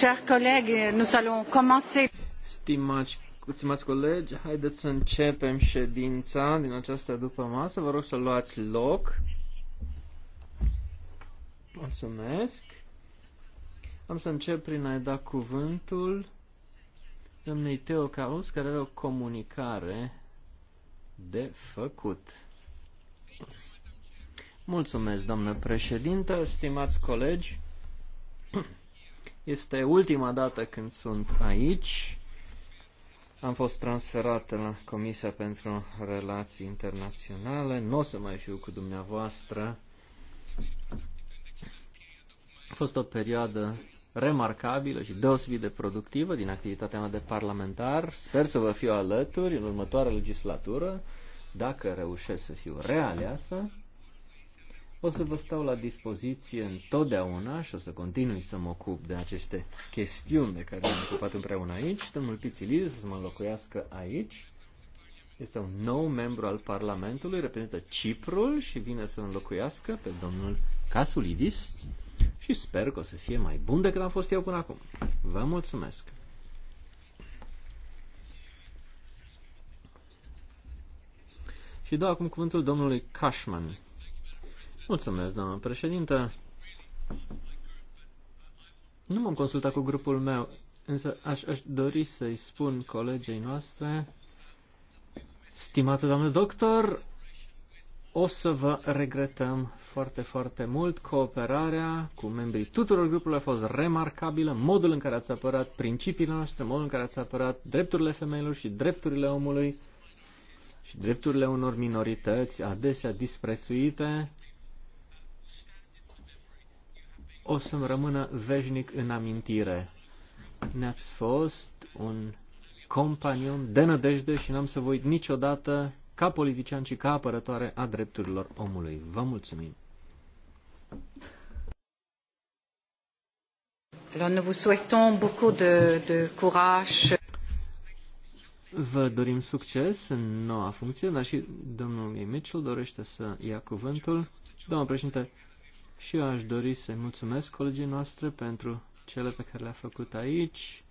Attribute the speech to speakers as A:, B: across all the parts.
A: Chers colegi, nous allons commencer.
B: Stimați, stimați colegi, haideți să începem ședința din această după masă. Vă rog să luați loc. Mulțumesc. Am să încep prin a-i da cuvântul domnei Teo Caus, care are o comunicare de făcut. Mulțumesc, doamnă președintă, stimați colegi. Este ultima dată când sunt aici. Am fost transferat la Comisia pentru Relații Internaționale. Nu o să mai fiu cu dumneavoastră. A fost o perioadă remarcabilă și deosebit de productivă din activitatea mea de parlamentar. Sper să vă fiu alături în următoarea legislatură, dacă reușesc să fiu realeasă. O să vă stau la dispoziție întotdeauna și o să continui să mă ocup de aceste chestiuni de care am ocupat împreună aici. Domnul Pițiliz o să mă locuiască aici. Este un nou membru al Parlamentului, reprezintă Ciprul și vine să înlocuiască pe domnul Casulidis și sper că o să fie mai bun decât am fost eu până acum. Vă mulțumesc! Și dau acum cuvântul domnului Cashman. Mulțumesc, doamnă președinte. Nu m-am consultat cu grupul meu, însă aș, aș dori să-i spun colegei noastre, stimată doamnă doctor, o să vă regretăm foarte, foarte mult. Cooperarea cu membrii tuturor grupurilor a fost remarcabilă. Modul în care ați apărat principiile noastre, modul în care ați apărat drepturile femeilor și drepturile omului și drepturile unor minorități adesea disprețuite o să-mi rămână veșnic în amintire. Ne-ați fost un companion de nădejde și n-am să voi niciodată ca politician și ca apărătoare a drepturilor omului. Vă mulțumim!
A: Alors nous vous souhaitons beaucoup de, de courage.
B: Vă dorim succes în noua funcție, dar și domnul Mitchell dorește să ia cuvântul. Domnul președinte, și eu aș dori să-i mulțumesc colegii noastre pentru cele pe care le-a făcut aici.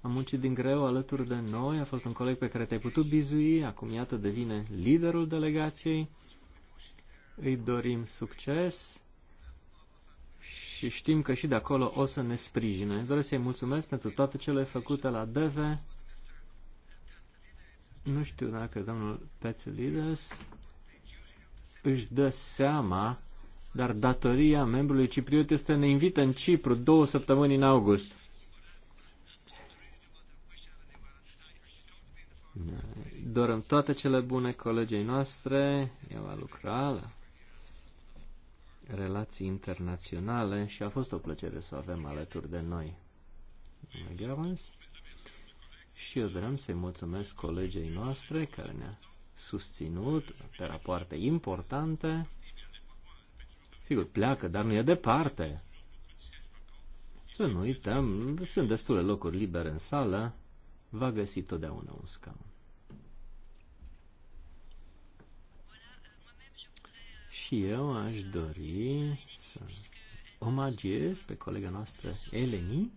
B: Am muncit din greu alături de noi, a fost un coleg pe care te-ai putut bizui, acum iată devine liderul delegației. Îi dorim succes și știm că și de acolo o să ne sprijine. Doresc să-i mulțumesc pentru toate cele făcute la DV. Nu știu dacă domnul Pețelides își dă seama dar datoria membrului cipriot este să ne invită în Cipru două săptămâni în august. Dorăm toate cele bune colegei noastre. Ea va lucra la relații internaționale și a fost o plăcere să o avem alături de noi. Și eu vreau să-i mulțumesc colegei noastre care ne-a susținut pe rapoarte importante. Sigur, pleacă, dar nu e departe. Să nu uităm, sunt destule locuri libere în sală, va găsi totdeauna un scaun. Și eu aș dori să omagiez pe colega noastră Eleni,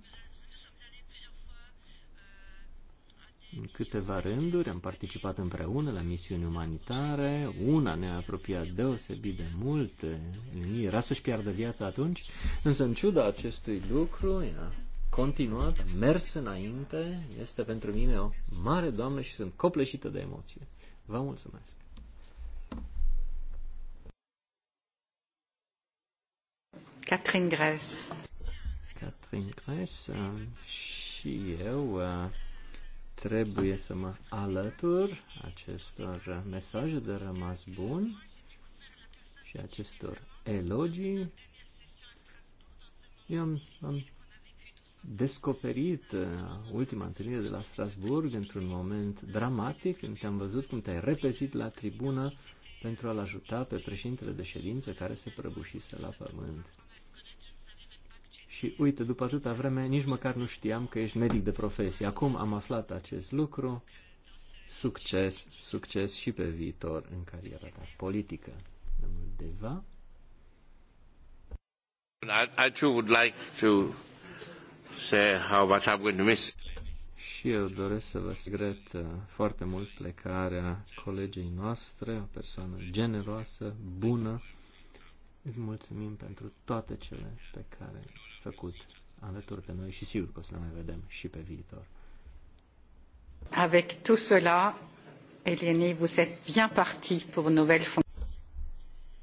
B: În câteva rânduri am participat împreună la misiuni umanitare, una ne-a apropiat deosebit de mult, era să-și piardă viața atunci, însă în ciuda acestui lucru ea continuat, a mers înainte, este pentru mine o mare doamnă și sunt copleșită de emoție. Vă mulțumesc!
A: Catherine Grace.
B: Catherine Grace uh, și eu uh, trebuie să mă alătur acestor mesaje de rămas bun și acestor elogii. Eu am, am descoperit uh, ultima întâlnire de la Strasburg într-un moment dramatic, când te-am văzut cum te-ai repezit la tribună pentru a-l ajuta pe președintele de ședință care se prăbușise la pământ și uite, după atâta vreme, nici măcar nu știam că ești medic de profesie. Acum am aflat acest lucru. Succes, succes și pe viitor în cariera ta politică. Domnul Deva. I, I too would like to say how much I'm going to miss. Și eu doresc să vă regret uh, foarte mult plecarea colegei noastre, o persoană generoasă, bună, Îți mulțumim pentru toate cele pe care făcut alături de noi și sigur că o să ne mai vedem și pe viitor.
A: Avec tout cela, Eleni, vous êtes bien parti pour nouvelle fonction.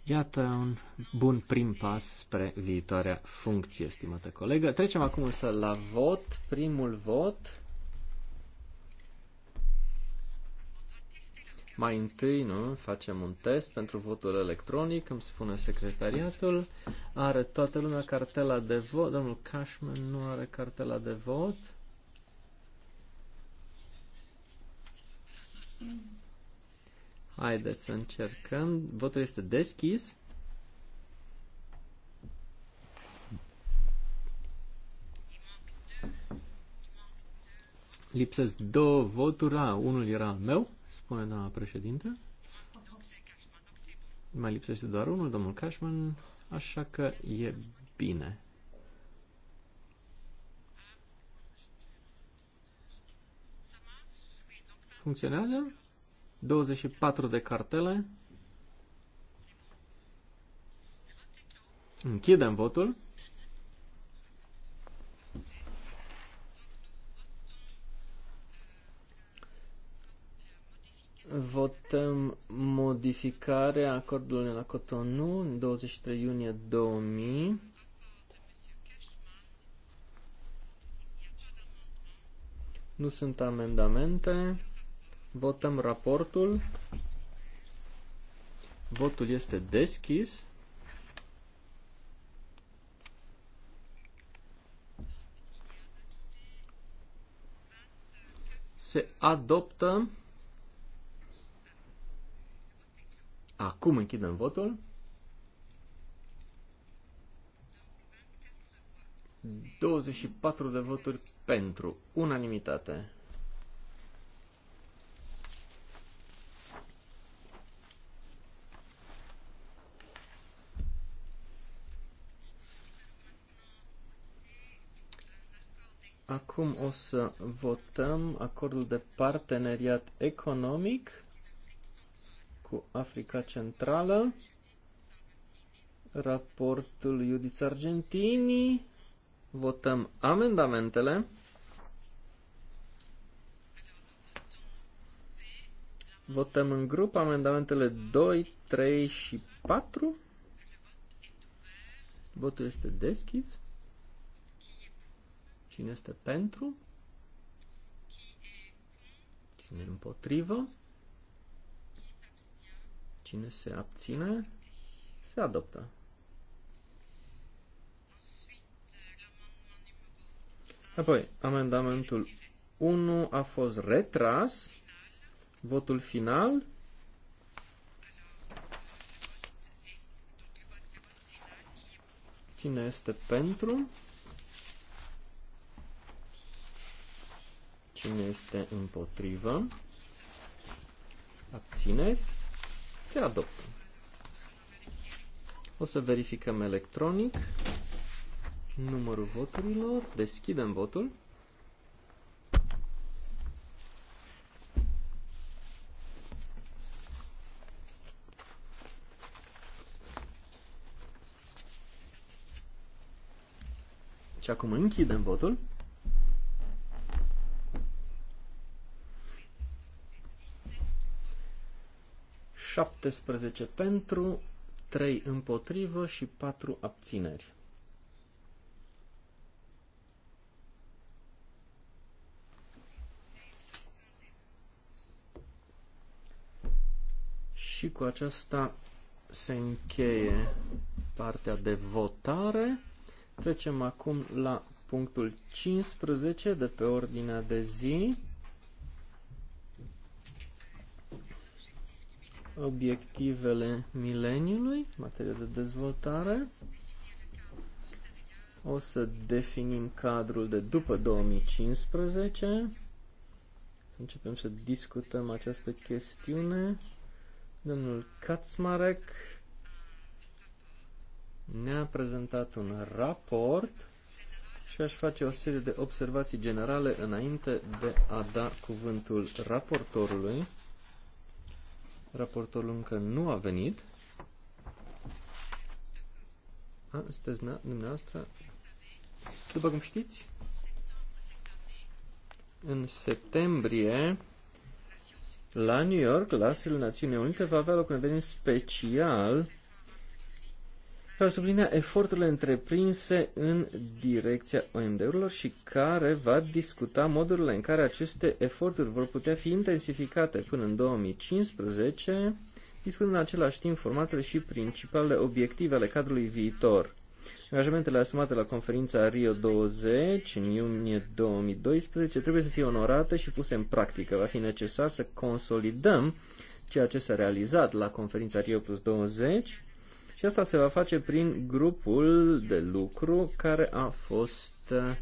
B: Iată un bun prim pas spre viitoarea funcție, stimată colegă. Trecem acum însă la vot, primul vot. Mai întâi, nu, facem un test pentru votul electronic, îmi spune secretariatul. Are toată lumea cartela de vot. Domnul Cashman nu are cartela de vot. Haideți să încercăm. Votul este deschis. Lipsesc două voturi. A, unul era al meu spune doamna președinte. Mai lipsește doar unul, domnul Cashman, așa că e bine. Funcționează? 24 de cartele. Închidem votul. Votăm modificarea acordului la Cotonou în 23 iunie 2000. Nu sunt amendamente. Votăm raportul. Votul este deschis. Se adoptă Acum închidem votul. 24 de voturi pentru unanimitate. Acum o să votăm acordul de parteneriat economic cu Africa Centrală, raportul Iudiț Argentini, votăm amendamentele. Votăm în grup amendamentele 2, 3 și 4. Votul este deschis. Cine este pentru? Cine împotrivă? Cine se abține, se adoptă. Apoi, amendamentul 1 a fost retras. Votul final. Cine este pentru? Cine este împotrivă? Abțineri? se adoptă. O să verificăm electronic numărul voturilor, deschidem votul. Și acum închidem votul. 17 pentru, 3 împotrivă și 4 abțineri. Și cu aceasta se încheie partea de votare. Trecem acum la punctul 15 de pe ordinea de zi. obiectivele mileniului, materie de dezvoltare. O să definim cadrul de după 2015. Să începem să discutăm această chestiune. Domnul Kaczmarek ne-a prezentat un raport și aș face o serie de observații generale înainte de a da cuvântul raportorului. Raportorul încă nu a venit. A, sunteți dumneavoastră. După cum știți, în septembrie, la New York, la Sfântul Națiunii Unite, va avea loc un eveniment special care sublinea eforturile întreprinse în direcția OMD-urilor și care va discuta modurile în care aceste eforturi vor putea fi intensificate până în 2015, discutând în același timp formatele și principalele obiective ale cadrului viitor. Angajamentele asumate la conferința Rio 20 în iunie 2012 trebuie să fie onorate și puse în practică. Va fi necesar să consolidăm ceea ce s-a realizat la conferința Rio plus 20 și asta se va face prin grupul de lucru care a fost uh,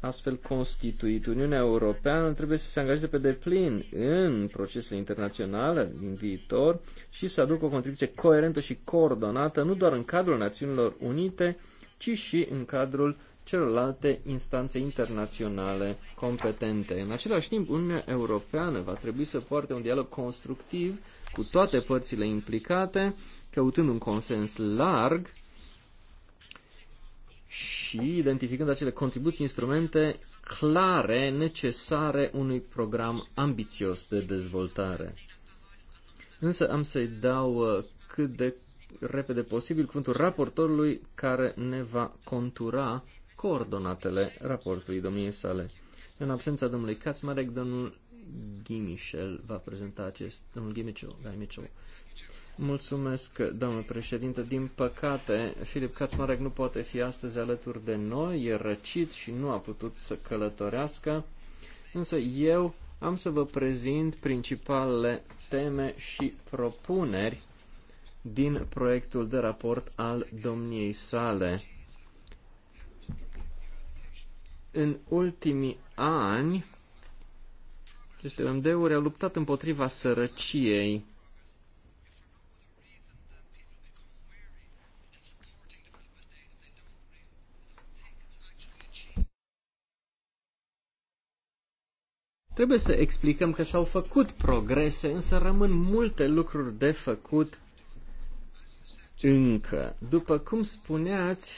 B: astfel constituit. Uniunea Europeană trebuie să se angajeze pe deplin în procesele internaționale din viitor și să aducă o contribuție coerentă și coordonată nu doar în cadrul Națiunilor Unite, ci și în cadrul celorlalte instanțe internaționale competente. În același timp, Uniunea Europeană va trebui să poarte un dialog constructiv cu toate părțile implicate, căutând un consens larg și identificând acele contribuții, instrumente clare, necesare unui program ambițios de dezvoltare. Însă am să-i dau uh, cât de repede posibil cuvântul raportorului care ne va contura coordonatele raportului domniei sale. În absența domnului Kacmarek, domnul Gimichel va prezenta acest, domnul Gimichel. Gimichel. Mulțumesc, domnule președinte. Din păcate, Filip Kaczmarek nu poate fi astăzi alături de noi, e răcit și nu a putut să călătorească, însă eu am să vă prezint principalele teme și propuneri din proiectul de raport al domniei sale. În ultimii ani, aceste MD-uri au luptat împotriva sărăciei Trebuie să explicăm că s-au făcut progrese, însă rămân multe lucruri de făcut încă. După cum spuneați,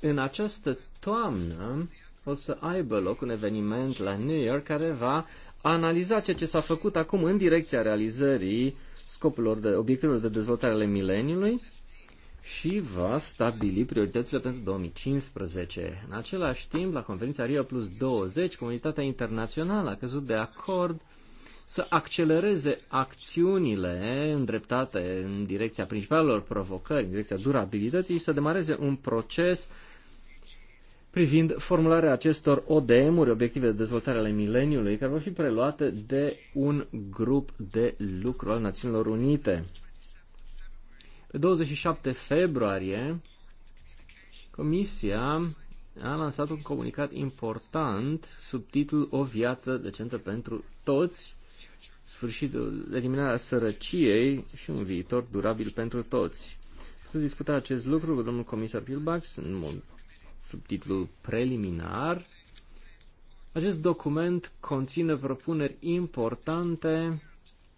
B: în această toamnă o să aibă loc un eveniment la New York care va analiza ceea ce s-a făcut acum în direcția realizării scopurilor de, obiectivelor de dezvoltare ale mileniului și va stabili prioritățile pentru 2015. În același timp, la conferința Rio Plus 20, comunitatea internațională a căzut de acord să accelereze acțiunile îndreptate în direcția principalelor provocări, în direcția durabilității și să demareze un proces privind formularea acestor ODM-uri, obiective de dezvoltare ale mileniului, care vor fi preluate de un grup de lucru al Națiunilor Unite. Pe 27 februarie, Comisia a lansat un comunicat important sub titlul O viață decentă pentru toți, sfârșitul, eliminarea sărăciei și un viitor durabil pentru toți. Să discuta acest lucru cu domnul comisar Pilbax în mod subtitlul preliminar. Acest document conține propuneri importante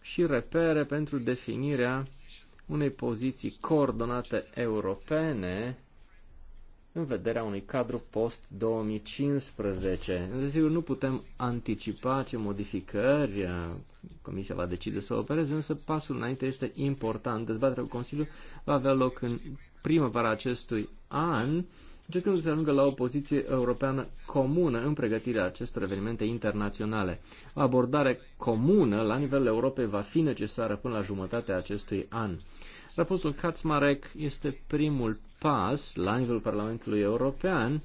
B: și repere pentru definirea unei poziții coordonate europene în vederea unui cadru post-2015. Desigur, nu putem anticipa ce modificări uh, Comisia va decide să opereze, însă pasul înainte este important. Dezbaterea cu Consiliul va avea loc în primăvara acestui an încercând să ajungă la o poziție europeană comună în pregătirea acestor evenimente internaționale. O abordare comună la nivelul Europei va fi necesară până la jumătatea acestui an. Raportul Katzmarek este primul pas la nivelul Parlamentului European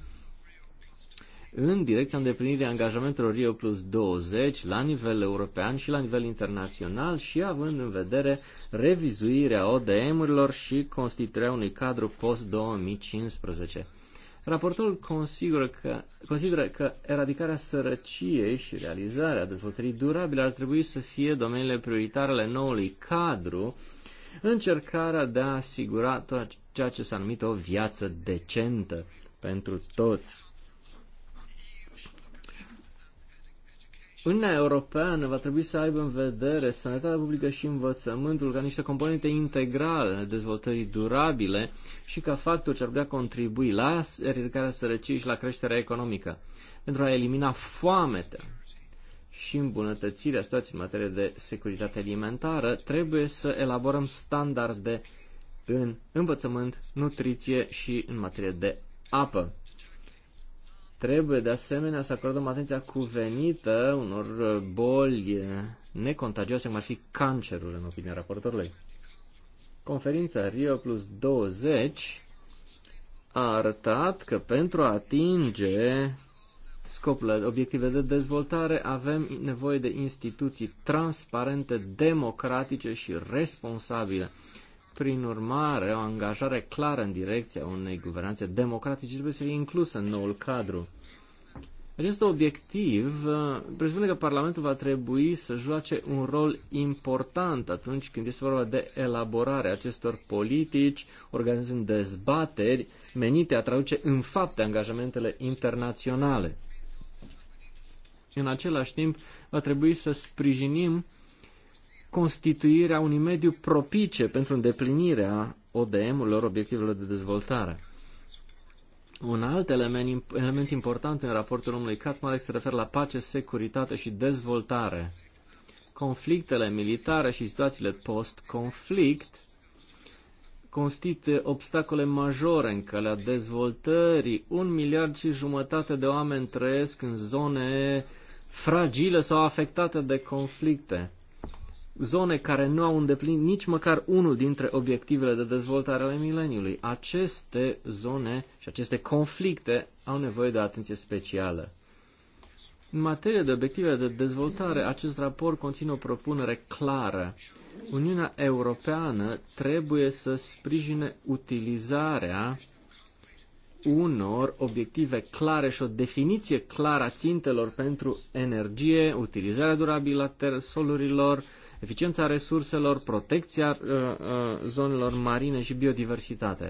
B: în direcția îndeplinirii angajamentelor Rio Plus 20 la nivel european și la nivel internațional și având în vedere revizuirea ODM-urilor și constituirea unui cadru post-2015 raportul consideră că, consideră că eradicarea sărăciei și realizarea dezvoltării durabile ar trebui să fie domeniile prioritare ale noului cadru, încercarea de a asigura tot ceea ce s-a numit o viață decentă pentru toți. Uniunea Europeană va trebui să aibă în vedere sănătatea publică și învățământul ca niște componente integrale ale dezvoltării durabile și ca factor ce ar putea contribui la eradicarea sărăciei și la creșterea economică, pentru a elimina foamete și îmbunătățirea situației în materie de securitate alimentară, trebuie să elaborăm standarde în învățământ, nutriție și în materie de apă. Trebuie de asemenea să acordăm atenția cuvenită unor uh, boli uh, necontagioase, cum ar fi cancerul, în opinia raportorului. Conferința Rio Plus 20 a arătat că pentru a atinge scopul, obiective de dezvoltare, avem nevoie de instituții transparente, democratice și responsabile. Prin urmare, o angajare clară în direcția unei guvernanțe democratice trebuie să fie inclusă în noul cadru. Acest obiectiv uh, presupune că Parlamentul va trebui să joace un rol important atunci când este vorba de elaborarea acestor politici, organizând dezbateri menite a traduce în fapte angajamentele internaționale. În același timp, va trebui să sprijinim constituirea unui mediu propice pentru îndeplinirea ODM-urilor, obiectivelor de dezvoltare. Un alt element, element important în raportul omului Katzmarek se referă la pace, securitate și dezvoltare. Conflictele militare și situațiile post-conflict constituie obstacole majore în calea dezvoltării. Un miliard și jumătate de oameni trăiesc în zone fragile sau afectate de conflicte zone care nu au îndeplinit nici măcar unul dintre obiectivele de dezvoltare ale mileniului. Aceste zone și aceste conflicte au nevoie de atenție specială. În materie de obiective de dezvoltare, acest raport conține o propunere clară. Uniunea Europeană trebuie să sprijine utilizarea unor obiective clare și o definiție clară a țintelor pentru energie, utilizarea durabilă a solurilor, eficiența resurselor, protecția uh, uh, zonelor marine și biodiversitate.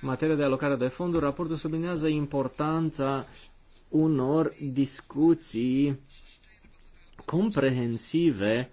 B: În materie de alocare de fonduri, raportul sublinează importanța unor discuții comprehensive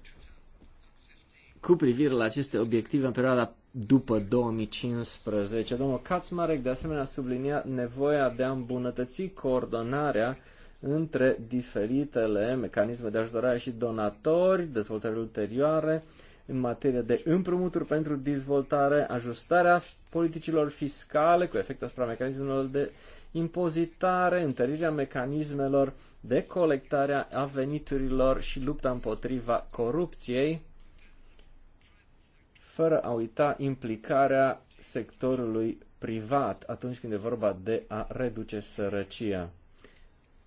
B: cu privire la aceste obiective în perioada după 2015. Domnul Kaczmarek de asemenea sublinia nevoia de a îmbunătăți coordonarea între diferitele mecanisme de ajutorare și donatori, dezvoltări ulterioare în materie de împrumuturi pentru dezvoltare, ajustarea politicilor fiscale cu efect asupra mecanismelor de impozitare, întărirea mecanismelor de colectare a veniturilor și lupta împotriva corupției, fără a uita implicarea sectorului privat atunci când e vorba de a reduce sărăcia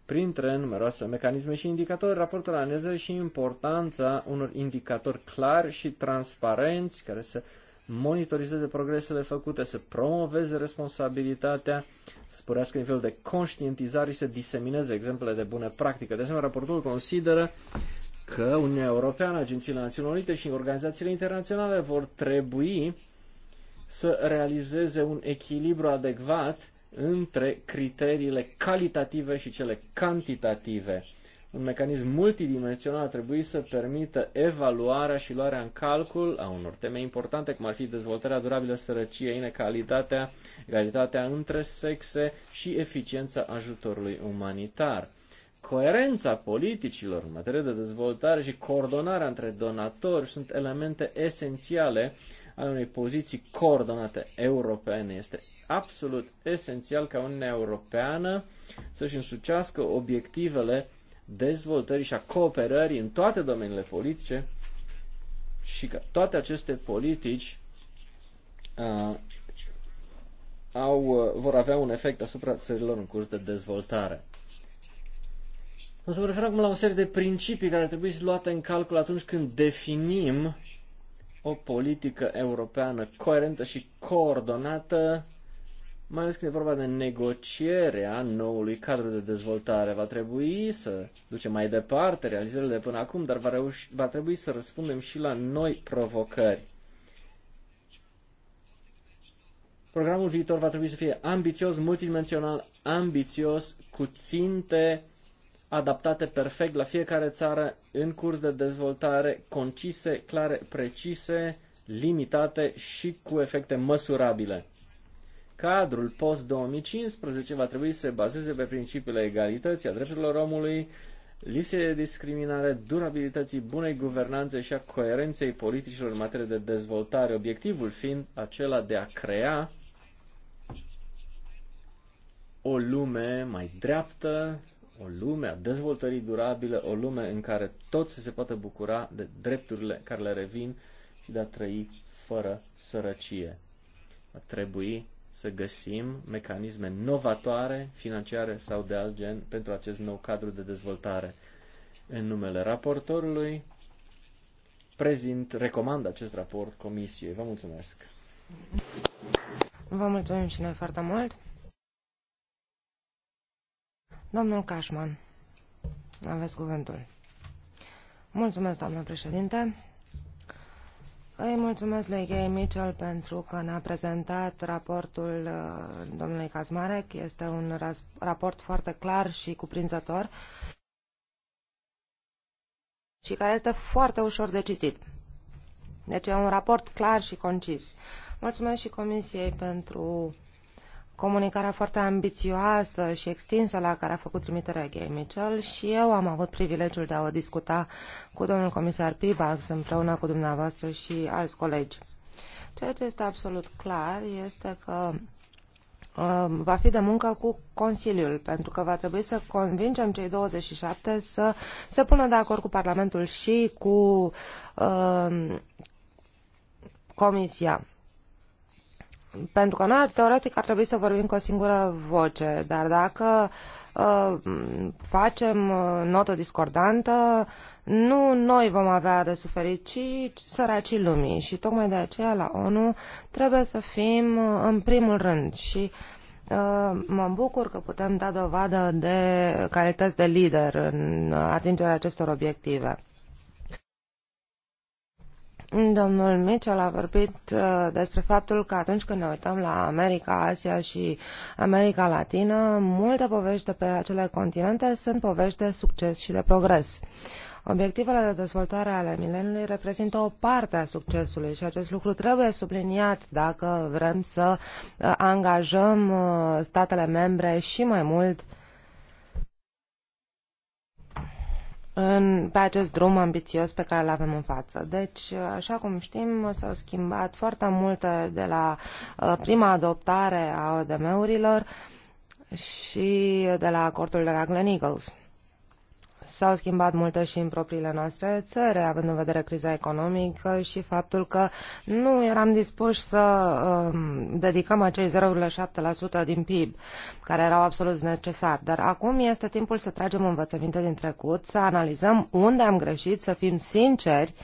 B: printre numeroase mecanisme și indicatori, raportul analiză și importanța unor indicatori clari și transparenți care să monitorizeze progresele făcute, să promoveze responsabilitatea, să sporească nivelul de conștientizare și să disemineze exemplele de bune practică. De asemenea, raportul consideră că Uniunea Europeană, Agențiile Națiunilor Unite și organizațiile internaționale vor trebui să realizeze un echilibru adecvat între criteriile calitative și cele cantitative. Un mecanism multidimensional ar trebui să permită evaluarea și luarea în calcul a unor teme importante, cum ar fi dezvoltarea durabilă, sărăcie, inegalitatea, egalitatea între sexe și eficiența ajutorului umanitar. Coerența politicilor în materie de dezvoltare și coordonarea între donatori sunt elemente esențiale ale unei poziții coordonate europene. Este absolut esențial ca Uniunea Europeană să-și însucească obiectivele dezvoltării și a cooperării în toate domeniile politice și că toate aceste politici uh, au, uh, vor avea un efect asupra țărilor în curs de dezvoltare. O să vă refer acum la o serie de principii care trebuie luate în calcul atunci când definim o politică europeană coerentă și coordonată mai ales când e vorba de negocierea noului cadru de dezvoltare. Va trebui să ducem mai departe realizările de până acum, dar va, reuși, va trebui să răspundem și la noi provocări. Programul viitor va trebui să fie ambițios, multidimensional, ambițios, cu ținte adaptate perfect la fiecare țară, în curs de dezvoltare, concise, clare, precise, limitate și cu efecte măsurabile. Cadrul post-2015 va trebui să se bazeze pe principiile egalității, a drepturilor omului, lipsei de discriminare, durabilității bunei guvernanțe și a coerenței politicilor în materie de dezvoltare, obiectivul fiind acela de a crea o lume mai dreaptă, o lume a dezvoltării durabile, o lume în care toți se poată bucura de drepturile care le revin și de a trăi fără sărăcie. Va trebui să găsim mecanisme novatoare, financiare sau de alt gen, pentru acest nou cadru de dezvoltare. În numele raportorului, prezint, recomand acest raport comisiei. Vă mulțumesc!
C: Vă mulțumim și noi foarte mult! Domnul Cașman, aveți cuvântul. Mulțumesc, doamnă președinte. Îi mulțumesc lui Gay Mitchell pentru că ne-a prezentat raportul uh, domnului Kazmarek. Este un raport foarte clar și cuprinzător și care este foarte ușor de citit. Deci e un raport clar și concis. Mulțumesc și Comisiei pentru comunicarea foarte ambițioasă și extinsă la care a făcut trimiterea Gay Mitchell și eu am avut privilegiul de a o discuta cu domnul comisar Pibax împreună cu dumneavoastră și alți colegi. Ceea ce este absolut clar este că um, va fi de muncă cu Consiliul, pentru că va trebui să convingem cei 27 să se pună de acord cu Parlamentul și cu uh, Comisia pentru că noi, teoretic, ar trebui să vorbim cu o singură voce, dar dacă uh, facem uh, notă discordantă, nu noi vom avea de suferit, ci săracii lumii. Și tocmai de aceea, la ONU, trebuie să fim uh, în primul rând și uh, Mă bucur că putem da dovadă de calități de lider în atingerea acestor obiective. Domnul Mitchell a vorbit uh, despre faptul că atunci când ne uităm la America, Asia și America Latină, multe povești de pe acele continente sunt povești de succes și de progres. Obiectivele de dezvoltare ale mileniului reprezintă o parte a succesului și acest lucru trebuie subliniat dacă vrem să uh, angajăm uh, statele membre și mai mult uh, în, pe acest drum ambițios pe care îl avem în față. Deci, așa cum știm, s-au schimbat foarte multe de la uh, prima adoptare a ODM-urilor și de la acordul de la Glen Eagles s-au schimbat multe și în propriile noastre țări, având în vedere criza economică și faptul că nu eram dispuși să um, dedicăm acei 0,7% din PIB, care erau absolut necesari. Dar acum este timpul să tragem învățăminte din trecut, să analizăm unde am greșit, să fim sinceri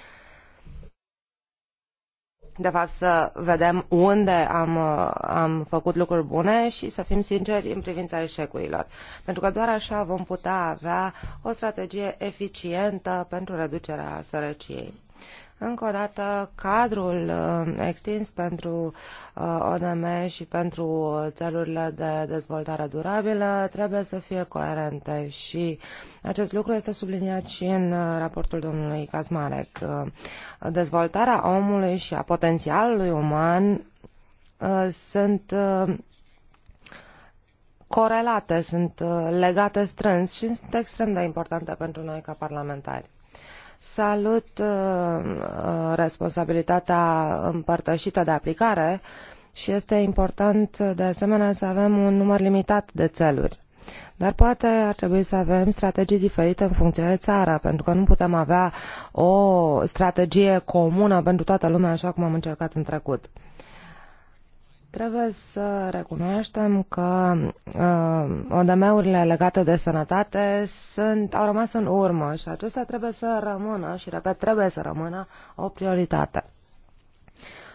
C: de fapt să vedem unde am, am făcut lucruri bune și să fim sinceri în privința eșecurilor. Pentru că doar așa vom putea avea o strategie eficientă pentru reducerea sărăciei. Încă o dată, cadrul uh, extins pentru uh, ODM și pentru țelurile de dezvoltare durabilă trebuie să fie coerente și acest lucru este subliniat și în uh, raportul domnului Kazmarek. Dezvoltarea omului și a potențialului uman sunt corelate, sunt legate strâns și sunt extrem de importante pentru noi ca parlamentari. Salut uh, uh, responsabilitatea împărtășită de aplicare și este important uh, de asemenea să avem un număr limitat de țeluri. Dar poate ar trebui să avem strategii diferite în funcție de țară, pentru că nu putem avea o strategie comună pentru toată lumea, așa cum am încercat în trecut. Uh, Trebuie să recunoaștem că uh, ODM-urile legate de sănătate sunt, au rămas în urmă și acestea trebuie să rămână și, repet, trebuie să rămână o prioritate.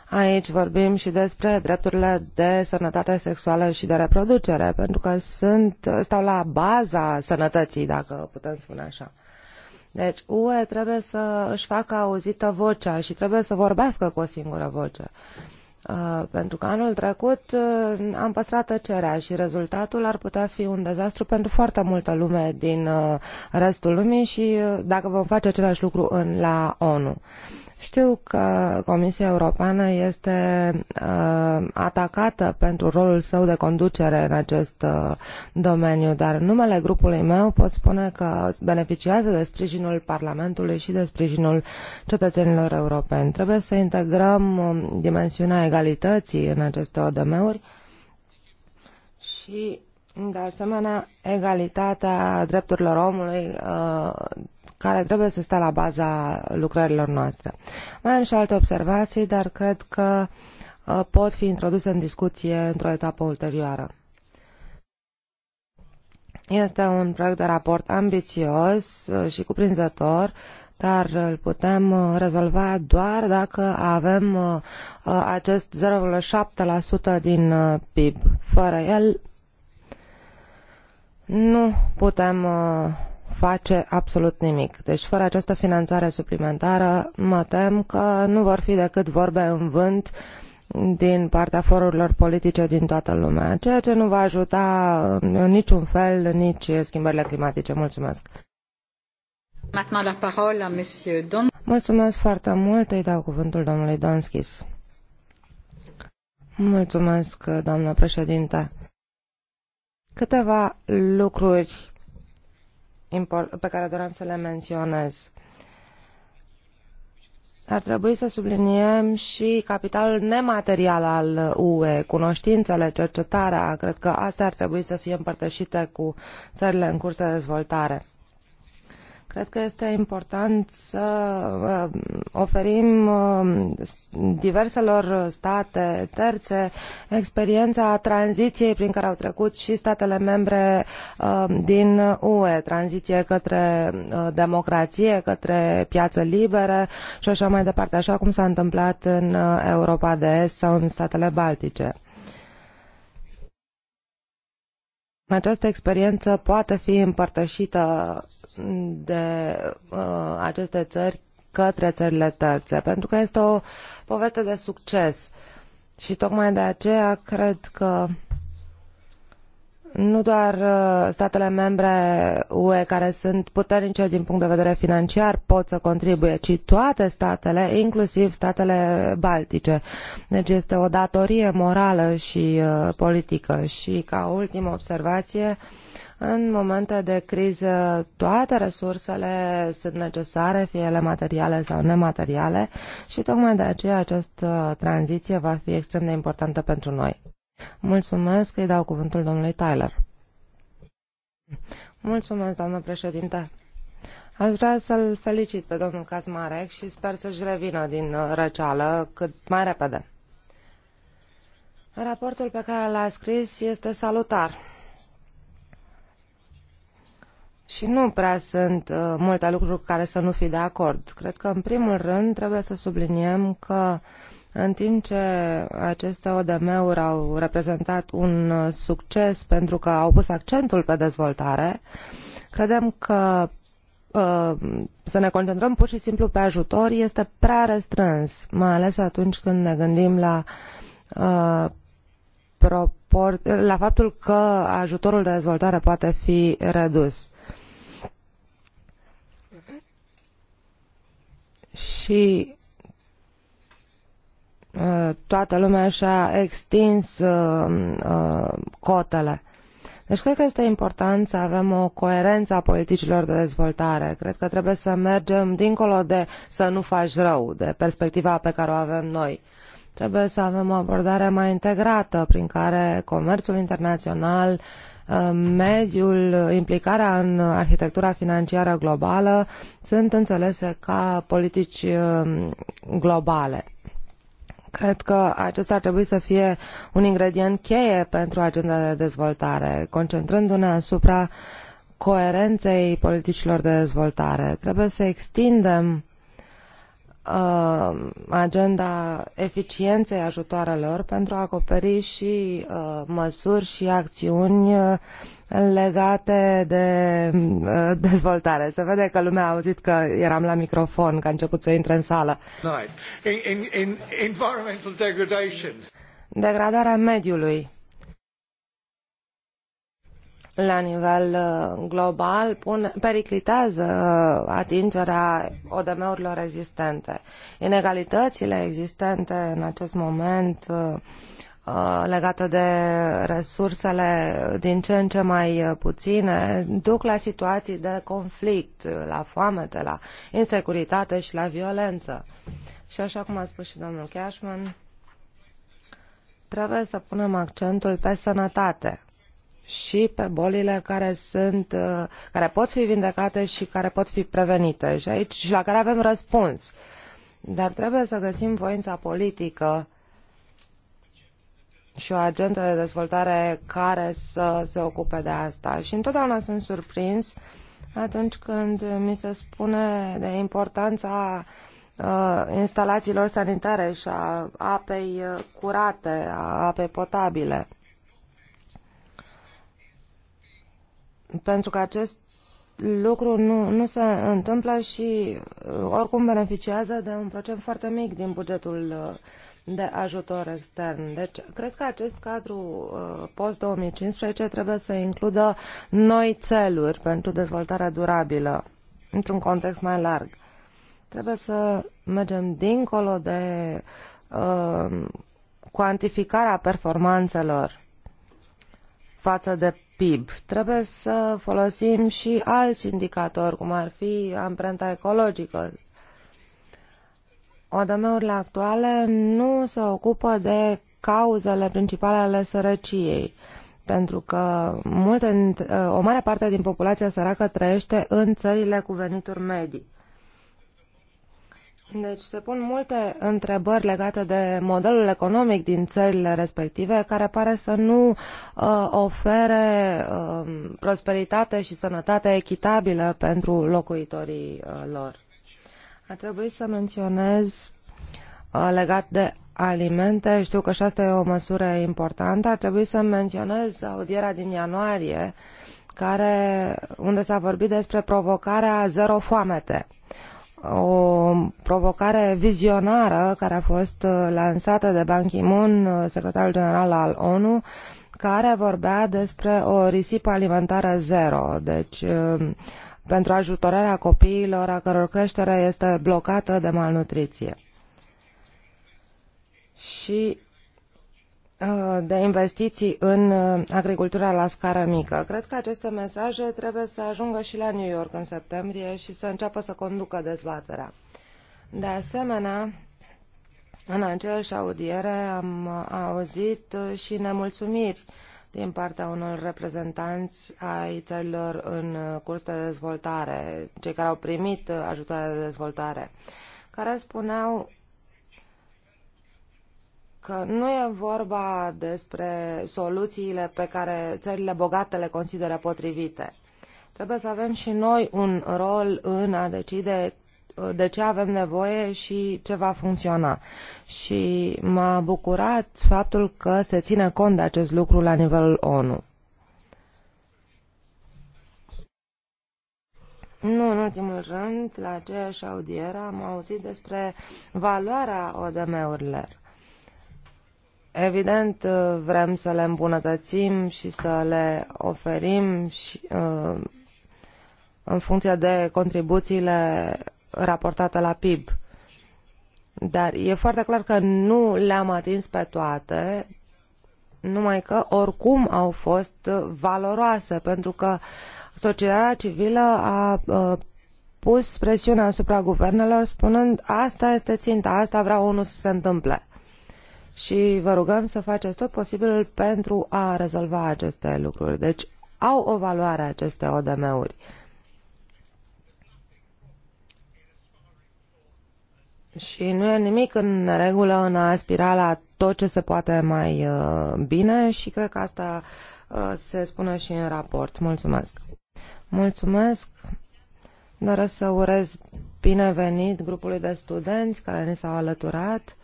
C: Aici vorbim și despre drepturile de sănătate sexuală și de reproducere, pentru că sunt, stau la baza sănătății, dacă putem spune așa. Deci UE trebuie să își facă auzită vocea și trebuie să vorbească cu o singură voce. Uh, Uh, pentru că anul trecut uh, am păstrat tăcerea și rezultatul ar putea fi un dezastru pentru foarte multă lume din uh, restul lumii și dacă vom face același lucru în, la ONU. Știu că Comisia Europeană este uh, atacată pentru rolul său de conducere în acest uh, domeniu, dar în numele grupului meu pot spune că beneficiază de sprijinul Parlamentului și de sprijinul cetățenilor europeni. Trebuie să integrăm um, dimensiunea egalității în aceste ODM-uri și de asemenea, egalitatea drepturilor omului uh, care trebuie să stea la baza lucrărilor noastre. Mai am și alte observații, dar cred că uh, pot fi introduse în discuție într-o etapă ulterioară. Este un proiect de raport ambițios uh, și cuprinzător, dar îl putem rezolva doar dacă avem acest 0,7% din PIB. Fără el nu putem uh, face absolut nimic. Deci fără această finanțare suplimentară mă tem că nu vor fi decât vorbe în vânt din partea forurilor politice din toată lumea, ceea ce nu va ajuta în niciun fel nici schimbările climatice. Mulțumesc! Mulțumesc foarte mult, îi dau cuvântul domnului Donskis. Mulțumesc, doamnă președinte. Câteva lucruri pe care doream să le menționez. Ar trebui să subliniem și capitalul nematerial al UE, cunoștințele, cercetarea. Cred că astea ar trebui să fie împărtășite cu țările în curs de dezvoltare. Cred că este important să uh, oferim uh, diverselor state terțe experiența tranziției prin care au trecut și statele membre uh, din UE, tranziție către democrație, către piață liberă și așa mai departe, așa cum s-a întâmplat în Europa de Est sau în statele Baltice. Această experiență poate fi împărtășită de uh, aceste țări către țările terțe, pentru că este o poveste de succes. Și tocmai de aceea cred că nu doar uh, statele membre UE care sunt puternice din punct de vedere financiar pot să contribuie, ci toate statele, inclusiv statele baltice. Deci este o datorie morală și uh, politică. Și ca ultimă observație, în momente de criză toate resursele sunt necesare, fie ele materiale sau nemateriale și tocmai de aceea această tranziție va fi extrem de importantă pentru noi. Mulțumesc, îi dau cuvântul domnului Tyler. Mulțumesc, doamnă președinte. Aș vrea să-l felicit pe domnul Casmarec și sper să-și revină din uh, răceală cât mai repede. Raportul pe care l-a scris este salutar. Și nu prea sunt uh, multe lucruri cu care să nu fi de acord. Cred că, în primul rând, trebuie să subliniem că în timp ce aceste ODM-uri au reprezentat un uh, succes pentru că au pus accentul pe dezvoltare, credem că uh, să ne concentrăm pur și simplu pe ajutor este prea restrâns, mai ales atunci când ne gândim la uh, la faptul că ajutorul de dezvoltare poate fi redus. Și Uh, toată lumea și-a extins uh, uh, cotele. Deci cred că este important să avem o coerență a politicilor de dezvoltare. Cred că trebuie să mergem dincolo de să nu faci rău, de perspectiva pe care o avem noi. Trebuie să avem o abordare mai integrată prin care comerțul internațional, mediul, implicarea în arhitectura financiară globală sunt înțelese ca politici globale. Cred că acesta ar trebui să fie un ingredient cheie pentru agenda de dezvoltare, concentrându-ne asupra coerenței politicilor de dezvoltare. Trebuie să extindem uh, agenda eficienței ajutoarelor pentru a acoperi și uh, măsuri și acțiuni uh, legate de uh, dezvoltare. Se vede că lumea a auzit că eram la microfon, că a început să intre în sală.
B: In, in, environmental degradation.
C: Degradarea mediului la nivel uh, global pun, periclitează uh, atingerea ODM-urilor existente. Inegalitățile existente în acest moment uh, Uh, legate de resursele din ce în ce mai uh, puține duc la situații de conflict, la foamete, la insecuritate și la violență. Și așa cum a spus și domnul Cashman, trebuie să punem accentul pe sănătate și pe bolile care sunt, uh, care pot fi vindecate și care pot fi prevenite și aici și la care avem răspuns. Dar trebuie să găsim voința politică și o agentă de dezvoltare care să se ocupe de asta. Și întotdeauna sunt surprins atunci când mi se spune de importanța uh, instalațiilor sanitare și a apei uh, curate, a apei potabile. Pentru că acest lucru nu, nu se întâmplă și uh, oricum beneficiază de un procent foarte mic din bugetul uh, de ajutor extern. Deci, cred că acest cadru uh, post-2015 trebuie să includă noi țeluri pentru dezvoltarea durabilă, într-un context mai larg. Trebuie să mergem dincolo de uh, cuantificarea performanțelor față de PIB. Trebuie să folosim și alți indicatori, cum ar fi amprenta ecologică ODM-urile actuale nu se ocupă de cauzele principale ale sărăciei pentru că multe, o mare parte din populația săracă trăiește în țările cu venituri medii. Deci se pun multe întrebări legate de modelul economic din țările respective, care pare să nu uh, ofere uh, prosperitate și sănătate echitabilă pentru locuitorii uh, lor. A trebuit să menționez uh, legat de alimente, știu că și asta e o măsură importantă, ar trebui să menționez audierea din ianuarie, care, unde s-a vorbit despre provocarea zero foamete. O provocare vizionară care a fost uh, lansată de Ban Ki-moon, uh, secretarul general al ONU, care vorbea despre o risipă alimentară zero. Deci pentru ajutorarea copiilor a căror creștere este blocată de malnutriție și uh, de investiții în uh, agricultura la scară mică. Cred că aceste mesaje trebuie să ajungă și la New York în septembrie și să înceapă să conducă dezbaterea. De asemenea, în aceeași audiere am uh, auzit și nemulțumiri uh, din partea unor reprezentanți ai țărilor în uh, curs de dezvoltare, cei care au primit uh, ajutoare de dezvoltare, care spuneau că nu e vorba despre soluțiile pe care țările bogate le consideră potrivite. Trebuie să avem și noi un rol în a decide Uh, de ce avem nevoie și ce va funcționa. Și m-a bucurat faptul că se ține cont de acest lucru la nivelul ONU. Nu, în ultimul rând, la aceeași audiere am auzit despre valoarea ODM-urilor. Evident, uh, vrem să le îmbunătățim și să le oferim și, uh, în funcție de contribuțiile raportată la PIB. Dar e foarte clar că nu le-am atins pe toate, numai că oricum au fost valoroase, pentru că societatea civilă a, pus presiune asupra guvernelor spunând asta este ținta, asta vreau unul să se întâmple. Și vă rugăm să faceți tot posibilul pentru a rezolva aceste lucruri. Deci au o valoare aceste ODM-uri. Și nu e nimic în regulă în a aspira la tot ce se poate mai uh, bine și cred că asta uh, se spune și în raport. Mulțumesc! Mulțumesc! Doresc să urez binevenit grupului de studenți care ne s-au alăturat,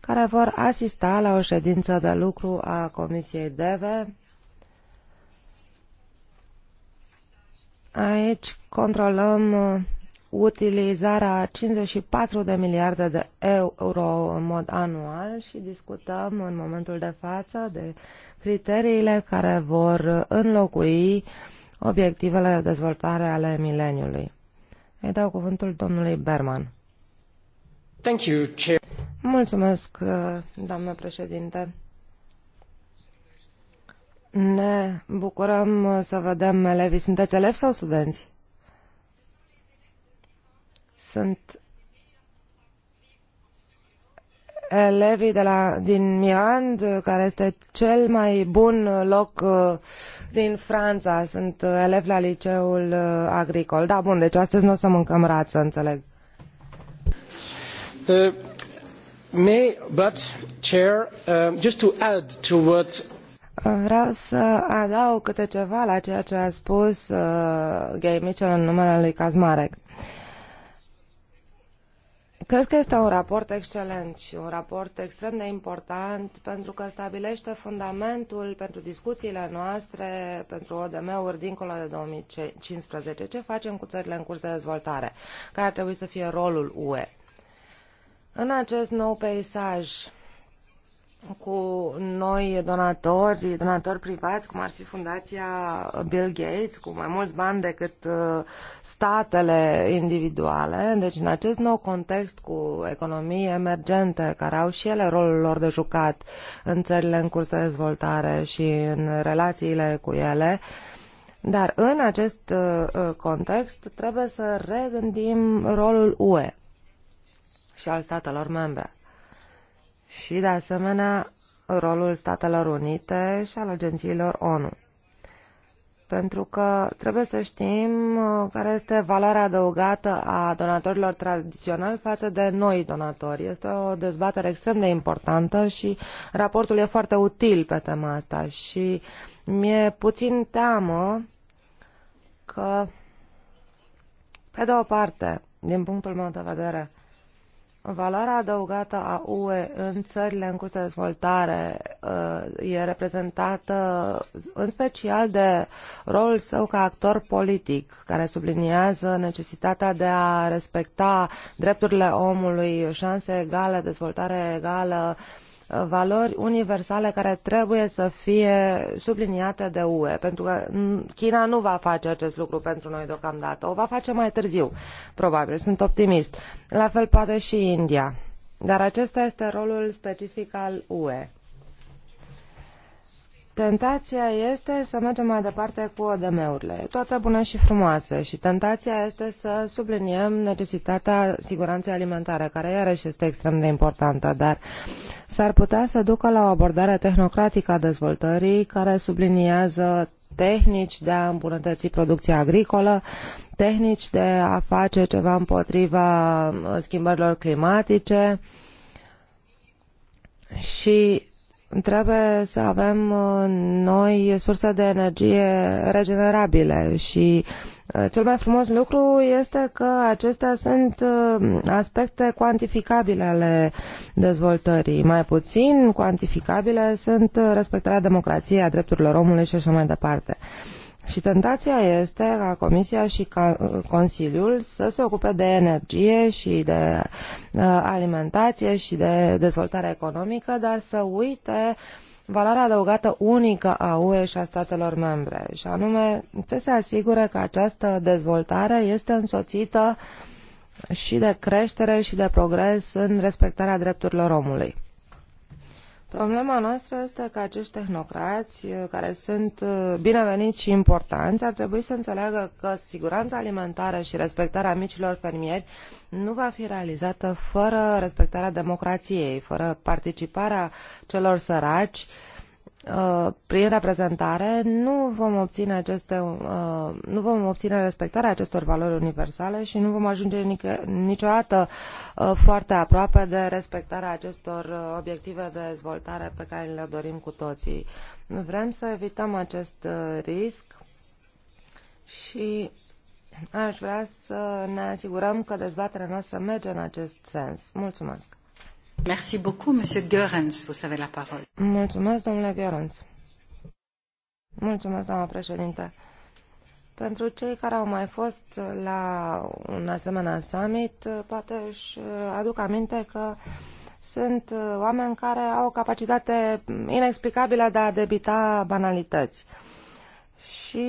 C: care vor asista la o ședință de lucru a Comisiei DEVE. Aici controlăm uh, utilizarea 54 de miliarde de euro în mod anual și discutăm în momentul de față de criteriile care vor înlocui obiectivele de dezvoltare ale mileniului. Îi dau cuvântul domnului Berman.
A: Thank you, Chair.
C: Mulțumesc, doamnă președinte. Ne bucurăm să vedem elevii. Sunteți elevi sau studenți? Sunt elevii de la, din Mirand, care este cel mai bun loc uh, din Franța. Sunt uh, elevi la liceul uh, agricol. Da, bun, deci astăzi nu o să mâncăm rață, înțeleg.
A: Uh, may, but, Chair, uh, just to add to what
C: Vreau să adaug câte ceva la ceea ce a spus uh, Gay Mitchell în numele lui Kazmarek. Uh, Cred că este un raport excelent și un raport extrem de important pentru că stabilește fundamentul pentru discuțiile noastre pentru ODM-uri dincolo de 2015. Ce facem cu țările în curs de dezvoltare? Care ar trebui să fie rolul UE? În acest nou peisaj cu noi donatori, donatori privați, cum ar fi Fundația Bill Gates, cu mai mulți bani decât uh, statele individuale. Deci în acest nou context cu economii emergente, care au și ele rolul lor de jucat în țările în curs de dezvoltare și în relațiile cu ele, dar în acest uh, uh, context trebuie să regândim rolul UE și al statelor membre și, de asemenea, rolul Statelor Unite și al agențiilor ONU. Pentru că trebuie să știm uh, care este valoarea adăugată a donatorilor tradiționali față de noi donatori. Este o dezbatere extrem de importantă și raportul e foarte util pe tema asta și mi-e puțin teamă că, pe de o parte, din punctul meu de vedere, Valoarea adăugată a UE în țările în curs de dezvoltare uh, e reprezentată uh, în special de rolul său ca actor politic, care subliniază necesitatea de a respecta drepturile omului, șanse egale, dezvoltare egală, valori universale care trebuie să fie subliniate de UE, pentru că China nu va face acest lucru pentru noi deocamdată. O va face mai târziu, probabil, sunt optimist. La fel poate și India. Dar acesta este rolul specific al UE. Tentația este să mergem mai departe cu ODM-urile, Toată bună și frumoasă. și tentația este să subliniem necesitatea siguranței alimentare, care iarăși este extrem de importantă, dar s-ar putea să ducă la o abordare tehnocratică a dezvoltării care subliniază tehnici de a îmbunătăți producția agricolă, tehnici de a face ceva împotriva uh, schimbărilor climatice și trebuie să avem uh, noi surse de energie regenerabile și uh, cel mai frumos lucru este că acestea sunt uh, aspecte cuantificabile ale dezvoltării. Mai puțin cuantificabile sunt respectarea democrației, a drepturilor omului și așa mai departe. Uh, și tentația este ca Comisia și uh, Consiliul să se ocupe de energie și de uh, alimentație și de dezvoltare economică, dar să uite valoarea adăugată unică a UE și a statelor membre, și anume să se asigure că această dezvoltare este însoțită și de creștere și de progres în respectarea drepturilor omului. Problema noastră este că acești tehnocrați, uh, care sunt uh, bineveniți și importanți, ar trebui să înțeleagă că siguranța alimentară și respectarea micilor fermieri nu va fi realizată fără respectarea democrației, fără participarea celor săraci uh, Uh, prin reprezentare nu vom obține aceste, uh, nu vom obține respectarea acestor valori universale și nu vom ajunge niciodată uh, foarte aproape de respectarea acestor obiective de dezvoltare pe care le dorim cu toții. Vrem să evităm acest risc și aș vrea să ne asigurăm că dezbaterea noastră merge în acest sens. Mulțumesc!
A: Merci beaucoup, Monsieur Görens. Vous avez la parole.
C: Mulțumesc, domnule Görens. Mulțumesc, doamna președinte. Pentru cei care au mai fost la un asemenea summit, poate își aduc aminte că sunt oameni care au o capacitate inexplicabilă de a debita banalități. Și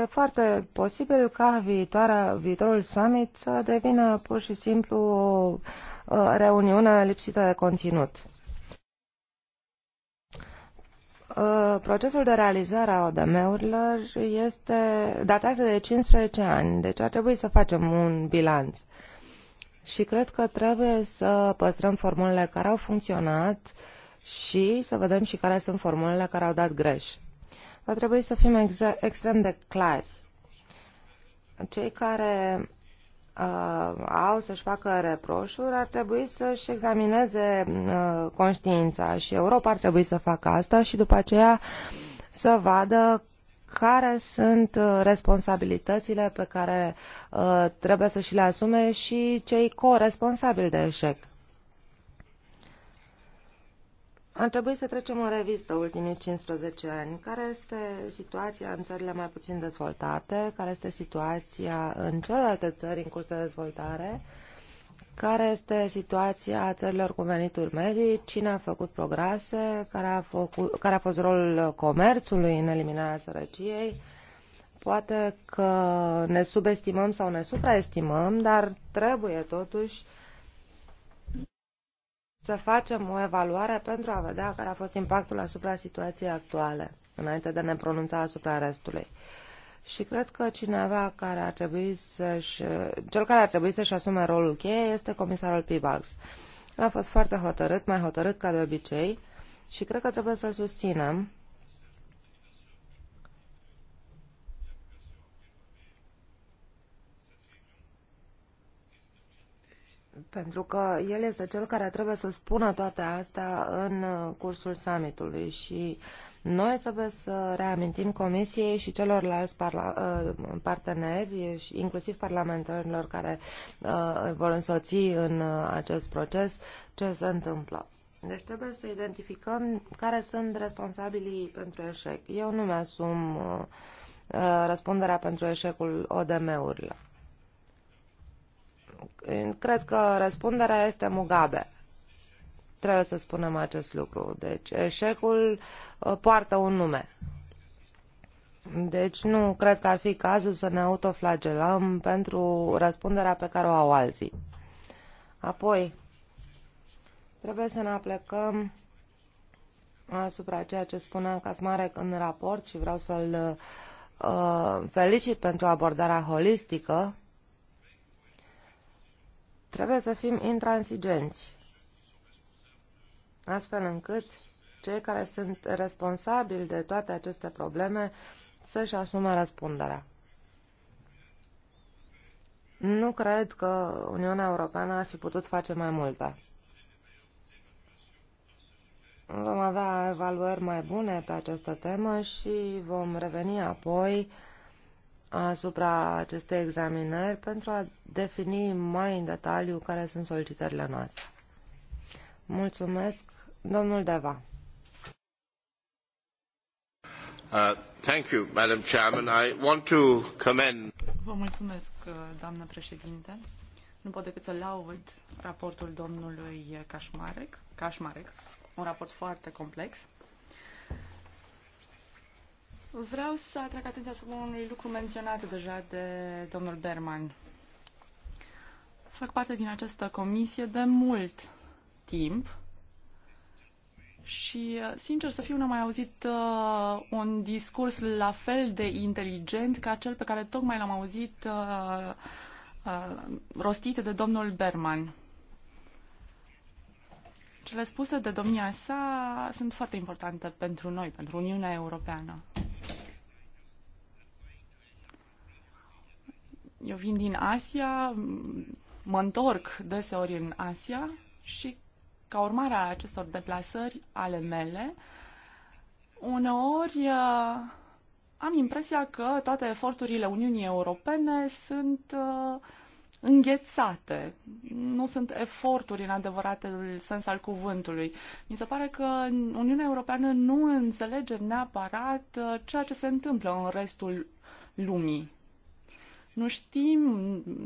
C: e foarte posibil ca viitoarea, viitorul summit să devină pur și simplu o Uh, reuniune lipsită de conținut. Uh, procesul de realizare a ODM-urilor este datează de 15 ani, deci ar trebui să facem un bilanț. Și cred că trebuie să păstrăm formulele care au funcționat și să vedem și care sunt formulele care au dat greș. Va trebui să fim extrem de clari. Cei care uh, au să-și facă reproșuri, ar trebui să-și examineze uh, conștiința și Europa ar trebui să facă asta și după aceea să vadă care sunt uh, responsabilitățile pe care uh, trebuie să și le asume și cei coresponsabili de eșec. Ar trebui să trecem în revistă ultimii 15 ani. Care este situația în țările mai puțin dezvoltate? Care este situația în celelalte țări în curs de dezvoltare? Care este situația țărilor cu venituri medii? Cine a făcut progrese? Care a, făcut, care a fost rolul comerțului în eliminarea sărăciei? Poate că ne subestimăm sau ne supraestimăm, dar trebuie totuși uh, să facem o evaluare pentru a vedea care a fost impactul asupra situației actuale, înainte de a ne pronunța asupra restului. Și cred că cineva care ar trebui să-și, cel care ar trebui să-și asume rolul cheie este comisarul Pibax. El a fost foarte hotărât, mai hotărât ca de obicei, și cred că trebuie să-l susținem pentru că el este cel care trebuie să spună toate astea în uh, cursul summitului și noi trebuie să reamintim Comisiei și celorlalți uh, parteneri, inclusiv parlamentarilor care uh, vor însoți în acest proces, ce se întâmplă. Deci trebuie să identificăm care sunt responsabilii pentru eșec. Eu nu mi-asum răspunderea pentru eșecul ODM-urilor. Cred că răspunderea este Mugabe. Trebuie să spunem acest lucru. Deci eșecul uh, poartă un nume. Deci nu cred că ar fi cazul să ne autoflagelăm pentru răspunderea pe care o au alții. Apoi, trebuie să ne aplecăm asupra ceea ce spunea Casmarec în raport și vreau să-l uh, felicit pentru abordarea holistică Trebuie să fim intransigenți, astfel încât cei care sunt responsabili de toate aceste probleme să-și asume răspunderea. Nu cred că Uniunea Europeană ar fi putut face mai multe. Vom avea evaluări mai bune pe această temă și vom reveni apoi asupra acestei examinări pentru a defini mai în detaliu care sunt solicitările noastre. Mulțumesc, domnul Deva.
B: Uh, thank you, Madam Chairman. I want to
D: commend... Vă mulțumesc, uh, doamnă președinte. Nu pot decât să laud raportul domnului Cașmarec, Cașmarec un raport foarte complex Vreau să atrag atenția asupra unui lucru menționat deja de domnul Berman. Fac parte din această comisie de mult timp și, sincer să fiu, n-am mai auzit uh, un discurs la fel de inteligent ca cel pe care tocmai l-am auzit uh, uh, rostit de domnul Berman. Cele spuse de domnia sa sunt foarte importante pentru noi, pentru Uniunea Europeană. Eu vin din Asia, mă întorc deseori în Asia și ca urmare a acestor deplasări ale mele, uneori uh, am impresia că toate eforturile Uniunii Europene sunt uh, înghețate. Nu sunt eforturi în adevăratul sens al cuvântului. Mi se pare că Uniunea Europeană nu înțelege neapărat uh, ceea ce se întâmplă în restul lumii. Nu știm,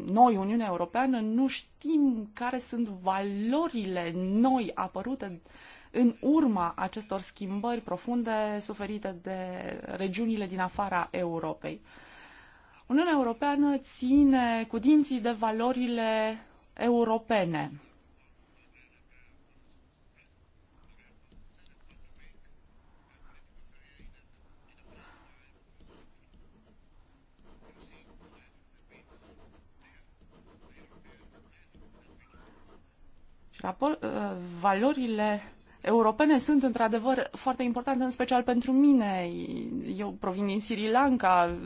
D: noi, Uniunea Europeană, nu știm care sunt valorile noi apărute în urma acestor schimbări profunde suferite de regiunile din afara Europei. Uniunea Europeană ține cu dinții de valorile europene. Și uh, valorile europene sunt într-adevăr foarte importante, în special pentru mine. Eu provin din Sri Lanka,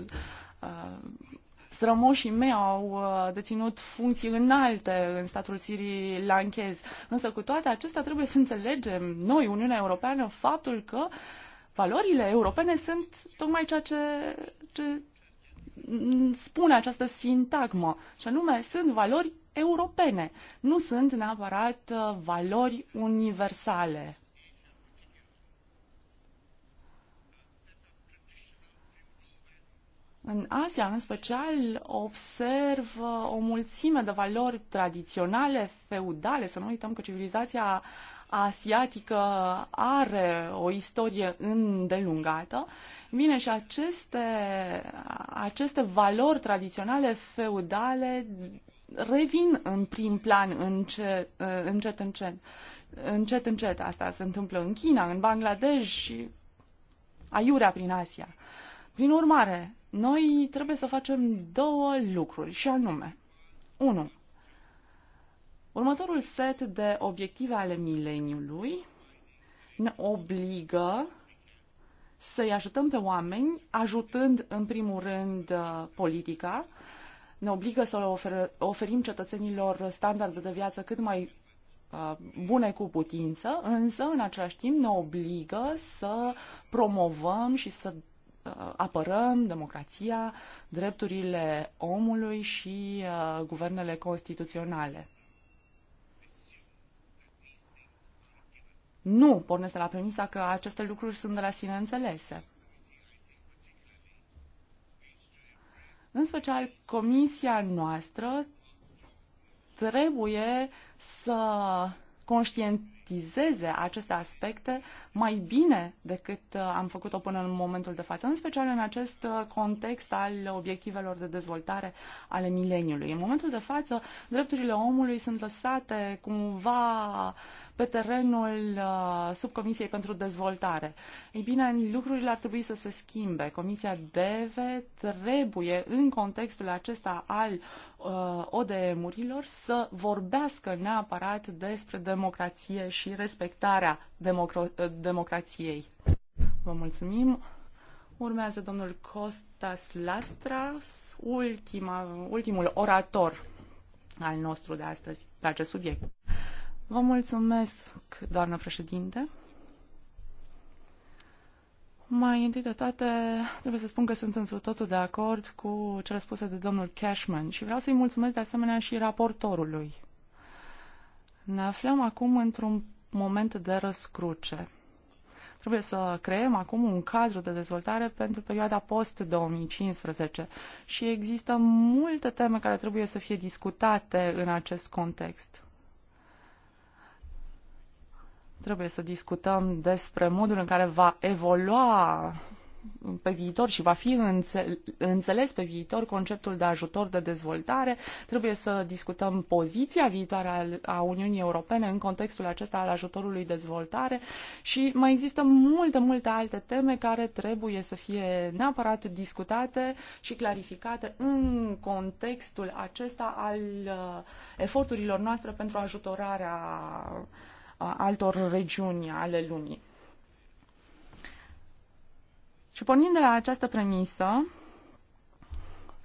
D: uh, strămoșii mei au uh, deținut funcții înalte în statul Sri Lankez. Însă cu toate acestea trebuie să înțelegem noi, Uniunea Europeană, faptul că valorile europene sunt tocmai ceea ce, ce spune această sintagmă, și anume sunt valori europene, nu sunt neapărat uh, valori universale. În Asia, în special, observ uh, o mulțime de valori tradiționale, feudale, să nu uităm că civilizația uh, asiatică are o istorie îndelungată, bine, și aceste, aceste valori tradiționale feudale revin în prim plan încet, încet, încet. Încet, încet asta se întâmplă în China, în Bangladesh și aiurea prin Asia. Prin urmare, noi trebuie să facem două lucruri și anume. 1. Următorul set de obiective ale mileniului ne obligă să-i ajutăm pe oameni, ajutând în primul rând uh, politica, ne obligă să le ofer- oferim cetățenilor standarde de viață cât mai uh, bune cu putință, însă în același timp ne obligă să promovăm și să uh, apărăm democrația, drepturile omului și guvernele constituționale. Nu pornesc de la premisa că aceste lucruri sunt de la sine înțelese. În special, comisia noastră trebuie să conștientizeze aceste aspecte mai bine decât am făcut-o până în momentul de față, în special în acest context al obiectivelor de dezvoltare ale mileniului. În momentul de față, drepturile omului sunt lăsate cumva uh, pe terenul uh, Subcomisiei pentru Dezvoltare. Ei bine, lucrurile ar trebui să se schimbe. Comisia DEVE trebuie, în contextul acesta al uh, ODM-urilor, să vorbească neapărat despre democrație și respectarea democro- uh, democrației. Vă mulțumim! Urmează domnul Costas Lastras, ultima, ultimul orator al nostru de astăzi pe acest subiect. Vă mulțumesc, doamnă președinte. Mai întâi de toate, trebuie să spun că sunt într totul de acord cu cele spuse de domnul Cashman și vreau să-i mulțumesc de asemenea și raportorului. Ne aflăm acum într-un moment de răscruce. Trebuie să creăm acum un cadru de dezvoltare pentru perioada post-2015 și există multe teme care trebuie să fie discutate în acest context. Trebuie să discutăm despre modul în care va evolua pe viitor și va fi înțeles pe viitor conceptul de ajutor de dezvoltare. Trebuie să discutăm poziția viitoare a Uniunii Europene în contextul acesta al ajutorului de dezvoltare și mai există multe, multe alte teme care trebuie să fie neapărat discutate și clarificate în contextul acesta al uh, eforturilor noastre pentru ajutorarea altor regiuni ale lumii. Și pornind de la această premisă,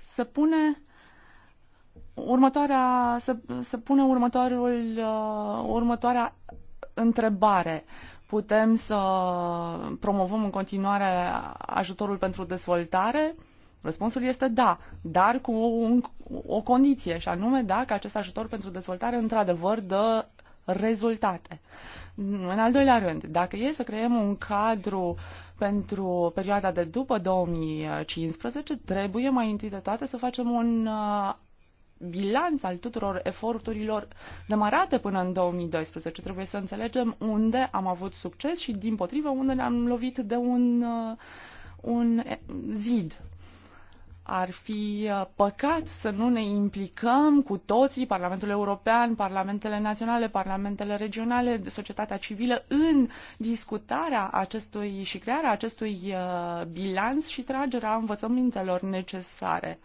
D: se pune următoarea, se, se pune următorul, uh, următoarea întrebare. Putem să promovăm în continuare ajutorul pentru dezvoltare? Răspunsul este da, dar cu un, o condiție, și anume dacă acest ajutor pentru dezvoltare într-adevăr dă rezultate. În al doilea rând, dacă e să creăm un cadru pentru perioada de după 2015, trebuie mai întâi de toate să facem un uh, bilanț al tuturor eforturilor demarate până în 2012. Trebuie să înțelegem unde am avut succes și, din potrivă, unde ne-am lovit de un, uh, un zid. Ar fi uh, păcat să nu ne implicăm cu toții, Parlamentul European, Parlamentele Naționale, Parlamentele Regionale, de societatea civilă, în discutarea acestui și crearea acestui uh, bilanț și tragerea învățămintelor necesare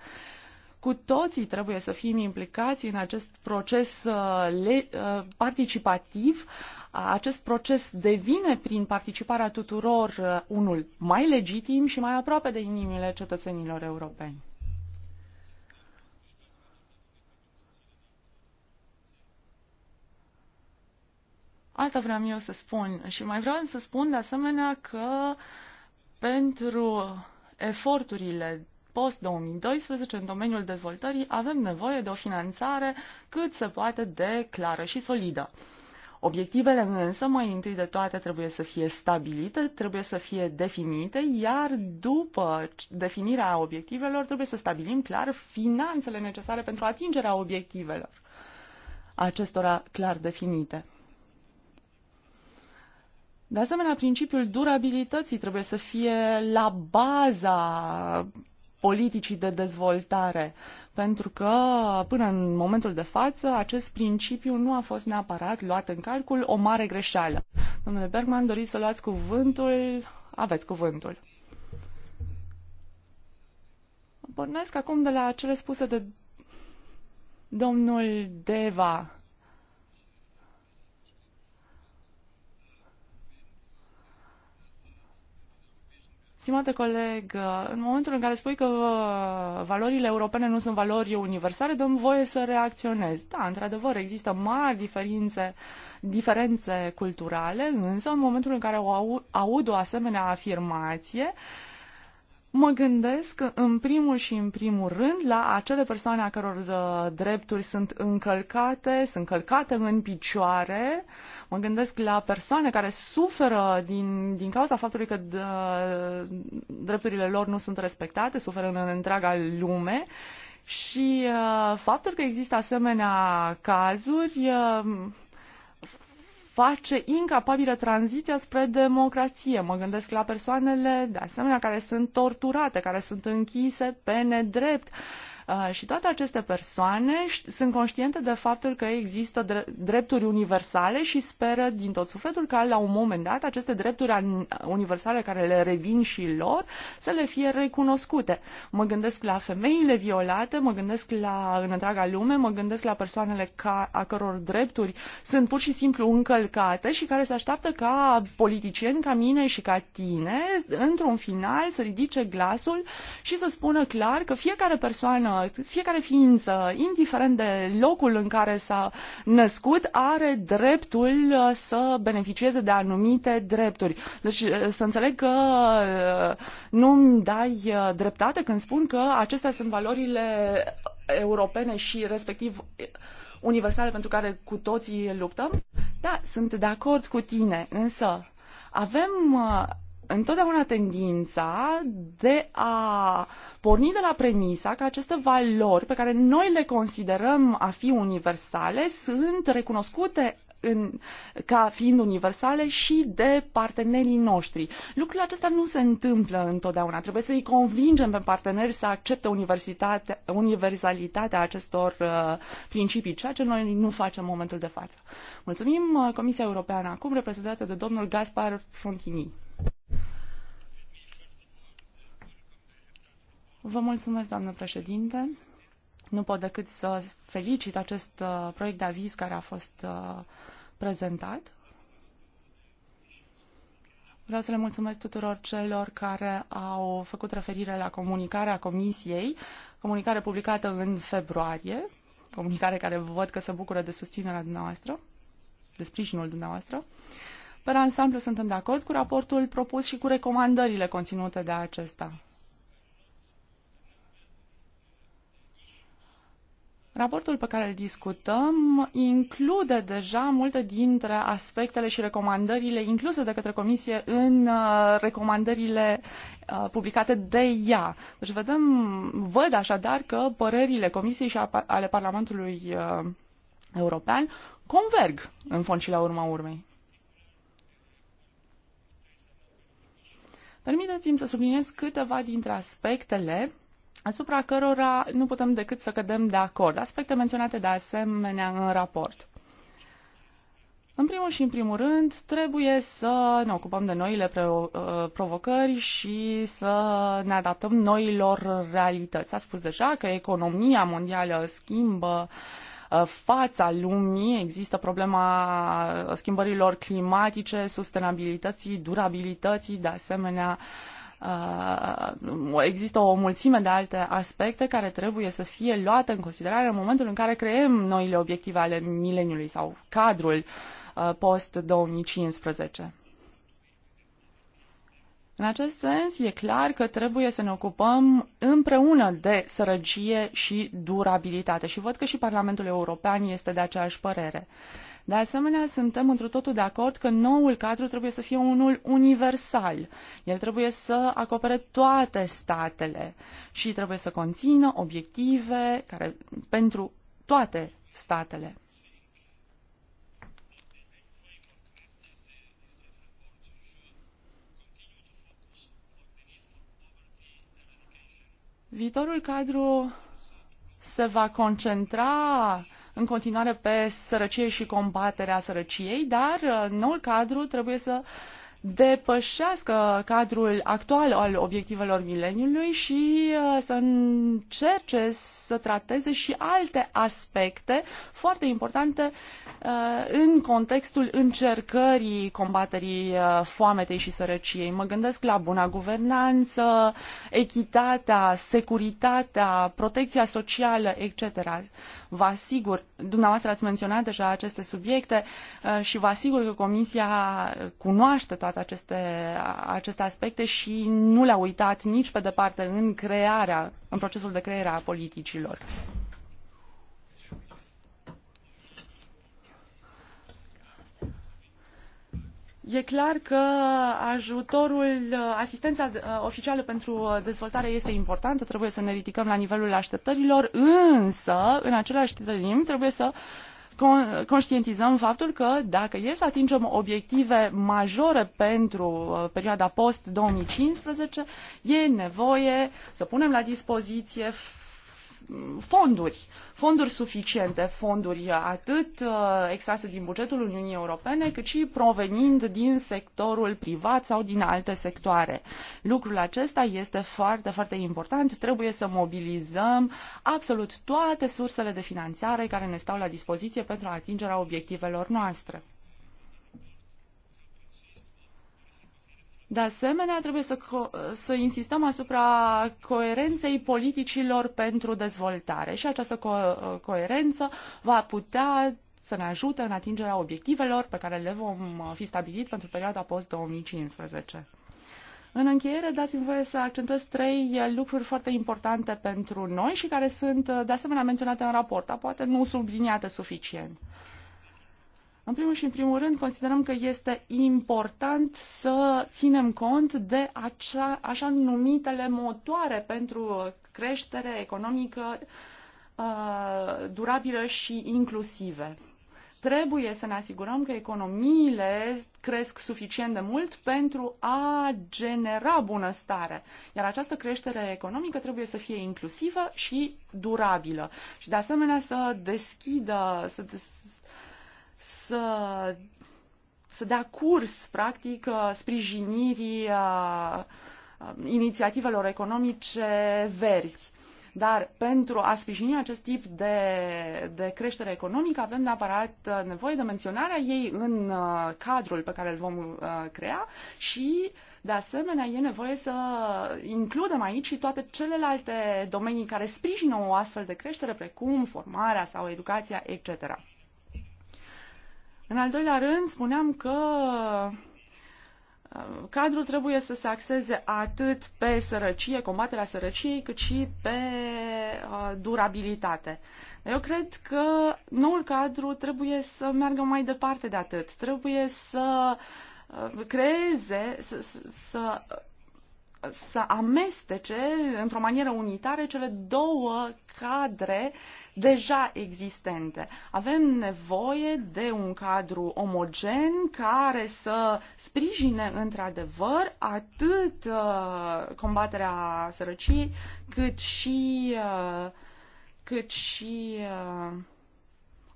D: cu toții trebuie să fim implicați în acest proces uh, participativ, acest proces devine prin participarea tuturor uh, unul mai legitim și mai aproape de inimile cetățenilor europeni. Asta vreau eu să spun și mai vreau să spun de asemenea că pentru eforturile post-2012 în domeniul dezvoltării avem nevoie de o finanțare cât se poate de clară și solidă. Obiectivele însă, mai întâi de toate, trebuie să fie stabilite, trebuie să fie definite, iar după definirea obiectivelor trebuie să stabilim clar finanțele necesare pentru atingerea obiectivelor acestora clar definite. De asemenea, principiul durabilității trebuie să fie la baza politicii de dezvoltare. Uh, pentru că până în momentul de față acest principiu nu a fost neapărat luat în calcul, o mare greșeală. Domnule Bergman, doriți să luați cuvântul? Aveți cuvântul. Pornesc acum de la cele spuse de domnul Deva Stimate coleg, în momentul în care spui că uh, valorile europene nu sunt valori universale, dăm voie să reacționez. Da, într-adevăr, există mari diferențe, diferențe culturale, însă în momentul în care o aud o asemenea afirmație, mă gândesc în primul și în primul rând la acele persoane a căror uh, drepturi sunt încălcate, sunt călcate în picioare, uh, Mă gândesc la persoane care suferă din, din cauza faptului că dă, drepturile lor nu sunt respectate, suferă în întreaga lume și uh, faptul că există asemenea cazuri uh, face incapabilă tranziția spre democrație. Mă gândesc la persoanele, de asemenea, care sunt torturate, care sunt închise pe nedrept. Uh, Uh, și toate aceste persoane sunt conștiente de faptul că există drepturi universale și speră din tot sufletul ca la un moment dat aceste drepturi universale care le revin și lor să le fie recunoscute. Mă gândesc la femeile violate, mă gândesc la în întreaga lume, mă gândesc la persoanele ca, a căror drepturi sunt pur și simplu încălcate și care se așteaptă ca politicieni ca mine și ca tine, într-un final, să ridice glasul și să spună clar că fiecare persoană Uh, fiecare ființă, indiferent de locul în care s-a născut, are dreptul uh, să beneficieze de anumite drepturi. Deci uh, să înțeleg că nu-mi dai dreptate când spun că acestea sunt valorile europene și respectiv universale pentru care cu toții luptăm? Da, sunt de acord cu tine, însă avem întotdeauna tendința de a porni de la premisa că aceste valori pe care noi le considerăm a fi universale sunt recunoscute în, ca fiind universale și de partenerii noștri. Lucrul acesta nu se întâmplă întotdeauna. Trebuie să-i convingem pe parteneri să accepte universalitatea acestor uh, principii, ceea ce noi nu facem în momentul de față. Mulțumim uh, Comisia Europeană, acum reprezentată de domnul Gaspar Frontini. Vă mulțumesc, doamnă președinte. Nu pot decât să felicit acest uh, proiect de aviz care a fost uh, prezentat. Vreau să le mulțumesc tuturor celor care au făcut referire la comunicarea Comisiei, comunicare publicată în februarie, comunicare care văd că se bucură de susținerea dumneavoastră, de sprijinul dumneavoastră. Pe ansamblu suntem de acord cu raportul propus și cu recomandările conținute de acesta. Raportul pe care îl discutăm include deja multe dintre aspectele și recomandările incluse de către Comisie în uh, recomandările uh, publicate de ea. Deci vedem, văd așadar că părerile Comisiei și ale Parlamentului uh, European converg în fond și la urma urmei. Permiteți-mi să subliniez câteva dintre aspectele asupra cărora nu putem decât să cădem de acord, aspecte menționate de asemenea în raport. În primul și în primul rând, trebuie să ne ocupăm de noile uh, provocări și să ne adaptăm noilor realități. S-a spus deja că economia mondială schimbă uh, fața lumii, există problema schimbărilor climatice, sustenabilității, durabilității, de asemenea uh, Uh, există o mulțime de alte aspecte care trebuie să fie luate în considerare în momentul în care creăm noile obiective ale mileniului sau cadrul uh, post-2015. În acest sens, e clar că trebuie să ne ocupăm împreună de sărăcie și durabilitate și văd că și Parlamentul European este de aceeași părere. Uh, de asemenea, suntem într totul de acord că noul cadru trebuie să fie unul universal. El trebuie să acopere toate statele și trebuie să conțină obiective care, pentru toate statele. Viitorul cadru se va concentra în continuare pe sărăcie și combaterea sărăciei, dar uh, noul cadru trebuie să depășească cadrul actual al obiectivelor mileniului și uh, să încerce să trateze și alte aspecte foarte importante uh, în contextul încercării combaterii foametei și sărăciei. Mă gândesc la buna guvernanță, echitatea, securitatea, protecția socială, etc. Vă asigur, dumneavoastră ați menționat deja aceste subiecte uh, și vă asigur că Comisia cunoaște toate aceste, aceste aspecte și nu le-a uitat nici pe departe în crearea, în procesul de creare a politicilor. E clar că ajutorul, asistența uh, oficială pentru uh, dezvoltare este importantă, trebuie să ne ridicăm la nivelul așteptărilor, însă, în același timp, trebuie să conștientizăm faptul că dacă e să atingem obiective majore pentru uh, perioada post-2015, e nevoie să punem la dispoziție fonduri, fonduri suficiente, fonduri atât uh, extrase din bugetul Uniunii Europene, cât și provenind din sectorul privat sau din alte sectoare. Lucrul acesta este foarte, foarte important. Trebuie să mobilizăm absolut toate sursele de finanțare care ne stau la dispoziție pentru atingerea obiectivelor noastre. De asemenea, trebuie să, să insistăm asupra coerenței politicilor pentru dezvoltare și această co- coerență va putea să ne ajute în atingerea obiectivelor pe care le vom fi stabilit pentru perioada post-2015. În încheiere, dați-mi voie să accentuez trei lucruri foarte importante pentru noi și care sunt, de asemenea, menționate în raport, dar poate nu subliniate suficient. În primul și în primul rând, considerăm că este important să ținem cont de acea, așa numitele motoare pentru creștere economică uh, durabilă și inclusive. Trebuie să ne asigurăm că economiile cresc suficient de mult pentru a genera bunăstare. Iar această creștere economică trebuie să fie inclusivă și durabilă. Și de asemenea să deschidă, să să, să dea curs, practic, uh, sprijinirii uh, uh, inițiativelor economice verzi. Dar pentru a sprijini acest tip de, de creștere economică avem neapărat nevoie de menționarea ei în cadrul pe care îl vom crea și de asemenea e nevoie să includem aici și toate celelalte domenii care sprijină o astfel de creștere, precum formarea sau educația, etc. În al doilea rând, spuneam că uh, cadrul trebuie să se axeze atât pe sărăcie, combaterea sărăciei, cât și pe uh, durabilitate. Eu cred că noul cadru trebuie să meargă mai departe de atât. Trebuie să uh, creeze, să, să, să amestece într-o manieră unitară cele două cadre uh, deja existente. Avem nevoie de un cadru omogen care să sprijine într-adevăr atât uh, combaterea sărăciei cât și uh, cât și uh,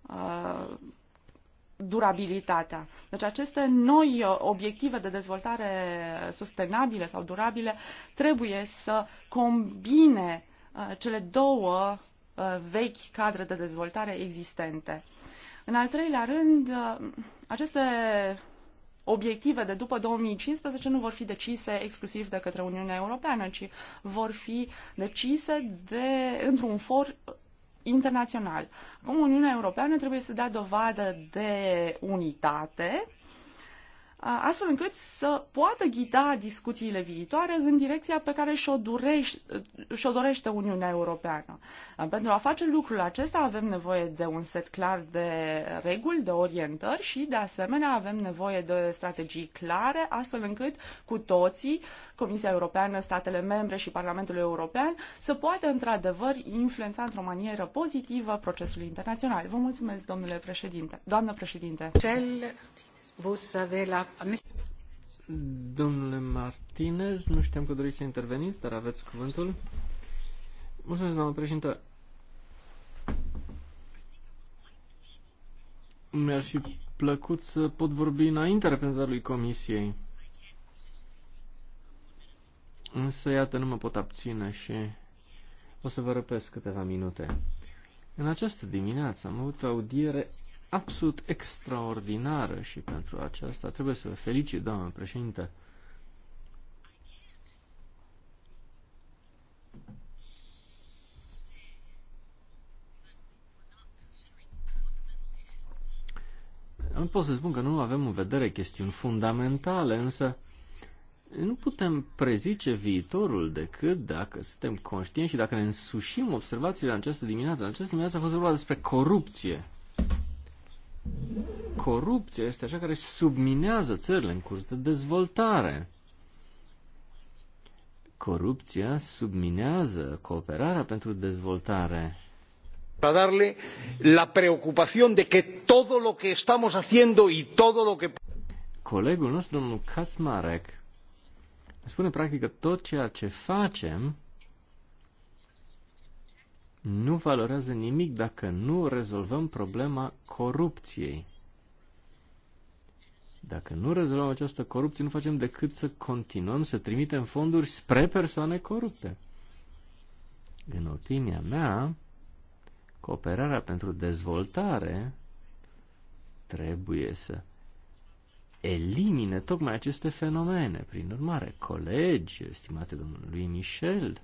D: uh, durabilitatea. Deci aceste noi uh, obiective de dezvoltare sustenabile sau durabile trebuie să combine uh, cele două Uh, vechi cadre de dezvoltare existente. În al treilea rând, uh, aceste obiective de după 2015 nu vor fi decise exclusiv de către Uniunea Europeană, ci vor fi decise de, într-un for internațional. Acum Uniunea Europeană trebuie să dea dovadă de unitate astfel încât să poată ghida discuțiile viitoare în direcția pe care și-o, durește, și-o dorește Uniunea Europeană. Pentru a face lucrul acesta avem nevoie de un set clar de reguli, de orientări și, de asemenea, avem nevoie de strategii clare, astfel încât cu toții, Comisia Europeană, statele membre și Parlamentul European, să poată, într-adevăr, influența într-o manieră pozitivă procesul internațional. Vă mulțumesc, domnule președinte. Doamnă președinte. Cel
B: Domnule Martinez, nu știam că doriți să interveniți, dar aveți cuvântul. Mulțumesc, doamnă președinte. Mi-ar fi plăcut să pot vorbi înaintea reprezentantului comisiei. Însă, iată, nu mă pot abține și o să vă răpesc câteva minute. În această dimineață am avut audiere absolut extraordinară și pentru aceasta trebuie să vă felicit, doamnă președinte. Nu pot să spun că nu avem în vedere chestiuni fundamentale, însă nu putem prezice viitorul decât dacă suntem conștienți și dacă ne însușim observațiile în această dimineață. În această dimineață a fost vorba despre corupție. Corupția este așa care subminează țările în curs de dezvoltare. Corupția subminează cooperarea pentru dezvoltare
C: Para darle la preocupación de que todo lo que estamos haciendo y todo lo que.
B: Colegul nostru, domnul Kasmarek, spune practic că tot ceea ce facem nu valorează nimic dacă nu rezolvăm problema corupției. Dacă nu rezolvăm această corupție, nu facem decât să continuăm să trimitem fonduri spre persoane corupte. În opinia mea, cooperarea pentru dezvoltare trebuie să elimine tocmai aceste fenomene. Prin urmare, colegi, estimate domnului Michel,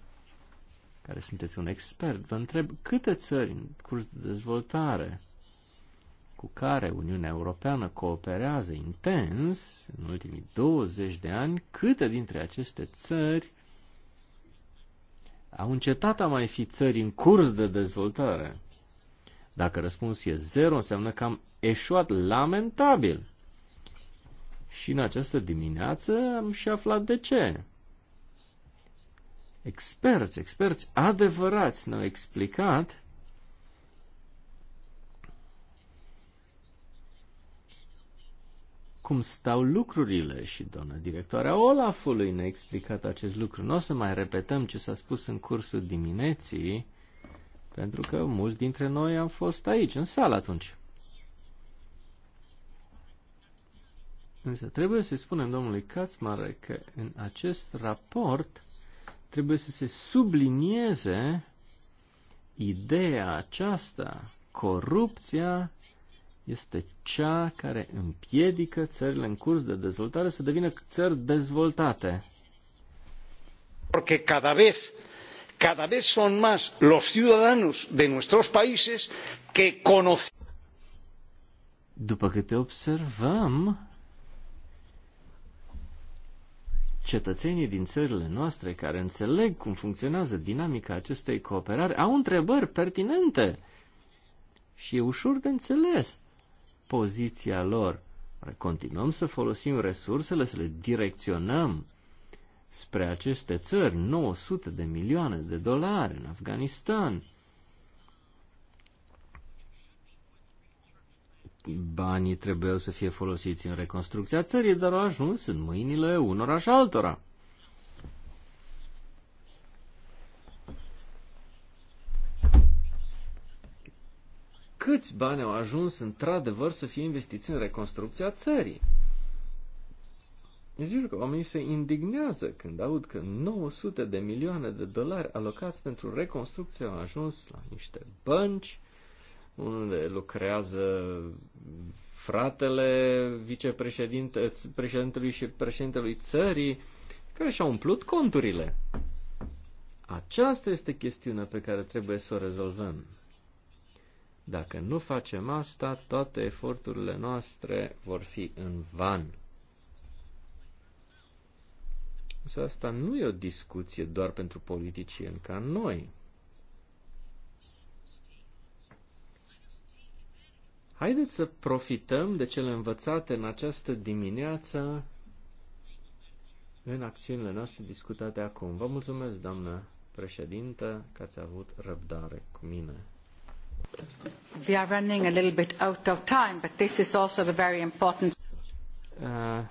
B: care sunteți un expert, vă întreb câte țări în curs de dezvoltare cu care Uniunea Europeană cooperează intens în ultimii 20 de ani, câte dintre aceste țări au încetat a mai fi țări în curs de dezvoltare? Dacă răspunsul e zero, înseamnă că am eșuat lamentabil. Și în această dimineață am și aflat de ce experți, experți adevărați ne-au explicat cum stau lucrurile și doamna directoarea Olafului ne-a explicat acest lucru. Nu o să mai repetăm ce s-a spus în cursul dimineții, pentru că mulți dintre noi am fost aici, în sală atunci. Însă trebuie să spunem domnului Katzmare că în acest raport trebuie să se sublinieze ideea aceasta. Corupția este cea care împiedică țările în curs de dezvoltare să devină țări dezvoltate.
A: Porque cada vez cada vez son más
B: los ciudadanos de nuestros países que conocen. După câte observăm, cetățenii din țările noastre care înțeleg cum funcționează dinamica acestei cooperări au întrebări pertinente și e ușor de înțeles poziția lor. Continuăm să folosim resursele, să le direcționăm spre aceste țări, 900 de milioane de dolari în Afganistan, banii trebuiau să fie folosiți în reconstrucția țării, dar au ajuns în mâinile unora și altora. Câți bani au ajuns într-adevăr să fie investiți în reconstrucția țării? Zic că oamenii se indignează când aud că 900 de milioane de dolari alocați pentru reconstrucție au ajuns la niște bănci unde lucrează fratele vicepreședintelui și președintelui țării, care și-au umplut conturile. Aceasta este chestiunea pe care trebuie să o rezolvăm. Dacă nu facem asta, toate eforturile noastre vor fi în van. Însă asta nu e o discuție doar pentru politicieni ca noi. Haideți să profităm de cele învățate în această dimineață în acțiunile noastre discutate acum. Vă mulțumesc, doamnă președintă, că ați avut răbdare cu mine.
A: We are running a little bit out of time, but this is also a very important...
B: Uh,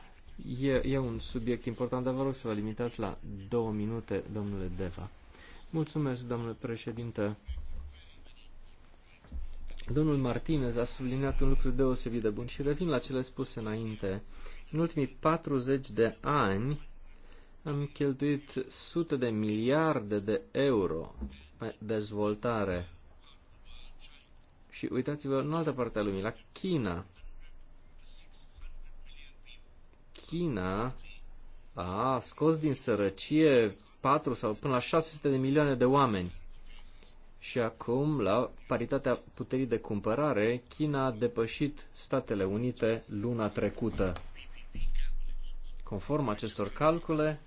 B: e, e un subiect important, dar vă rog să vă limitați la două minute, domnule Deva. Mulțumesc, domnule președinte. Domnul Martinez a subliniat un lucru deosebit de bun și revin la cele spuse înainte. În ultimii 40 de ani am cheltuit sute de miliarde de euro pe dezvoltare. Și uitați-vă în altă parte a lumii, la China. China a scos din sărăcie 4 sau până la 600 de milioane de oameni. Și acum, la paritatea puterii de cumpărare, China a depășit Statele Unite luna trecută. Conform acestor calcule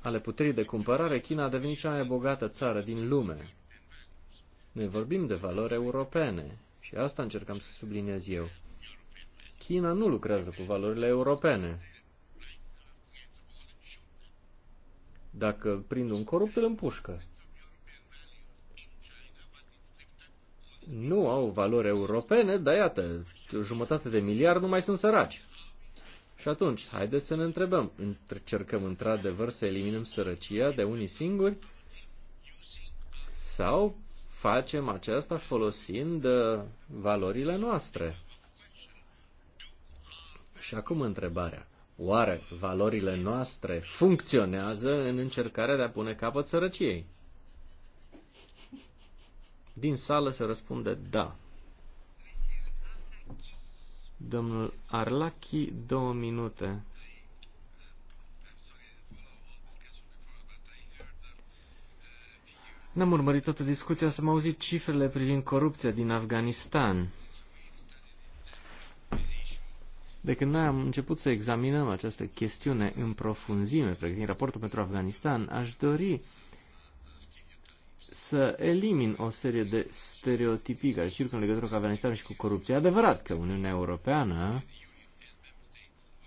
B: ale puterii de cumpărare, China a devenit cea mai bogată țară din lume. Noi vorbim de valori europene și asta încercam să subliniez eu. China nu lucrează cu valorile europene. Dacă prind un corupt, îl împușcă. nu au valori europene, dar iată, jumătate de miliard nu mai sunt săraci. Și atunci, haideți să ne întrebăm, încercăm într-adevăr să eliminăm sărăcia de unii singuri sau facem aceasta folosind uh, valorile noastre? Și acum întrebarea. Oare valorile noastre funcționează în încercarea de a pune capăt sărăciei? Din sală se răspunde da. Domnul Arlachi, două minute. N-am urmărit toată discuția să am auzit cifrele privind corupția din Afganistan. De când noi am început să examinăm această chestiune în profunzime, pregătind raportul pentru Afganistan, aș dori să elimin o serie de stereotipii care circulă în legătură cu Afganistanul și cu corupția. E adevărat că Uniunea Europeană,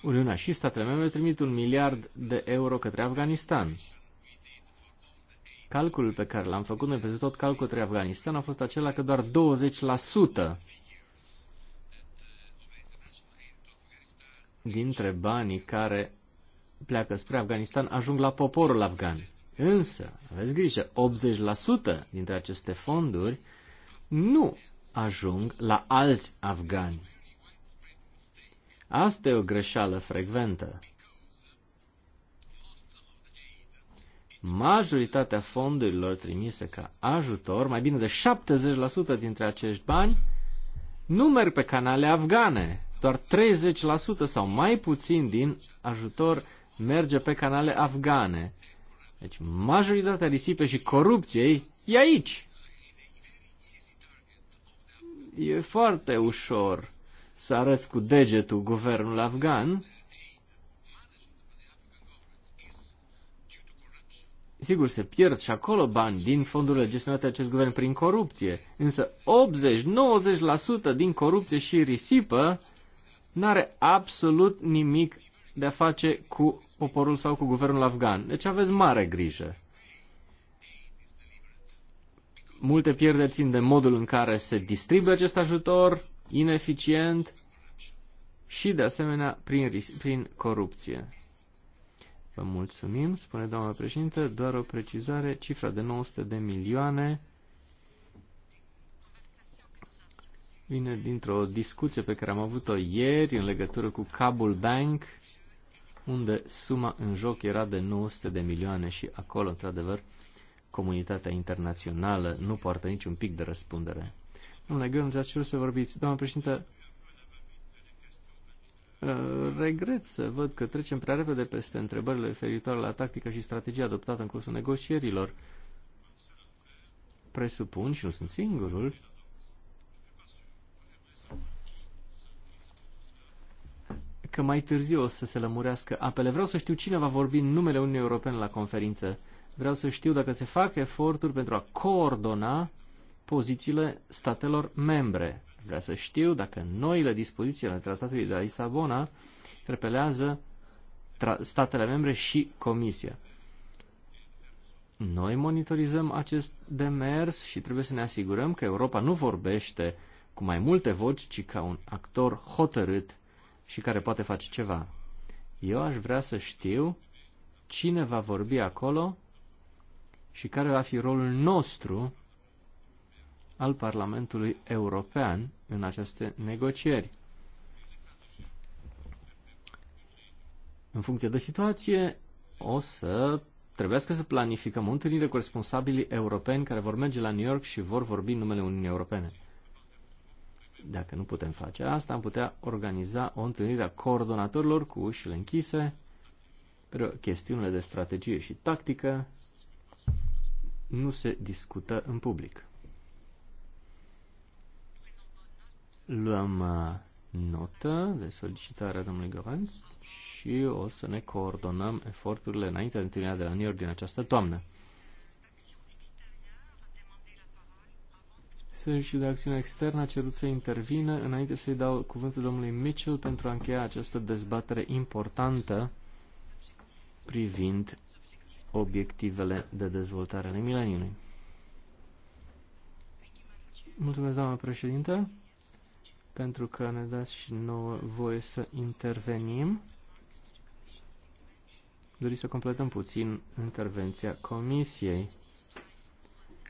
B: Uniunea și statele membre trimit un miliard de euro către Afganistan. Calculul pe care l-am făcut noi pentru tot calculul către Afganistan a fost acela că doar 20% dintre banii care pleacă spre Afganistan ajung la poporul afgan. Însă, aveți grijă, 80% dintre aceste fonduri nu ajung la alți afgani. Asta e o greșeală frecventă. Majoritatea fondurilor trimise ca ajutor, mai bine de 70% dintre acești bani, nu merg pe canale afgane. Doar 30% sau mai puțin din ajutor merge pe canale afgane. Deci majoritatea risipei și corupției e aici. E foarte ușor să arăți cu degetul guvernul afgan. Sigur, se pierd și acolo bani din fondurile gestionate de acest guvern prin corupție, însă 80-90% din corupție și risipă n-are absolut nimic de a face cu poporul sau cu guvernul afgan. Deci aveți mare grijă. Multe pierderi țin de modul în care se distribuie acest ajutor, ineficient și, de asemenea, prin, prin corupție. Vă mulțumim, spune doamna președinte, doar o precizare, cifra de 900 de milioane vine dintr-o discuție pe care am avut-o ieri în legătură cu Kabul Bank unde suma în joc era de 900 de milioane și acolo, într-adevăr, comunitatea internațională nu poartă niciun pic de răspundere. Domnule Gând, ați cerut să vorbiți. Doamna președinte, uh, regret să văd că trecem prea repede peste întrebările referitoare la tactică și strategia adoptată în cursul negocierilor. Presupun, și nu sunt singurul, că mai târziu o să se lămurească apele. Vreau să știu cine va vorbi în numele Uniunii Europene la conferință. Vreau să știu dacă se fac eforturi pentru a coordona pozițiile statelor membre. Vreau să știu dacă noile dispoziții ale Tratatului de la Lisabona trepelează statele membre și Comisia. Noi monitorizăm acest demers și trebuie să ne asigurăm că Europa nu vorbește cu mai multe voci, ci ca un actor hotărât și care poate face ceva. Eu aș vrea să știu cine va vorbi acolo și care va fi rolul nostru al Parlamentului European în aceste negocieri. În funcție de situație, o să trebuiască să planificăm o întâlnire cu responsabilii europeni care vor merge la New York și vor vorbi în numele Uniunii Europene. Dacă nu putem face asta, am putea organiza o întâlnire a coordonatorilor cu ușile închise, pentru chestiunile de strategie și tactică nu se discută în public. Luăm uh, notă de a domnului Govanț și o să ne coordonăm eforturile înainte de întâlnirea de la New York din această toamnă. Serviciul de Acțiune Externă a cerut să intervină. Înainte să-i dau cuvântul domnului Mitchell pentru a încheia această dezbatere importantă privind obiectivele de dezvoltare ale mileniului. Mulțumesc, doamna președintă, pentru că ne dați și nouă voie să intervenim. Doriți să completăm puțin intervenția Comisiei.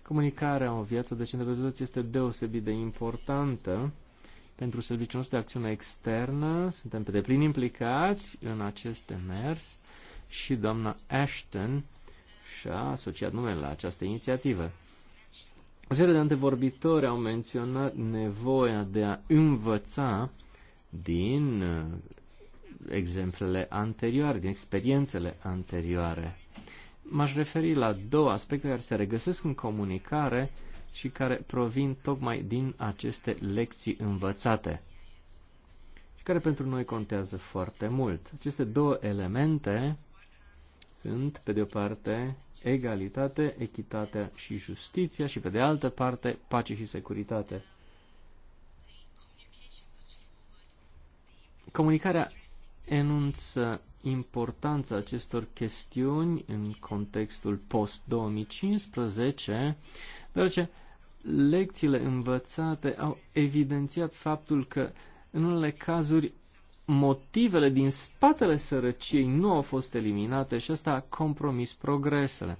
B: Comunicarea o viață de pentru toți este deosebit de importantă pentru Serviciul nostru de Acțiune Externă. Suntem pe deplin implicați în acest demers și doamna Ashton și-a asociat numele la această inițiativă. O serie de antevorbitori au menționat nevoia de a învăța din uh, exemplele anterioare, din experiențele anterioare m-aș referi la două aspecte care se regăsesc în comunicare și care provin tocmai din aceste lecții învățate și care pentru noi contează foarte mult. Aceste două elemente sunt, pe de o parte, egalitate, echitatea și justiția și, pe de altă parte, pace și securitate. Comunicarea enunță importanța acestor chestiuni în contextul post-2015, deoarece lecțiile învățate au evidențiat faptul că, în unele cazuri, motivele din spatele sărăciei nu au fost eliminate și asta a compromis progresele.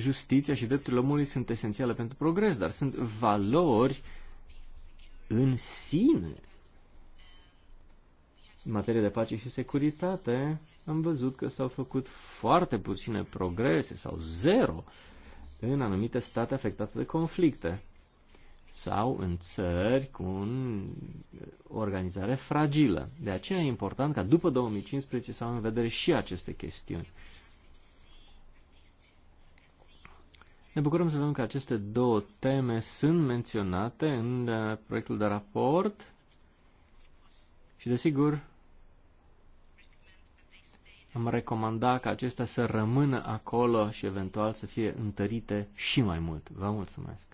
B: justiția și drepturile omului sunt esențiale pentru progres, dar sunt valori în sine. În materie de pace și securitate, am văzut că s-au făcut foarte puține progrese sau zero în anumite state afectate de conflicte sau în țări cu un organizare fragilă. De aceea e important ca după 2015 să avem în vedere și aceste chestiuni. Ne bucurăm să vedem că aceste două teme sunt menționate în uh, proiectul de raport și, desigur, am recomanda ca acestea să rămână acolo și eventual să fie întărite și mai mult. Vă mulțumesc!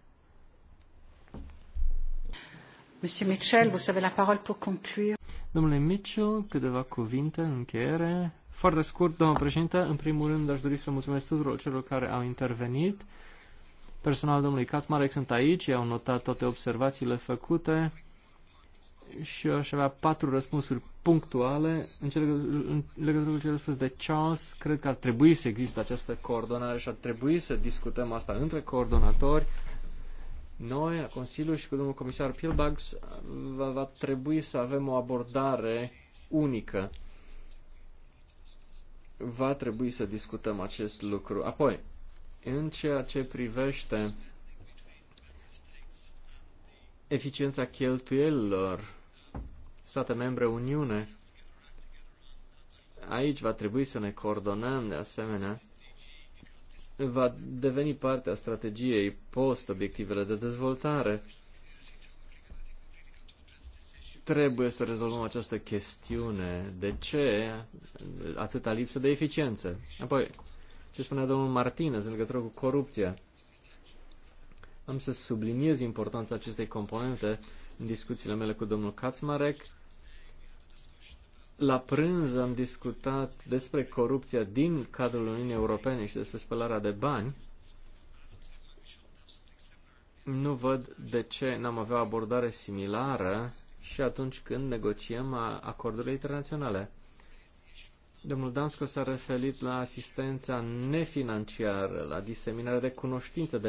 A: Monsieur Mitchell, vous avez la parole pour conclure.
B: Domnule Mitchell, câteva cuvinte în încheiere. Foarte scurt, domnul președinte, în primul rând aș dori să mulțumesc tuturor celor care au intervenit personal domnului Kaczmarek sunt aici, i-au notat toate observațiile făcute și eu aș avea patru răspunsuri punctuale. În, în legătură cu cele spus de Charles, cred că ar trebui să existe această coordonare și ar trebui să discutăm asta între coordonatori. Noi, la Consiliu și cu domnul comisar Pilbags, va, va trebui să avem o abordare unică. Va trebui să discutăm acest lucru. Apoi, în ceea ce privește eficiența cheltuielilor state membre Uniune, aici va trebui să ne coordonăm de asemenea va deveni parte a strategiei post-obiectivele de dezvoltare. Trebuie să rezolvăm această chestiune. De ce atâta lipsă de eficiență? Apoi, ce spunea domnul Martinez în legătură cu corupția. Am să subliniez importanța acestei componente în discuțiile mele cu domnul Kaczmarek. La prânz am discutat despre corupția din cadrul Uniunii Europene și despre spălarea de bani. Nu văd de ce n-am avea o abordare similară și atunci când negociem acordurile internaționale. Domnul Dansco s-a referit la asistența nefinanciară, la diseminarea de cunoștință, de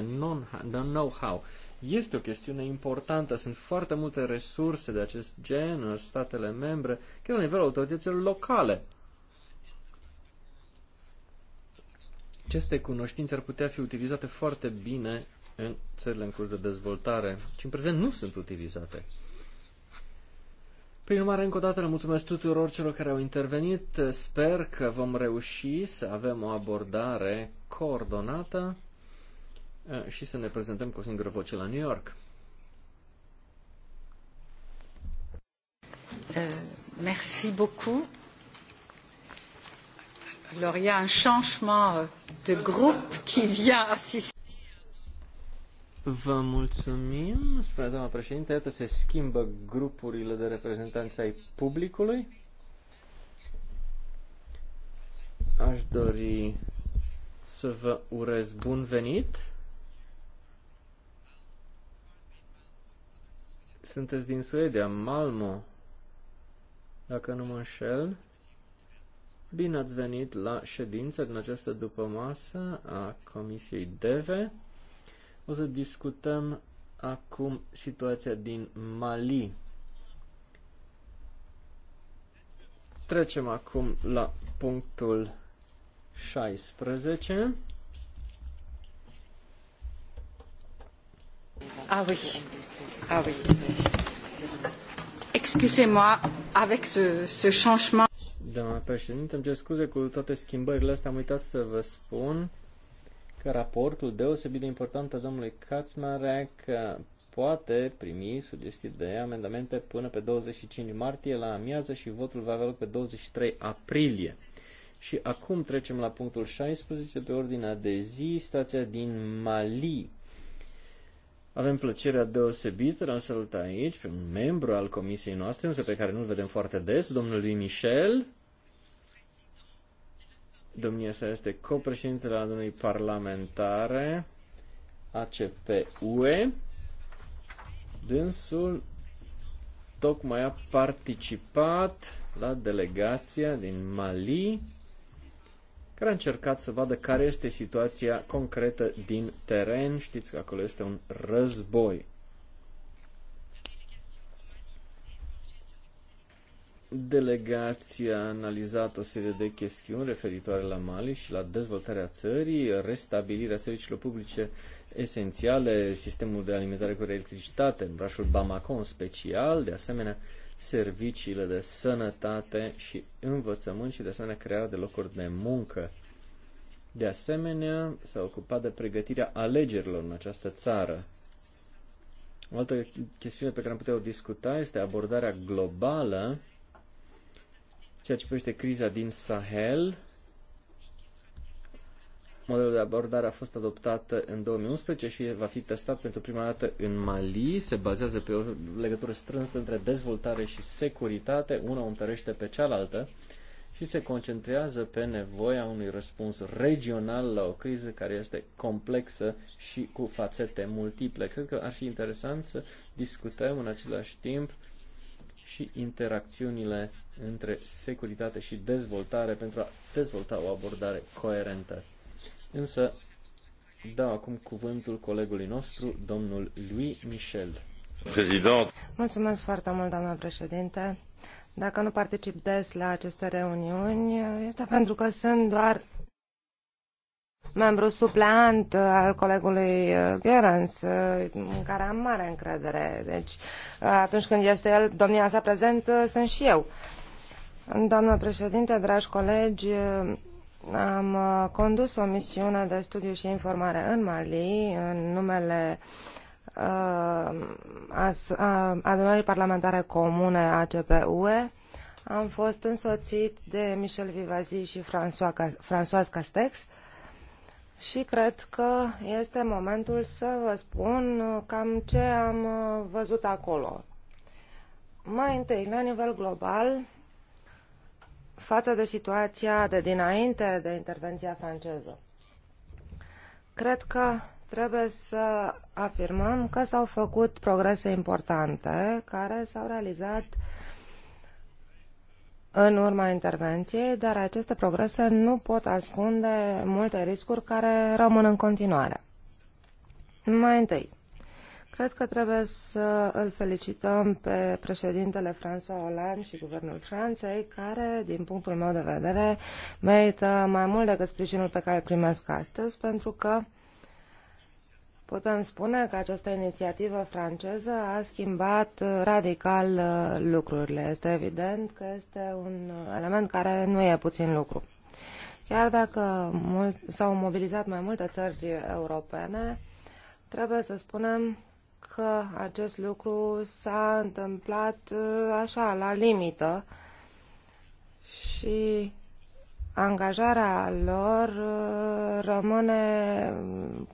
B: de know-how. Este o chestiune importantă, sunt foarte multe resurse de acest gen în statele membre, chiar la nivelul autorităților locale. Aceste cunoștințe ar putea fi utilizate foarte bine în țările în curs de dezvoltare ci în prezent nu sunt utilizate. Prin urmare, încă o dată le mulțumesc tuturor celor care au intervenit. Sper că vom reuși să avem o abordare coordonată și să ne prezentăm cu o singură voce la New York.
A: Uh, merci beaucoup. Alors, il y a un changement de groupe qui vient assister.
B: Vă mulțumim, spune doamna președinte. Iată, se schimbă grupurile de reprezentanți ai publicului. Aș dori să vă urez bun venit. Sunteți din Suedia, Malmo, dacă nu mă înșel. Bine ați venit la ședința din această dupămasă a Comisiei DEVE. O să discutăm acum situația din Mali. Trecem acum la punctul 16.
A: Ah oui, ah oui. Excusez-moi, avec ce, ce changement...
B: Doamna președinte, îmi cer scuze cu toate schimbările astea, am uitat să vă spun că raportul deosebit de important al domnului Kaczmarek poate primi sugestii de amendamente până pe 25 martie la amiază și votul va avea loc pe 23 aprilie. Și acum trecem la punctul 16 pe ordinea de zi, stația din Mali. Avem plăcerea deosebită de a saluta aici pe un membru al comisiei noastre, însă pe care nu-l vedem foarte des, domnului Michel, Domnia sa este copreședintele adunării parlamentare ACPUE. Dânsul tocmai a participat la delegația din Mali care a încercat să vadă care este situația concretă din teren. Știți că acolo este un război. Delegația a analizat o serie de chestiuni referitoare la Mali și la dezvoltarea țării, restabilirea serviciilor publice esențiale, sistemul de alimentare cu electricitate, în brașul Bamako în special, de asemenea serviciile de sănătate și învățământ și de asemenea crearea de locuri de muncă. De asemenea, s-a ocupat de pregătirea alegerilor în această țară. O altă chestiune pe care am putea o discuta este abordarea globală Ceea ce privește criza din Sahel, modelul de abordare a fost adoptat în 2011 și va fi testat pentru prima dată în Mali. Se bazează pe o legătură strânsă între dezvoltare și securitate, una întărește pe cealaltă și se concentrează pe nevoia unui răspuns regional la o criză care este complexă și cu fațete multiple. Cred că ar fi interesant să discutăm în același timp și interacțiunile între securitate și dezvoltare pentru a dezvolta o abordare coerentă. Însă, dau acum cuvântul colegului nostru, domnul Louis Michel.
A: Prezident.
C: Mulțumesc foarte mult, doamna președinte. Dacă nu particip des la aceste reuniuni, este pentru că sunt doar membru supleant uh, al colegului uh, Gerens, uh, în care am mare încredere. Deci, atunci când este el, domnia sa prezent, sunt și eu. Doamnă președinte, dragi colegi, am uh, condus o misiune de studiu și informare în Mali în numele uh, uh, adunării parlamentare comune UE. Am fost însoțit de Michel Vivazi și François Castex și cred că este momentul să vă spun cam ce am văzut acolo. Mai întâi, la nivel global, față de situația de dinainte de intervenția franceză. Cred că trebuie să afirmăm că s-au făcut progrese importante care s-au realizat în urma intervenției, dar aceste progrese nu pot ascunde multe riscuri care rămân în continuare. Mai întâi, Cred că trebuie să îl felicităm pe președintele François Hollande și guvernul Franței, care, din punctul meu de vedere, merită mai mult decât sprijinul pe care îl primesc astăzi, pentru că putem spune că această inițiativă franceză a schimbat radical uh, lucrurile. Este evident că este un element care nu e puțin lucru. Chiar dacă s-au mobilizat mai multe țări europene, trebuie să spunem că acest lucru s-a întâmplat uh, așa, la limită și angajarea lor uh, rămâne, uh,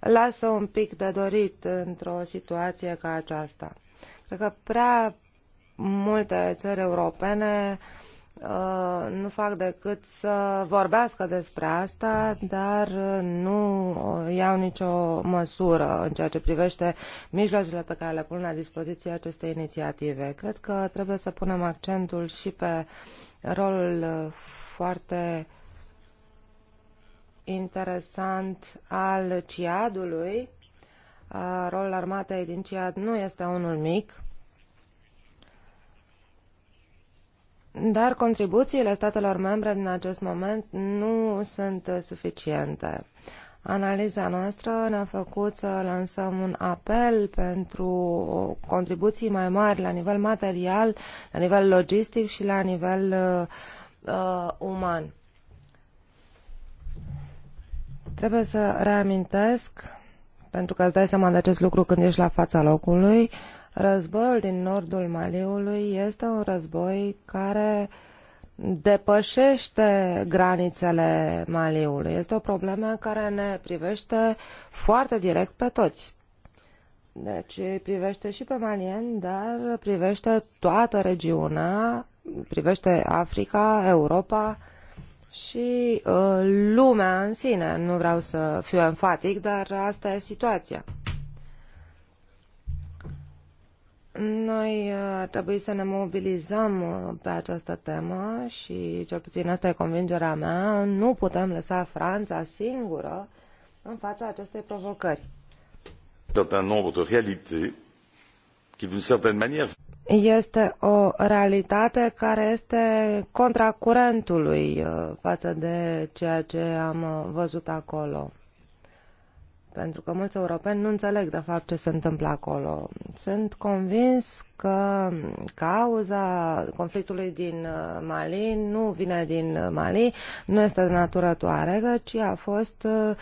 C: lasă un pic de dorit într-o situație ca aceasta. Cred că prea multe țări europene uh, Uh, nu fac decât să vorbească despre asta, dar uh, nu uh, iau nicio măsură în ceea ce privește mijloacele pe care le pun la dispoziție aceste inițiative. Cred că trebuie să punem accentul și pe rolul foarte interesant al CIADului. ului Rolul armatei din CIAD nu este unul mic Dar contribuțiile statelor membre din acest moment nu sunt suficiente. Analiza noastră ne-a făcut să lansăm un apel pentru contribuții mai mari la nivel material, la nivel logistic și la nivel uh, uh uman. Trebuie să reamintesc, pentru că îți dai seama de acest lucru când ești la fața locului, uh, Războiul din nordul Maliului este un război care depășește granițele Maliului. Este o problemă care ne privește foarte direct pe toți. Deci privește și pe malieni, dar privește toată regiunea, privește Africa, Europa și uh, lumea în sine. Nu vreau să fiu enfatic, dar asta e situația. Noi uh, ar trebui să ne mobilizăm uh, pe această temă și, cel puțin asta e convingerea mea, nu putem lăsa Franța singură în fața acestei provocări.
A: de
C: Este o realitate care este contra curentului uh, față de ceea ce am văzut acolo pentru că mulți europeni nu înțeleg de fapt ce se întâmplă acolo. Sunt convins că cauza conflictului din uh, Mali nu vine din uh, Mali, nu este de natură toaregă, ci a fost uh,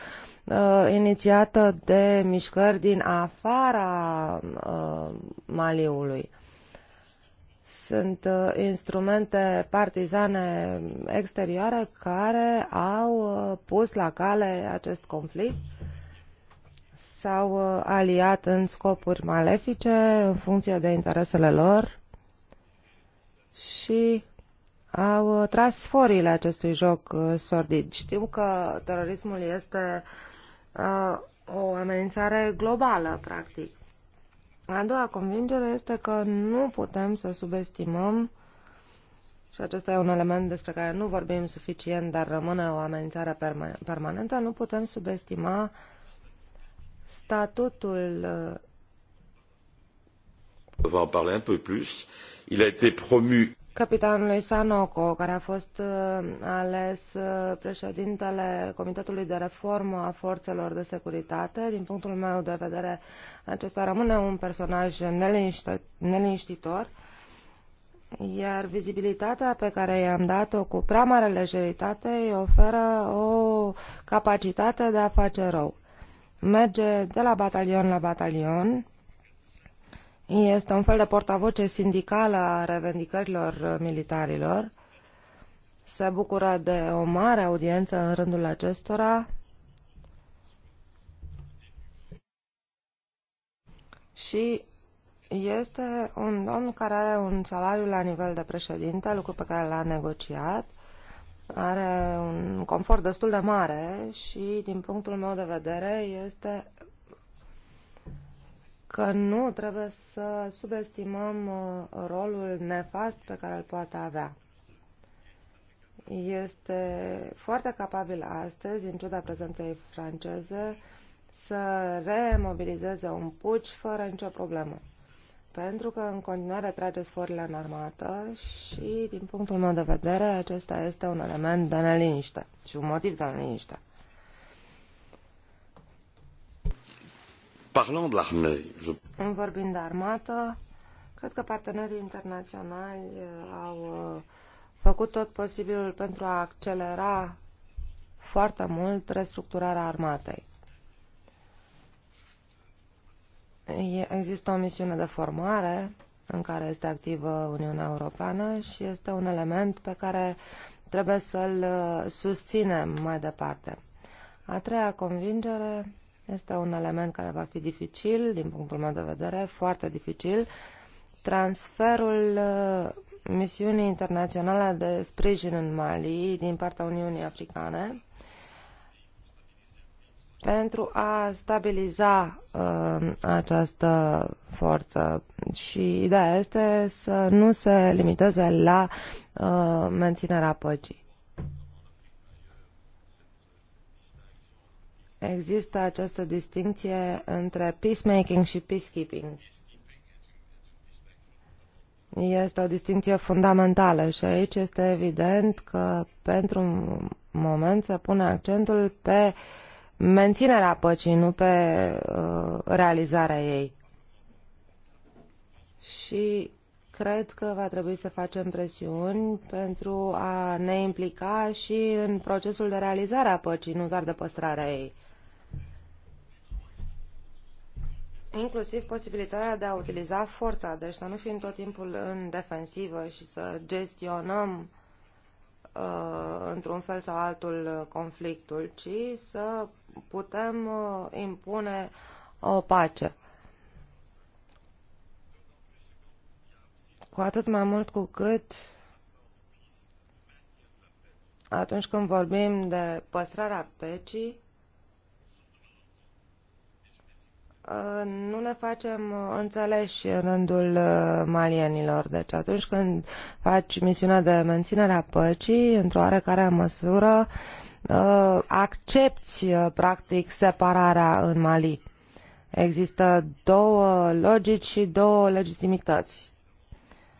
C: uh, inițiată de mișcări din afara uh, Maliului sunt instrumente partizane exterioare care au pus la cale acest conflict s-au uh, aliat în scopuri malefice, în funcție de interesele lor și au uh, tras forile acestui joc uh, sordid. Știu că terorismul este uh, o amenințare globală, practic. A doua convingere este că nu putem să subestimăm și acesta e un element despre care nu vorbim suficient, dar rămâne o amenințare permanentă, nu putem subestima uh, statutul
A: uh, va un peu plus. Il a été promu
C: capitanului Sanoco, care a fost uh, ales uh, președintele Comitetului de Reformă a Forțelor de Securitate. Din punctul meu de vedere, acesta rămâne un personaj neliniștitor, iar vizibilitatea pe care i-am dat-o cu prea mare lejeritate îi oferă o capacitate de a face rău merge de la batalion la batalion, este un fel de portavoce sindicală a revendicărilor uh, militarilor, se bucură de o mare audiență în rândul acestora și este un domn care are un salariu la nivel de președinte, lucru pe care l-a negociat, are un confort destul de mare și, din punctul meu de vedere, este că nu trebuie să subestimăm uh, rolul nefast pe care îl poate avea. Este foarte capabil astăzi, în ciuda prezenței franceze, să remobilizeze un puci fără nicio problemă pentru că în continuare trage sforile în armată și, din punctul meu de vedere, acesta este un element de neliniște și un motiv de neliniște.
A: Parlant de
C: Vorbind de armată, cred că partenerii internaționali uh, au uh, făcut tot posibilul pentru a accelera foarte mult restructurarea armatei. Există o misiune de formare în care este activă Uniunea Europeană și este un element pe care trebuie să-l uh, susținem mai departe. A treia convingere este un element care va fi dificil, din punctul meu de vedere, foarte dificil, transferul uh, misiunii internaționale de sprijin în Mali din partea Uniunii Africane pentru a stabiliza uh, această forță. Și ideea este să nu se limiteze la uh, menținerea păcii. Există această distinție între peacemaking și peacekeeping. Este o distinție fundamentală și aici este evident că pentru un moment se pune accentul pe uh, menținerea păcii, nu pe uh, realizarea ei. Și cred că va trebui să facem presiuni pentru a ne implica și în procesul de realizare a păcii, nu doar de păstrarea ei. Inclusiv posibilitatea de a utiliza forța, deci să nu fim tot timpul în defensivă și să gestionăm uh, într-un fel sau altul uh, conflictul, ci să putem uh, impune o uh, pace. Cu atât mai mult cu cât atunci când vorbim de păstrarea pecii, uh, nu ne facem înțeleși în rândul malienilor. Deci atunci când faci misiunea de menținere a păcii, într-o oarecare măsură, uh, uh, accepti uh, practic separarea în Mali. Există două logici și două legitimități.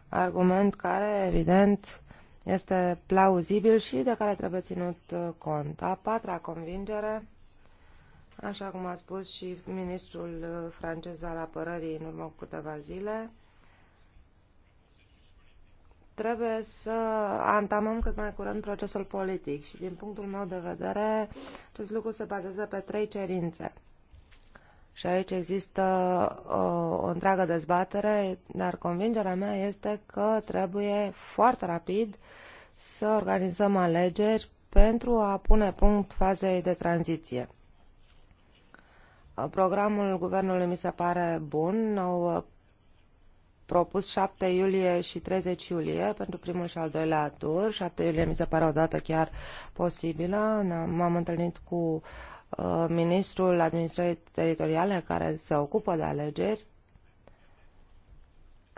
C: Argument care, evident, este plauzibil și de care trebuie ținut uh, cont. A patra convingere, așa cum a spus și ministrul uh, francez al apărării în urmă cu câteva zile, trebuie să antamăm cât mai curând procesul politic și din punctul meu de vedere acest lucru se bazează pe trei cerințe. Și aici există o, o întreagă dezbatere, dar convingerea mea este că trebuie foarte rapid să organizăm alegeri pentru a pune punct fazei de tranziție. Programul guvernului mi se pare bun, au propus 7 iulie și 30 iulie pentru primul și al doilea tur. 7 iulie mi se pare o dată chiar posibilă. M-am întâlnit cu uh, ministrul administrării teritoriale care se ocupă de alegeri.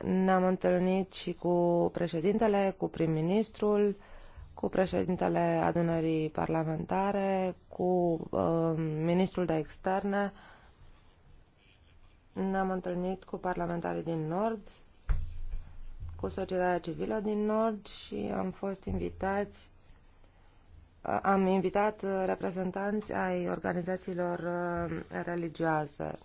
C: Ne-am întâlnit și cu președintele, cu prim-ministrul, cu președintele adunării parlamentare, cu uh, ministrul de externe, uh, ne-am întâlnit cu parlamentarii din Nord, cu societatea civilă din Nord și am fost invitați am invitat uh, reprezentanți ai organizațiilor uh, religioase.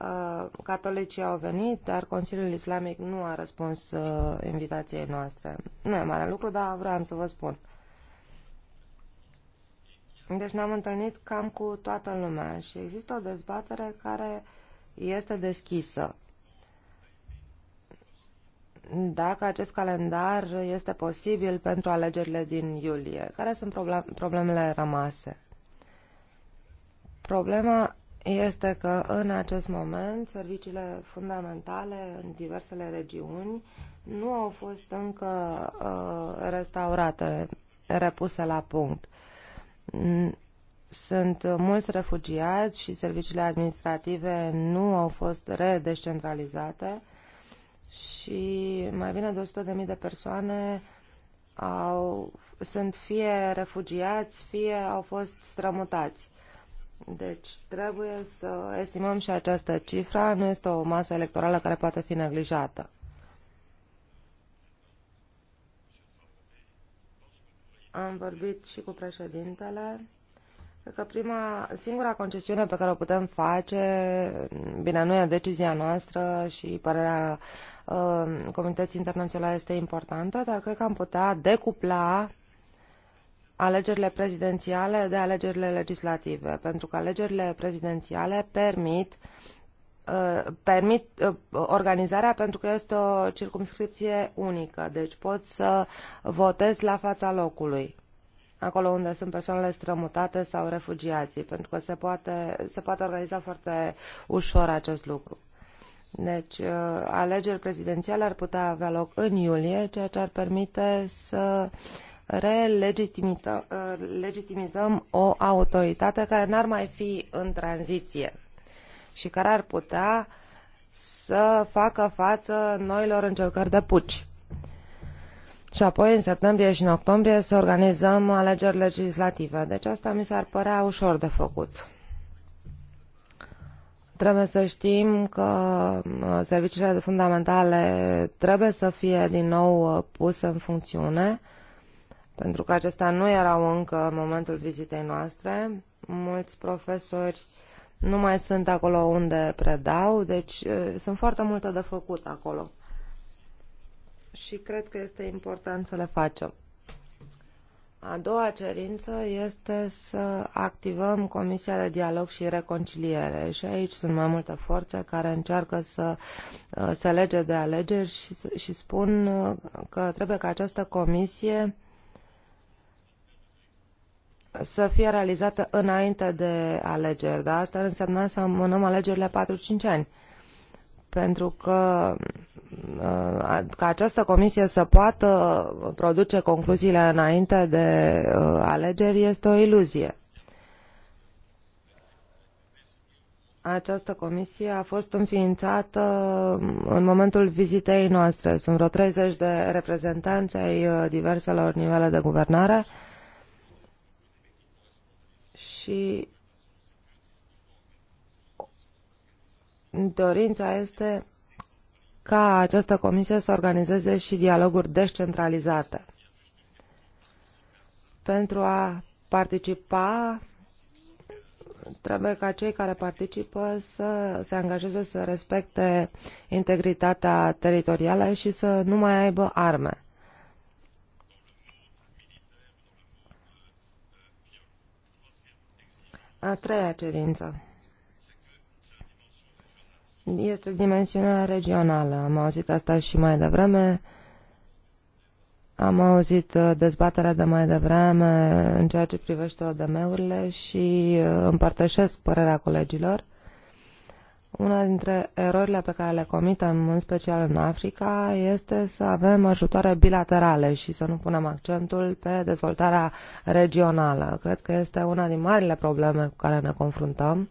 C: Uh, catolicii au venit, dar Consiliul Islamic nu a răspuns invitației noastre. Nu e mare lucru, dar vreau să vă spun. Deci ne-am întâlnit cam cu toată lumea și există o dezbatere care uh, este deschisă. Dacă acest calendar este posibil pentru alegerile din iulie, care sunt problemele rămase? Problema este că în acest moment serviciile fundamentale în diversele regiuni nu au fost încă uh, restaurate, repuse la punct sunt mulți refugiați și serviciile administrative nu au fost redescentralizate și mai bine de 100.000 de persoane au, sunt fie refugiați, fie au fost strămutați. Deci trebuie să estimăm și această cifră, nu este o masă electorală care poate fi neglijată. Am vorbit și cu președintele Cred că prima, singura concesiune pe care o putem face, bine, nu e decizia noastră și părerea uh, Comunității Internaționale este importantă, dar cred că am putea decupla alegerile prezidențiale de alegerile legislative, pentru că alegerile prezidențiale permit uh, permit uh, organizarea pentru că este o circumscripție unică, deci poți să votezi la fața locului acolo unde sunt persoanele strămutate sau refugiații, pentru că se poate, se poate organiza foarte ușor acest lucru. Deci, uh, alegeri prezidențiale ar putea avea loc în iulie, ceea ce ar permite să relegitimizăm uh, o autoritate care n-ar mai fi în tranziție și care ar putea să facă față noilor încercări de puci și apoi în septembrie și în octombrie să organizăm alegeri legislative. Deci asta mi s-ar părea ușor de făcut. Trebuie să știm că uh, serviciile fundamentale trebuie să fie din nou uh, puse în funcțiune, pentru că acestea nu erau încă în momentul vizitei noastre. Mulți profesori nu mai sunt acolo unde predau, deci uh, sunt foarte multe de făcut acolo și cred că este important să le facem. A doua cerință este să activăm Comisia de Dialog și Reconciliere și aici sunt mai multe forțe care încearcă să uh, se lege de alegeri și, și spun uh, că trebuie ca această comisie să fie realizată înainte de alegeri, Da, asta ar însemna să amânăm alegerile 4-5 ani pentru că uh, ca această comisie să poată produce concluziile înainte de uh, alegeri este o iluzie. Această comisie a fost înființată uh, în momentul vizitei noastre. Sunt vreo 30 de reprezentanți ai diverselor nivele de guvernare și dorința este ca această comisie să organizeze și dialoguri descentralizate pentru a participa trebuie ca cei care participă să se angajeze să respecte integritatea teritorială și să nu mai aibă arme. A treia cerință este dimensiunea regională. Am auzit asta și mai devreme. Am auzit uh, dezbaterea de mai devreme în ceea ce privește ODM-urile și uh, împărtășesc părerea colegilor. Una dintre erorile pe care le comitem, în special în Africa, este să avem ajutoare bilaterale și să nu punem accentul pe dezvoltarea regională. Cred că este una din marile probleme cu care ne confruntăm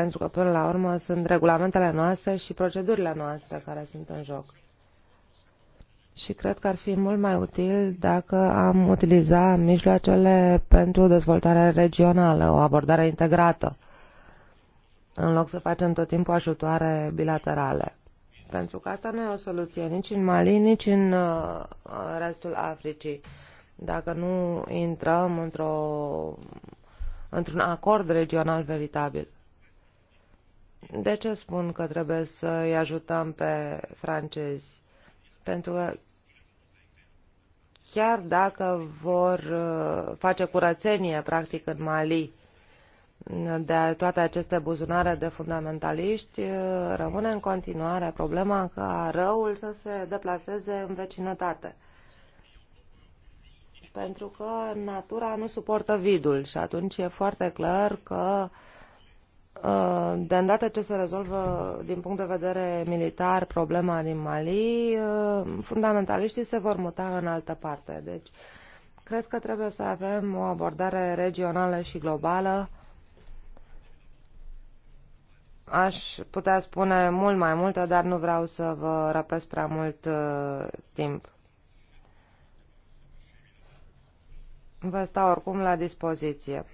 C: pentru că până la urmă sunt regulamentele noastre și procedurile noastre care sunt în joc. Și cred că ar fi mult mai util dacă am utiliza mijloacele pentru dezvoltare regională, o abordare integrată, în loc să facem tot timpul ajutoare bilaterale. Pentru că asta nu e o soluție nici în Mali, nici în uh, restul Africii. Dacă nu intrăm într-un într acord regional veritabil. De ce spun că trebuie să îi ajutăm pe francezi? Pentru că chiar dacă vor uh, face curățenie, practic, în Mali, de toate aceste buzunare de fundamentaliști, uh, rămâne în continuare problema ca răul să se deplaseze în vecinătate. Pentru că natura nu suportă vidul și atunci e foarte clar că uh, Uh, de îndată ce se rezolvă din punct de vedere militar problema din Mali, uh, fundamentaliștii se vor muta în altă parte. Deci, cred că trebuie să avem o abordare regională și globală. Aș putea spune mult mai multe, dar nu vreau să vă răpesc prea mult uh, timp. Vă stau oricum la dispoziție.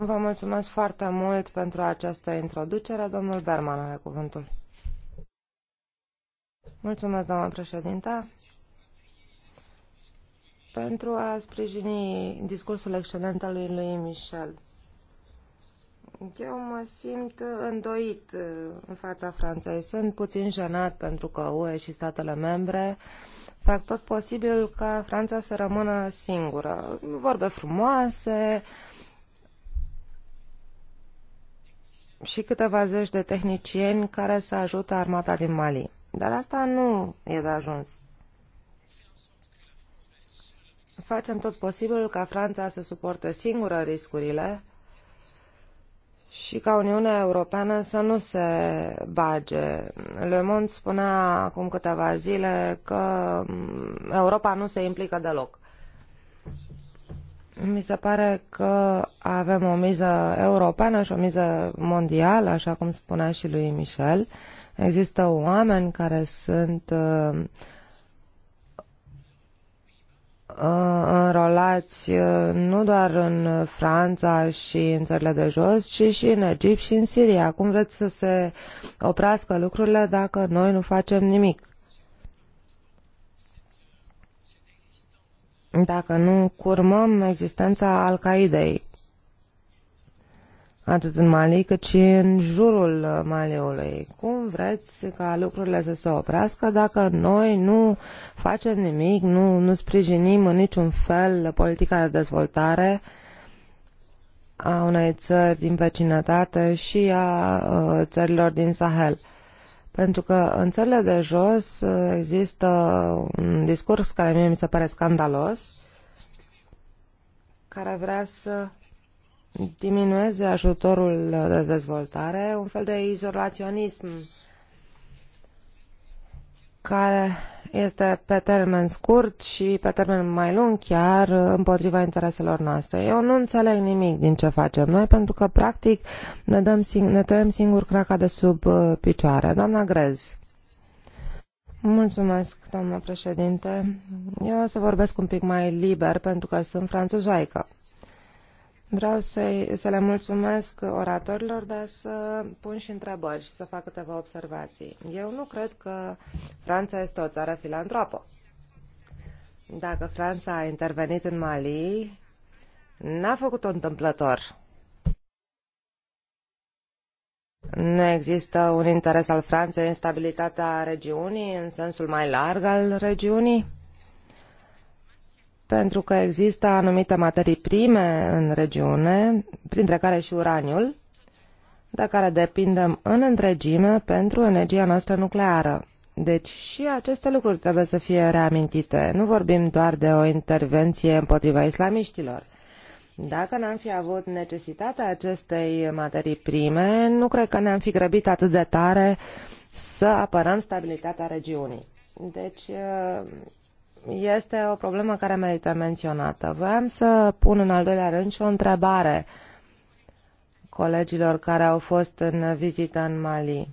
C: Vă mulțumesc foarte mult pentru această introducere. Domnul Berman are cuvântul. Mulțumesc, doamnă președinte. Pentru a sprijini discursul excelent al lui, lui Michel, eu mă simt îndoit uh, în fața Franței. Sunt puțin jenat pentru că UE și statele membre fac tot posibilul ca Franța să rămână singură. Vorbe frumoase, și câteva zeci de tehnicieni care să ajute armata din Mali. Dar asta nu e de ajuns. Facem tot posibilul ca Franța să suporte singură riscurile și ca Uniunea Europeană să nu se bage. Le Monde spunea acum câteva zile că mm, Europa nu se implică deloc. Mi se pare că avem o miză europeană și o miză mondială, așa cum spunea și lui Michel. Există oameni care sunt uh, uh înrolați uh, nu doar în Franța și în țările de jos, ci și în Egipt și în Siria. Cum vreți să se oprească lucrurile dacă noi nu facem nimic? dacă nu curmăm existența Al-Qaidei, atât în Mali cât și în jurul Maliului. Cum vreți ca lucrurile să se oprească dacă noi nu facem nimic, nu, nu sprijinim în niciun fel politica de dezvoltare a unei țări din vecinătate și a uh, țărilor din Sahel? Pentru că în țările de jos uh, există un discurs care mie mi se pare scandalos, care vrea să diminueze ajutorul de dezvoltare, un fel de izolaționism care este pe termen scurt și pe termen mai lung chiar împotriva intereselor noastre. Eu nu înțeleg nimic din ce facem noi pentru că practic ne, dăm sing- ne tăiem singur craca de sub uh, picioare. Doamna Grez. Mulțumesc, doamna președinte. Eu o să vorbesc un pic mai liber pentru că sunt franțuzoaică. Vreau să, să le mulțumesc oratorilor, dar să pun și întrebări și să fac câteva observații. Eu nu cred că Franța este o țară filantropă. Dacă Franța a intervenit în Mali, n-a făcut-o întâmplător. Nu există un interes al Franței în stabilitatea regiunii, în sensul mai larg al regiunii? pentru că există anumite materii prime în regiune, printre care și uraniul, de care depindem în întregime pentru energia noastră nucleară. Deci și aceste lucruri trebuie să fie reamintite. Nu vorbim doar de o intervenție împotriva islamiștilor. Dacă n-am fi avut necesitatea acestei materii prime, nu cred că ne-am fi grăbit atât de tare să apărăm stabilitatea regiunii. Deci este o problemă care merită menționată. Voiam să pun în al doilea rând și o întrebare colegilor care au fost în vizită în Mali.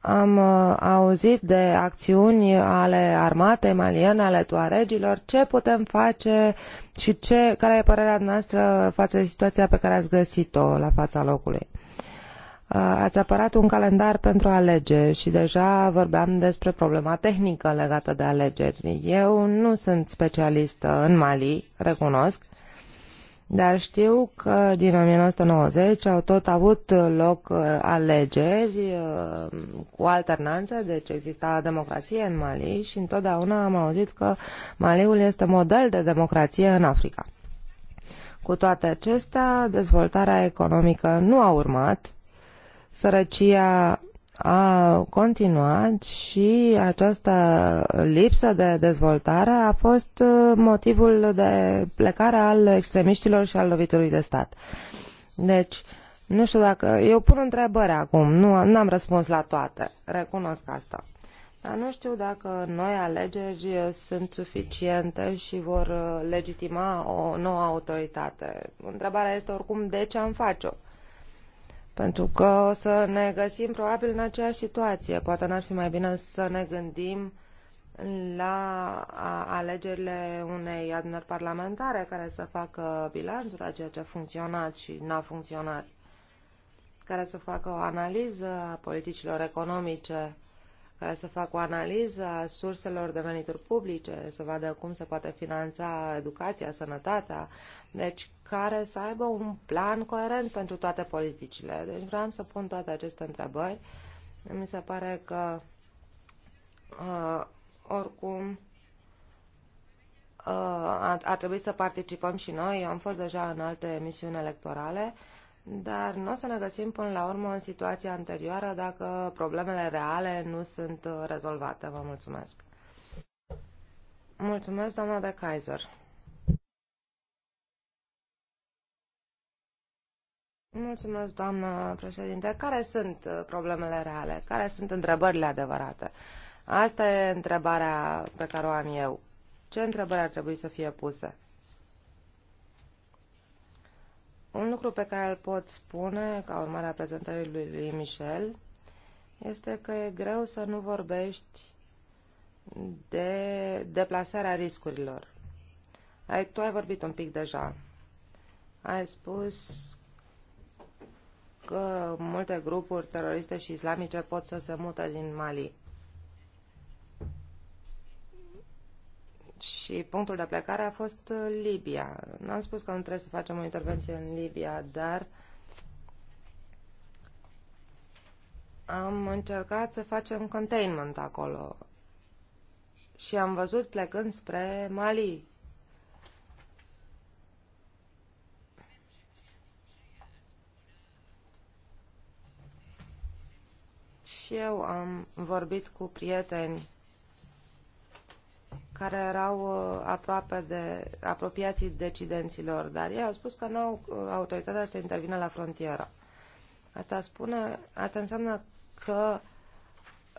C: Am uh, auzit de acțiuni ale armatei maliene, ale tuaregilor. Ce putem face și ce, care e părerea noastră față de situația pe care ați găsit-o la fața locului? Uh, ați apărat un calendar pentru alegeri și deja vorbeam despre problema tehnică legată de alegeri. Eu nu sunt specialist în Mali, recunosc, dar știu că din 1990 au tot avut loc uh, alegeri uh, cu alternanță, deci exista democrație în Mali și întotdeauna am auzit că Maliul este model de democrație în Africa. Cu toate acestea, dezvoltarea economică nu a urmat sărăcia a continuat și această lipsă de dezvoltare a fost uh, motivul de plecare al extremiștilor și al lovitului de stat. Deci, nu știu dacă... Eu pun întrebări acum, nu am răspuns la toate, recunosc asta. Dar nu știu dacă noi alegeri sunt suficiente și vor uh, legitima o nouă autoritate. Întrebarea este oricum de ce am face-o pentru că o să ne găsim probabil în aceeași situație. Poate n-ar fi mai bine să ne gândim la alegerile unei adunări parlamentare care să facă bilanțul a ceea ce a funcționat și n-a funcționat, care să facă o analiză a politicilor economice care să facă o analiză a surselor de venituri publice, să vadă cum se poate finanța educația, sănătatea, deci care să aibă un plan coerent pentru toate politicile. Deci vreau să pun toate aceste întrebări. Mi se pare că uh, oricum uh, ar, trebui să participăm și noi. Eu am fost deja în alte emisiuni electorale. Uh, dar nu o să ne găsim până la urmă în situația anterioară dacă problemele reale nu sunt uh, rezolvate. Vă mulțumesc. Mulțumesc, doamna de Kaiser. Mulțumesc, doamnă președinte. Care sunt uh, problemele reale? Care sunt întrebările adevărate? Asta e întrebarea pe care o am eu. Ce întrebări ar trebui să fie puse? Un lucru pe care îl pot spune, ca urmare a prezentării lui, lui Michel, este că e greu să nu vorbești de deplasarea riscurilor. Ai, tu ai vorbit un pic deja. Ai spus că multe grupuri teroriste și islamice pot să se mută din Mali. și punctul de plecare a fost uh, Libia. N-am spus că nu trebuie să facem o intervenție în Libia, dar am încercat să facem containment acolo și am văzut plecând spre Mali. Și eu am vorbit cu prieteni care erau uh, aproape de apropiații decidenților, dar ei au spus că nu au uh, autoritatea să intervină la frontieră. Asta spune, asta înseamnă că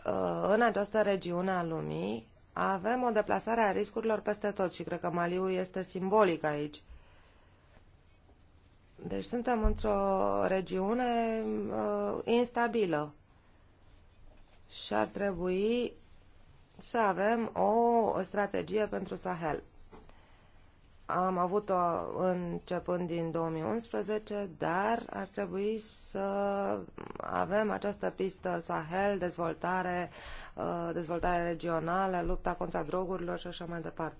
C: uh, în această regiune a lumii avem o deplasare a riscurilor peste tot și cred că Maliu este simbolic aici. Deci suntem într-o regiune uh, instabilă și ar trebui să avem o strategie pentru Sahel. Am avut-o începând din 2011, dar ar trebui să avem această pistă Sahel, dezvoltare, uh, dezvoltare regională, lupta contra drogurilor și așa mai departe.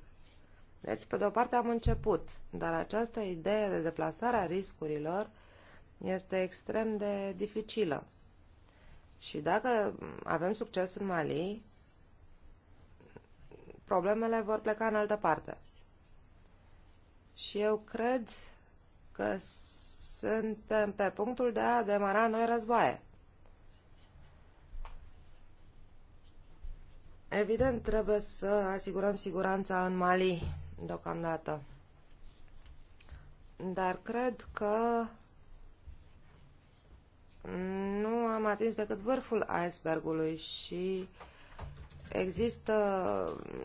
C: Deci, pe de o parte am început, dar această idee de deplasare a riscurilor este extrem de dificilă. Și dacă avem succes în Mali, problemele vor pleca în altă parte. Și eu cred că suntem pe punctul de a demara noi războaie. Evident, trebuie să asigurăm siguranța în Mali deocamdată. Dar cred că nu am atins decât vârful icebergului și Există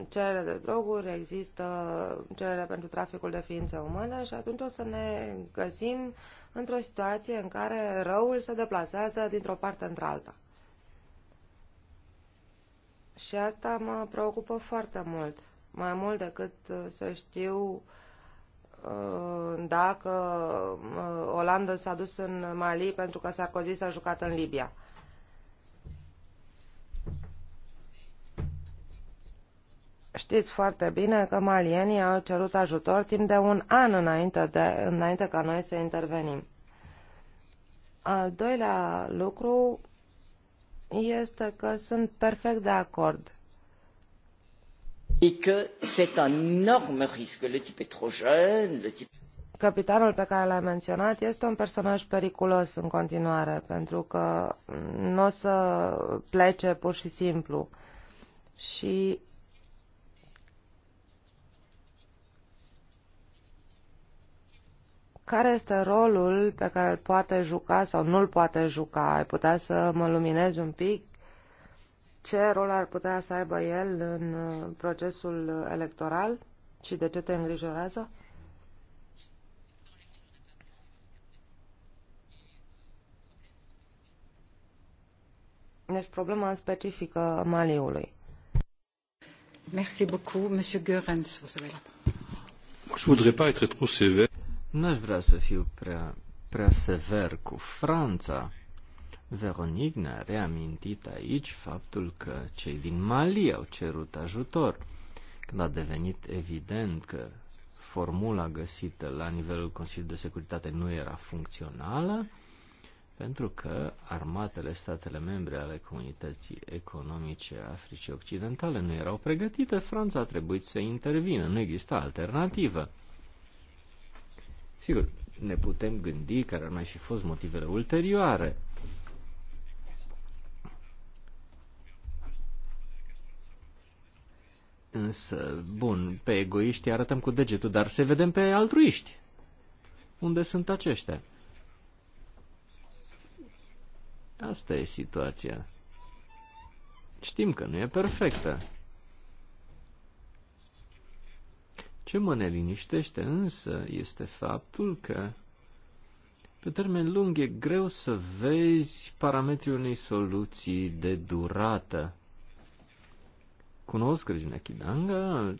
C: cerere de droguri, există cerere pentru traficul de ființe umane și atunci o să ne găsim într-o situație în care răul se deplasează dintr-o parte într-alta. Și asta mă preocupă foarte mult, mai mult decât să știu uh, dacă uh, Olanda s-a dus în Mali pentru că cozit s-a jucat în Libia. Știți foarte bine că malienii au cerut ajutor timp de un an înainte, de, înainte ca noi să intervenim. Al doilea lucru este că sunt perfect de acord.
A: un Le
C: Capitanul pe care l-ai menționat este un personaj periculos în continuare, pentru că nu o să plece pur și simplu. Și care este rolul pe care îl poate juca sau nu îl poate juca? Ai putea să mă luminezi un pic? Ce rol ar putea să aibă el în uh, procesul electoral și de ce te îngrijorează? Deci problema specifică Maliului. Merci beaucoup, Monsieur Goerens, vous avez
B: Je voudrais pas être trop sévère. N-aș vrea să fiu prea, prea sever cu Franța. Veronique ne-a reamintit aici faptul că cei din Mali au cerut ajutor. Când a devenit evident că formula găsită la nivelul Consiliului de Securitate nu era funcțională, pentru că armatele statele membre ale comunității economice Africii Occidentale nu erau pregătite, Franța a trebuit să intervină, nu exista alternativă. Sigur, ne putem gândi care ar mai fi fost motivele ulterioare. Însă, bun, pe egoiști arătăm cu degetul, dar se vedem pe altruiști. Unde sunt aceștia? Asta e situația. Știm că nu e perfectă. Ce mă neliniștește însă este faptul că pe termen lung e greu să vezi parametrii unei soluții de durată. Cunosc regina Kidanga,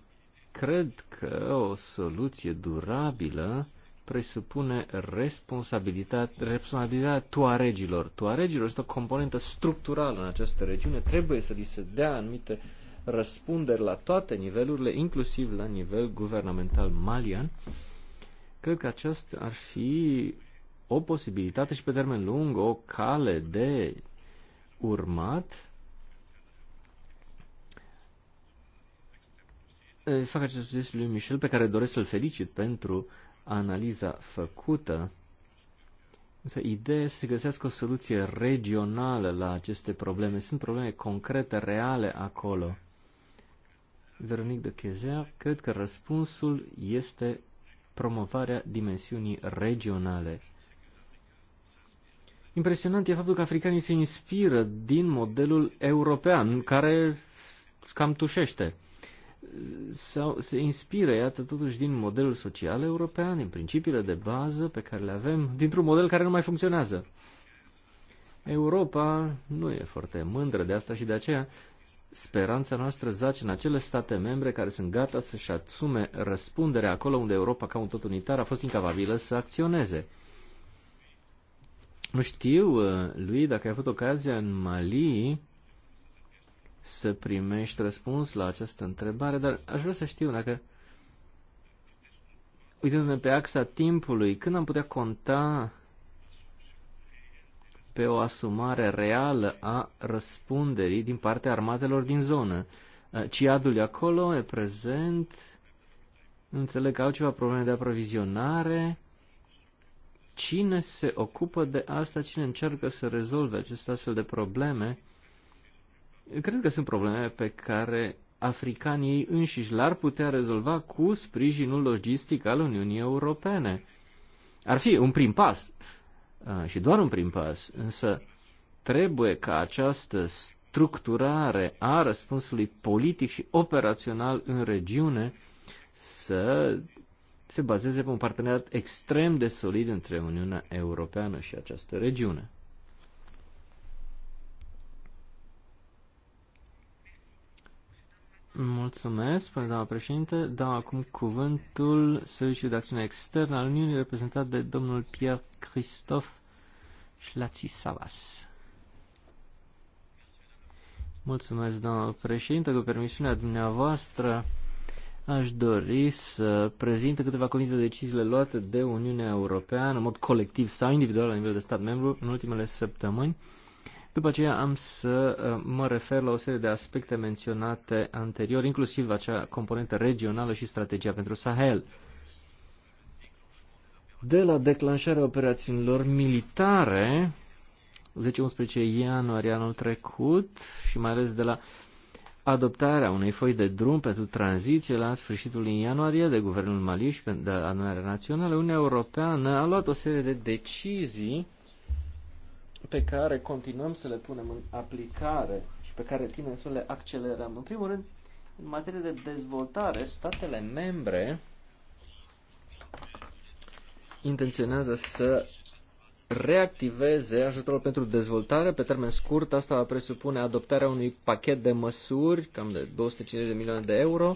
B: cred că o soluție durabilă presupune responsabilitate, responsabilitatea tuaregilor. Tuaregilor este o componentă structurală în această regiune, trebuie să li se dea anumite uh, răspunderi la toate nivelurile, inclusiv la nivel guvernamental malian, cred că aceasta ar fi o posibilitate și pe termen lung o cale de urmat. Eh, fac acest succes lui Michel pe care doresc să-l felicit pentru analiza făcută. Însă ideea este să găsească o soluție regională la aceste probleme. Sunt probleme concrete, reale acolo. Veronic de Chezea, cred că răspunsul este promovarea dimensiunii regionale. Impresionant e faptul că africanii se inspiră din modelul european, care cam tușește. Sau se inspiră, iată, totuși din modelul social european, din principiile de bază pe care le avem, dintr-un model care nu mai funcționează. Europa nu e foarte mândră de asta și de aceea speranța noastră zace în acele state membre care sunt gata să-și asume răspunderea acolo unde Europa, ca un tot unitar, a fost incapabilă să acționeze. Nu știu, uh, lui, dacă ai avut ocazia în Mali să primești răspuns la această întrebare, dar aș vrea să știu dacă, uitându-ne pe axa timpului, când am putea conta pe o asumare reală a răspunderii din partea armatelor din zonă. Uh, ciadul e acolo, e prezent, înțeleg că au ceva probleme de aprovizionare. Cine se ocupă de asta, cine încearcă să rezolve acest astfel de probleme? Cred că sunt probleme pe care africanii ei înșiși l-ar putea rezolva cu sprijinul logistic al Uniunii Europene. Ar fi un prim pas, și doar un prim pas, însă trebuie ca această structurare a răspunsului politic și operațional în regiune să se bazeze pe un parteneriat extrem de solid între Uniunea Europeană și această regiune. Mulțumesc, până doamna președinte. Dau acum cuvântul Serviciul de Acțiune Externă al Uniunii, reprezentat de domnul Pierre Christophe Savas. Mulțumesc, doamna președinte. Cu permisiunea dumneavoastră, aș dori să prezint câteva cuvinte de deciziile luate de Uniunea Europeană, în mod colectiv sau individual la nivel de stat membru, în ultimele săptămâni după aceea am să uh, mă refer la o serie de aspecte menționate anterior, inclusiv acea componentă regională și strategia pentru Sahel. De la declanșarea operațiunilor militare, 10-11 ianuarie anul trecut și mai ales de la adoptarea unei foi de drum pentru tranziție la sfârșitul ianuarie de Guvernul Mali și de Adunarea Națională, Uniunea Europeană a luat o serie de decizii pe care continuăm să le punem în aplicare și pe care tine să le accelerăm. În primul rând, în materie de dezvoltare, statele membre intenționează să reactiveze ajutorul pentru dezvoltare pe termen scurt. Asta va presupune adoptarea unui pachet de măsuri, cam de 250 de milioane de euro,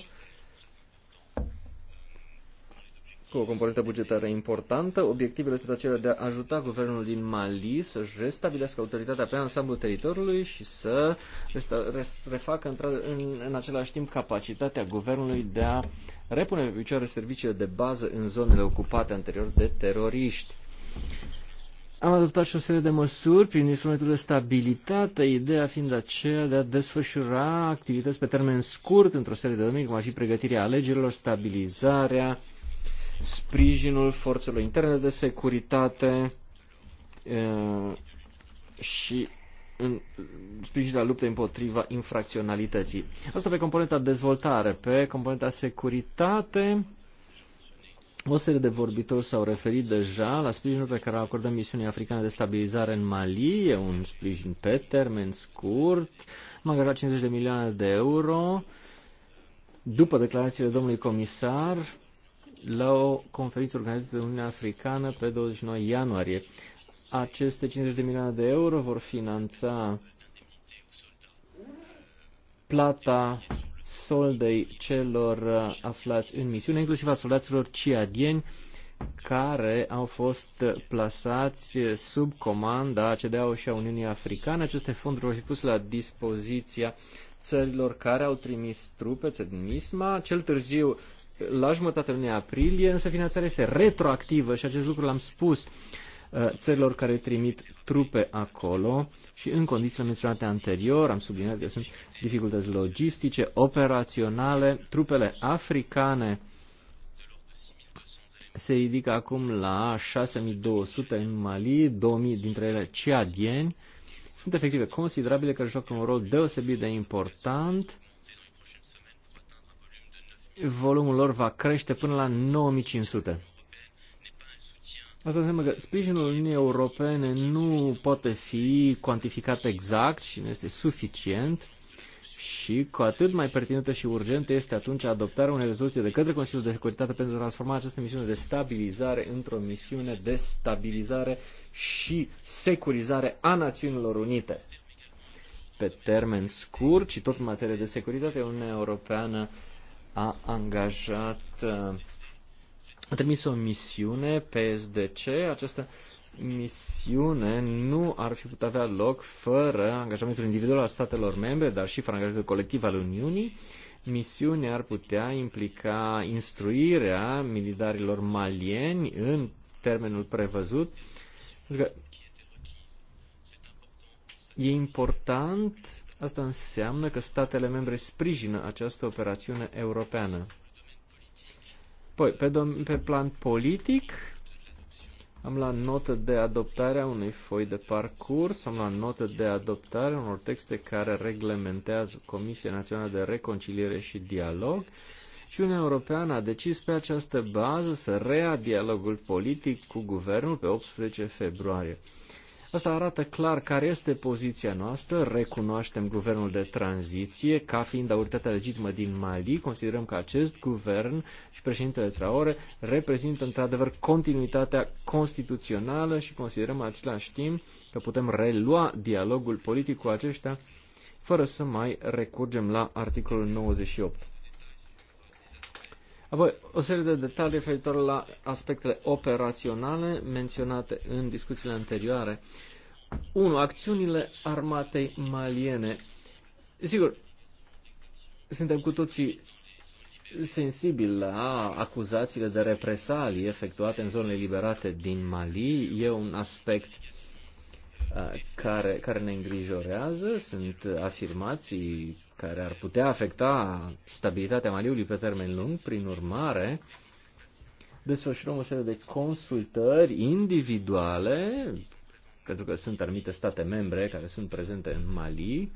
B: cu o componentă bugetară importantă. Obiectivele sunt acelea de a ajuta guvernul din Mali să-și restabilească autoritatea pe ansamblul teritoriului și să refacă în, în același timp capacitatea guvernului de a repune pe picioare serviciile de bază în zonele ocupate anterior de teroriști. Am adoptat și o serie de măsuri prin instrumentul de stabilitate, ideea fiind aceea de a desfășura activități pe termen scurt într-o serie de domenii, cum ar fi pregătirea alegerilor, stabilizarea, sprijinul forțelor interne de securitate și în sprijinirea luptei împotriva infracționalității. Asta pe componenta dezvoltare, pe componenta securitate. O serie de vorbitori s-au referit deja la sprijinul pe care îl acordăm misiunii africane de stabilizare în Mali, e un sprijin pe termen scurt, am angajat 50 de milioane de euro. După declarațiile domnului comisar, la o conferință organizată de Uniunea Africană pe 29 ianuarie. Aceste 50 de milioane de euro vor finanța plata soldei celor uh, aflați în misiune, inclusiv a soldaților ciadieni care au fost plasați sub comanda CDAO și a Uniunii Africane. Aceste fonduri vor fi puse la dispoziția țărilor care au trimis trupe, din MISMA. Cel târziu la jumătatea lunii aprilie, însă finanțarea este retroactivă și acest lucru l-am spus uh, țărilor care trimit trupe acolo și în condițiile menționate anterior, am subliniat că sunt dificultăți logistice, operaționale, trupele africane se ridică acum la 6200 în Mali, 2000 dintre ele ciadieni, sunt efective considerabile care joacă un rol deosebit de important volumul lor va crește până la 9500. Asta înseamnă că sprijinul Uniunii Europene nu poate fi cuantificat exact și nu este suficient și cu atât mai pertinentă și urgentă este atunci adoptarea unei rezoluții de către Consiliul de Securitate pentru a transforma această misiune de stabilizare într-o misiune de stabilizare și securizare a Națiunilor Unite. Pe termen scurt și tot în materie de securitate, Uniunea Europeană a angajat, a trimis o misiune pe SDC. Această misiune nu ar fi putut avea loc fără angajamentul individual al statelor membre, dar și fără angajamentul colectiv al Uniunii. Misiunea ar putea implica instruirea militarilor malieni în termenul prevăzut. Pentru că e important Asta înseamnă că statele membre sprijină această operațiune europeană. Păi, pe, pe plan politic, am la notă de adoptare a unei foi de parcurs, am la notă de adoptare a unor texte care reglementează Comisia Națională de Reconciliere și Dialog și Uniunea Europeană a decis pe această bază să rea dialogul politic cu guvernul pe 18 februarie. Asta arată clar care este poziția noastră, recunoaștem guvernul de tranziție ca fiind autoritatea legitimă din Mali, considerăm că acest guvern și președintele Traore reprezintă într-adevăr continuitatea constituțională și considerăm același timp că putem relua dialogul politic cu aceștia fără să mai recurgem la articolul 98. Apoi, o serie de detalii referitoare la aspectele operaționale menționate în discuțiile anterioare. 1. Acțiunile armatei maliene. Sigur, suntem cu toții sensibili la acuzațiile de represalii efectuate în zonele liberate din Mali. E un aspect uh, care, care ne îngrijorează, sunt afirmații care ar putea afecta stabilitatea Maliului pe termen lung, prin urmare, desfășurăm o serie de consultări individuale, pentru că sunt anumite state membre care sunt prezente în Mali,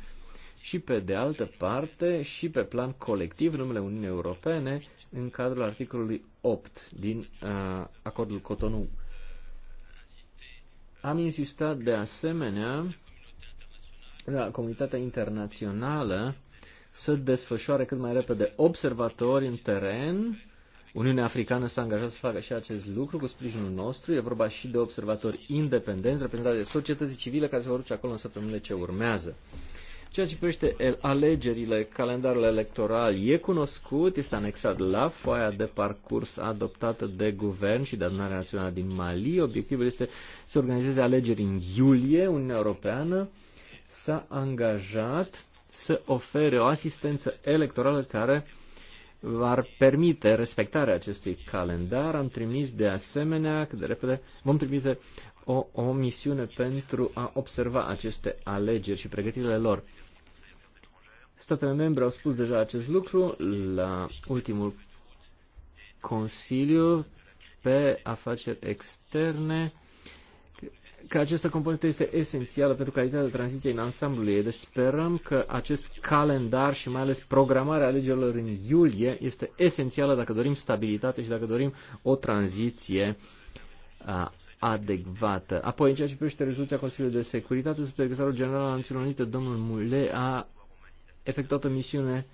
B: și pe de altă parte și pe plan colectiv numele Uniunii Europene în cadrul articolului 8 din uh, acordul Cotonou. Am insistat de asemenea la comunitatea internațională să desfășoare cât mai repede observatori în teren. Uniunea Africană s-a angajat să facă și acest lucru cu sprijinul nostru. E vorba și de observatori independenți, reprezentați de societății civile care se vor duce acolo în săptămânile ce urmează. Ceea ce privește alegerile, calendarul electoral e cunoscut, este anexat la foaia de parcurs adoptată de guvern și de adunarea națională din Mali. Obiectivul este să organizeze alegeri în iulie. Uniunea Europeană s-a angajat să ofere o asistență electorală care ar permite respectarea acestui calendar. Am trimis de asemenea, cât de repede, vom trimite o, o misiune pentru a observa aceste alegeri și pregătirile lor. Statele membre au spus deja acest lucru la ultimul Consiliu pe afaceri externe că această componentă este esențială pentru calitatea tranziției în ansamblu. ei. Deci sperăm că acest calendar și mai ales programarea alegerilor în iulie este esențială dacă dorim stabilitate și dacă dorim o tranziție adecvată. Apoi, în ceea ce privește rezoluția Consiliului de Securitate, Secretarul General al Națiunilor Unite, domnul Mule, a efectuat o misiune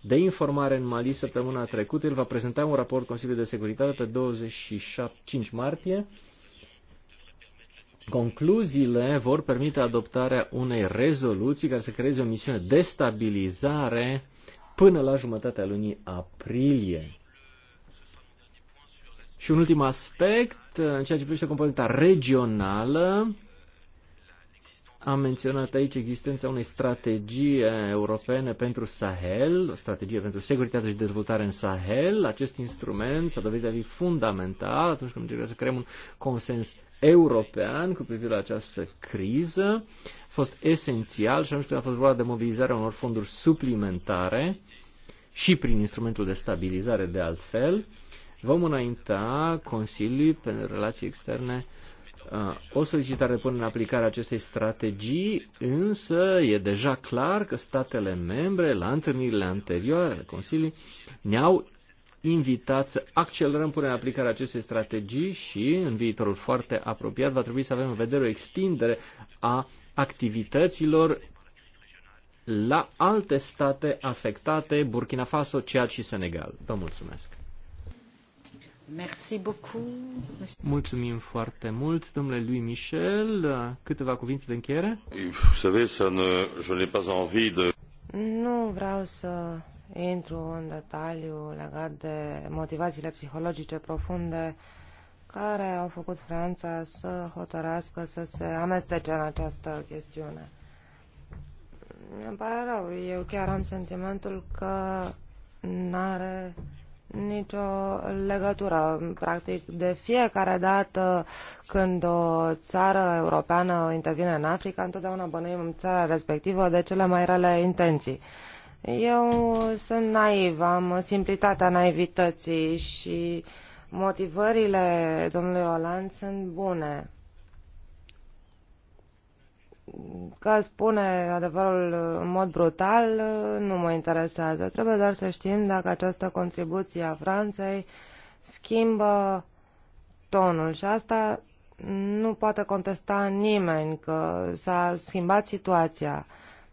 B: de informare în Mali săptămâna trecută. El va prezenta un raport Consiliului de Securitate pe 25 martie. Concluziile vor permite adoptarea unei rezoluții care să creeze o misiune de stabilizare până la jumătatea lunii aprilie. Și un ultim aspect, în ceea ce privește componenta regională, am menționat aici existența unei strategii europene pentru Sahel, o strategie pentru securitate și dezvoltare în Sahel. Acest instrument s-a dovedit a fi fundamental atunci când încercăm să creăm un consens european cu privire la această criză. A fost esențial și atunci când a fost vorba de mobilizarea unor fonduri suplimentare și prin instrumentul de stabilizare de altfel. Vom înainta Consiliului pentru relații externe uh, o solicitare până în aplicare acestei strategii, însă e deja clar că statele membre, la întâlnirile anterioare ale Consiliului, ne-au invitat să accelerăm punerea în aplicare acestei strategii și în viitorul foarte apropiat va trebui să avem în vedere o extindere a activităților la alte state afectate, Burkina Faso, Ceea și Senegal. Vă mulțumesc! Mulțumim foarte mult, domnule lui Michel. Câteva cuvinte de încheiere?
C: Nu vreau să intru în detaliu legat de motivațiile psihologice profunde care au făcut Franța să hotărască să se amestece în această chestiune. Îmi pare rău, eu chiar am sentimentul că n-are nicio legătură. Practic, de fiecare dată când o țară europeană intervine în Africa, întotdeauna bănuim țara respectivă de cele mai rele intenții. Eu sunt naiv, am simplitatea naivității și motivările domnului Olan sunt bune ca spune adevărul în mod brutal nu mă interesează. Trebuie doar să știm dacă această contribuție a Franței schimbă tonul și asta nu poate contesta nimeni că s-a schimbat situația.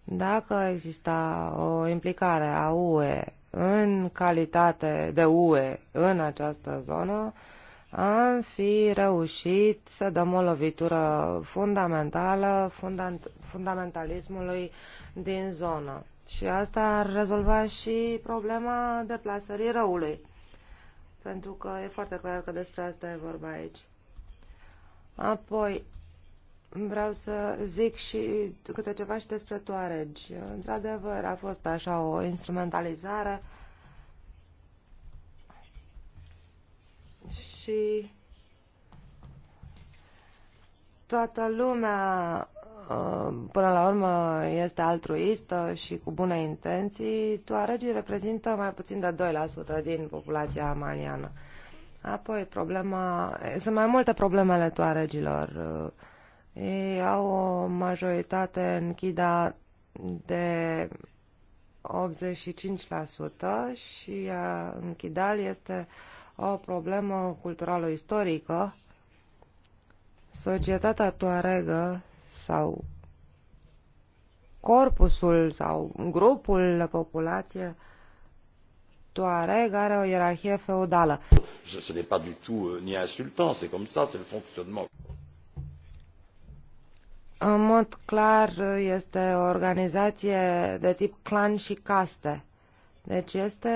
C: Dacă exista o implicare a UE în calitate de UE în această zonă, uh, am fi reușit să dăm o lovitură fundamentală fundant, fundamentalismului din zonă. Și asta ar rezolva și problema deplasării răului. Pentru că e foarte clar că despre asta e vorba aici. Apoi, vreau să zic și câte ceva și despre Toaregi. Într-adevăr, a fost așa o instrumentalizare uh, și toată lumea uh, până la urmă este altruistă și cu bune intenții, tuaregii reprezintă mai puțin de 2% din populația maliană. Apoi, problema... Sunt mai multe problemele tuaregilor. Uh, ei au o majoritate în Chida de 85% și uh, în Chidal este uh, o problemă culturală istorică, societatea tuaregă sau corpusul sau grupul de populație tuareg are o ierarhie feudală.
A: Ce, n'est pas du tout euh, ni insultant, c'est comme ça, c'est le fonctionnement.
C: În mod clar este o organizație de tip clan și caste. Deci este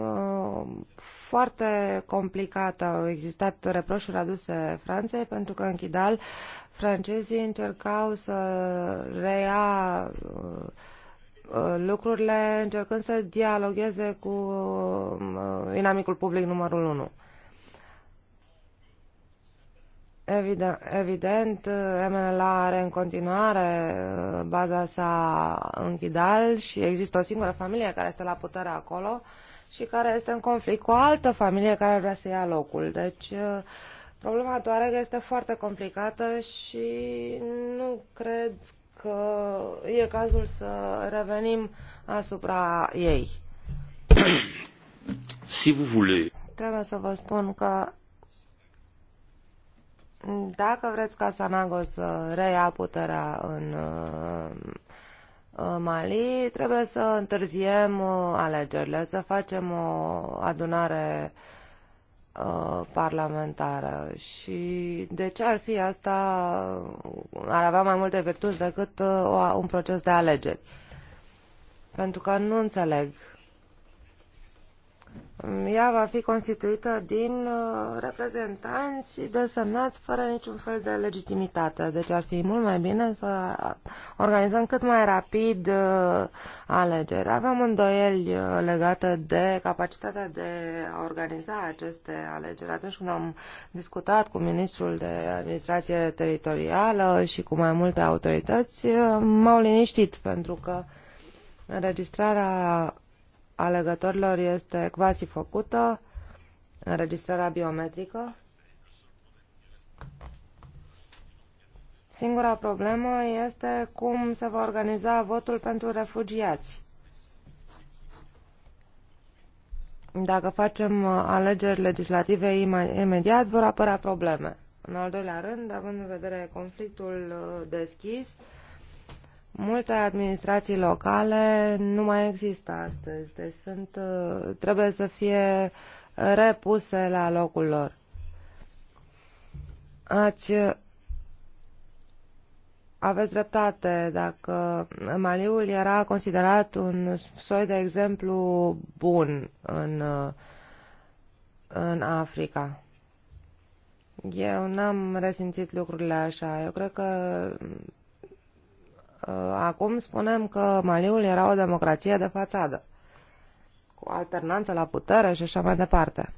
C: uh, foarte complicată. Au existat reproșuri aduse Franței pentru că în Chidal francezii încercau să reia uh, lucrurile încercând să dialogueze cu uh, inamicul public numărul 1. Evident, evident, MLA are în continuare uh, baza sa în Chidal și există o singură familie care este la putere acolo și care este în conflict cu o altă familie care vrea să ia locul. Deci, uh, problema că este foarte complicată și nu cred că e cazul să revenim asupra ei. Si vous voulez. Trebuie să vă spun că dacă vreți ca Sanago să reia puterea în uh, Mali, trebuie să întârziem uh, alegerile, să facem o adunare uh, parlamentară și de ce ar fi asta ar avea mai multe virtuți decât un proces de alegeri pentru că nu înțeleg ea va fi constituită din uh, reprezentanți desemnați fără niciun fel de legitimitate. Deci ar fi mult mai bine să organizăm cât mai rapid uh, alegeri. Avem îndoieli uh, legate de capacitatea de a organiza aceste alegeri. Atunci când am discutat cu ministrul de administrație teritorială și cu mai multe autorități, m-au liniștit pentru că înregistrarea alegătorilor este quasi făcută, înregistrarea biometrică. Singura problemă este cum se va organiza votul pentru refugiați. Dacă facem alegeri legislative imediat, vor apărea probleme. În al doilea rând, având în vedere conflictul uh, deschis, Multe administrații locale nu mai există astăzi, deci sunt, uh, trebuie să fie repuse la locul lor. Ați uh, aveți dreptate. Dacă Maliul era considerat un soi de exemplu bun în, uh, în Africa. Eu n-am resimțit lucrurile așa. Eu cred că Uh, acum spunem că Maliul era o democrație de fațadă, cu alternanță la putere și așa mai departe.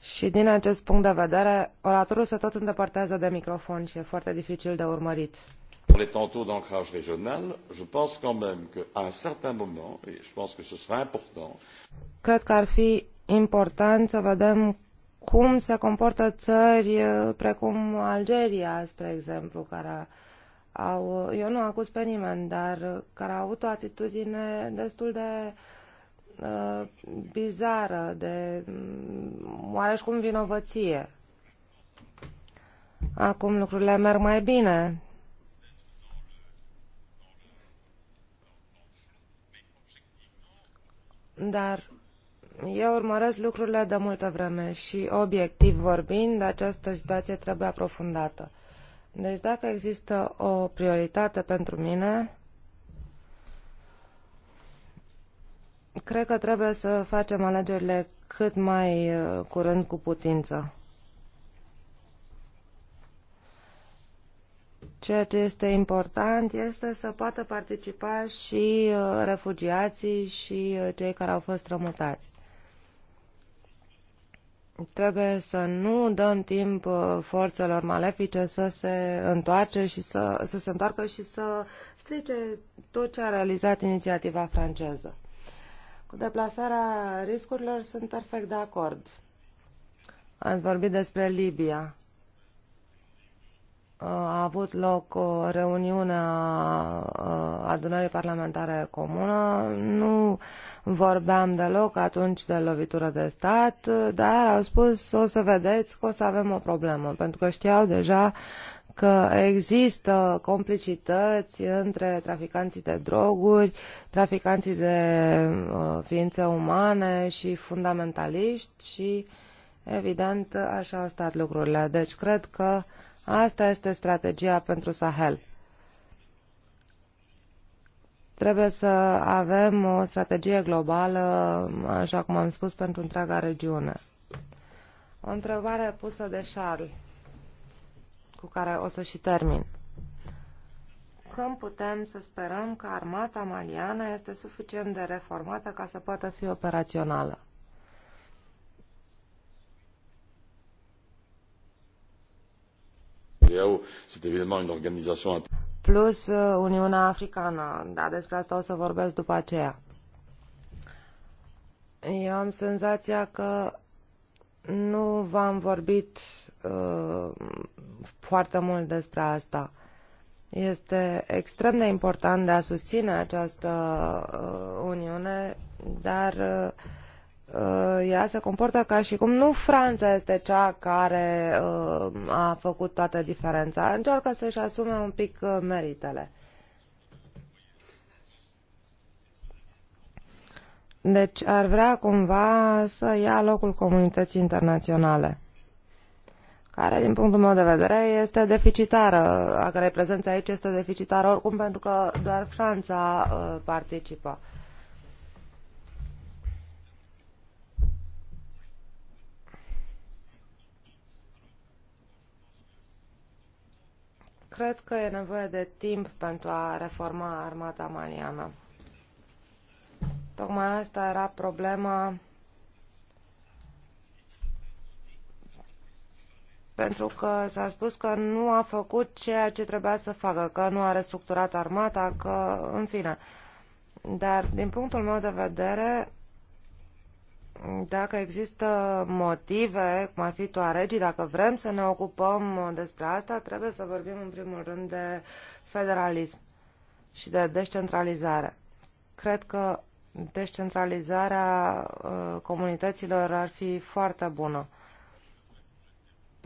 C: Și din acest punct de vedere, oratorul se tot îndepărtează de microfon și e foarte dificil de urmărit.
A: Pour les tantôt d'ancrage régional, je pense quand même qu'à un certain moment, et je pense que ce sera important,
C: Cred că ar fi important să vedem cum se comportă țări uh, precum Algeria, spre exemplu, care a au, eu nu acuz pe nimeni, dar care au avut o atitudine destul de uh, bizară, de mm, oareși cum vinovăție. Acum lucrurile merg mai bine. Dar eu urmăresc lucrurile de multă vreme și, obiectiv vorbind, această situație trebuie aprofundată. Deci dacă există o prioritate pentru mine, cred că trebuie să facem alegerile cât mai uh, curând cu putință. Ceea ce este important este să poată participa și uh, refugiații și uh, cei care au fost rămutați trebuie să nu dăm timp uh, forțelor malefice să se întoarce și să, să se întoarcă și să strice tot ce a realizat inițiativa franceză. Cu deplasarea riscurilor sunt perfect de acord. Ați vorbit despre Libia a avut loc o reuniune a adunării parlamentare comună. Nu vorbeam deloc atunci de lovitură de stat, dar au spus o să vedeți că o să avem o problemă, pentru că știau deja că există complicități între traficanții de droguri, traficanții de uh, ființe umane și fundamentaliști și, evident, așa au stat lucrurile. Deci cred că Asta este strategia pentru Sahel. Trebuie să avem o strategie globală, așa cum am spus, pentru întreaga regiune. O întrebare pusă de Charles, cu care o să și termin. Când putem să sperăm că armata maliană este suficient de reformată ca să poată fi operațională?
A: c'est évidemment une organisation...
C: Plus uh, Uniunea Africană, dar despre asta o să vorbesc după aceea. Eu am senzația că nu v-am vorbit uh, foarte mult despre asta. Este extrem de important de a susține această uh, Uniune, dar uh, Uh, ea se comportă ca și cum nu Franța este cea care uh, a făcut toată diferența. Încearcă să-și asume un pic uh, meritele. Deci ar vrea cumva să ia locul comunității internaționale, care, din punctul meu de vedere, este deficitară, a cărei prezența aici este deficitară oricum, pentru că doar Franța participă. Uh, cred că e nevoie de timp pentru a reforma armata maliană. Tocmai asta era problema pentru că s-a spus că nu a făcut ceea ce trebuia să facă, că nu a restructurat armata, că, în fine. Dar, din punctul meu de vedere, dacă există motive, cum ar fi toaregii, dacă vrem să ne ocupăm despre asta, trebuie să vorbim în primul rând de federalism și de descentralizare. Cred că descentralizarea uh, comunităților ar fi foarte bună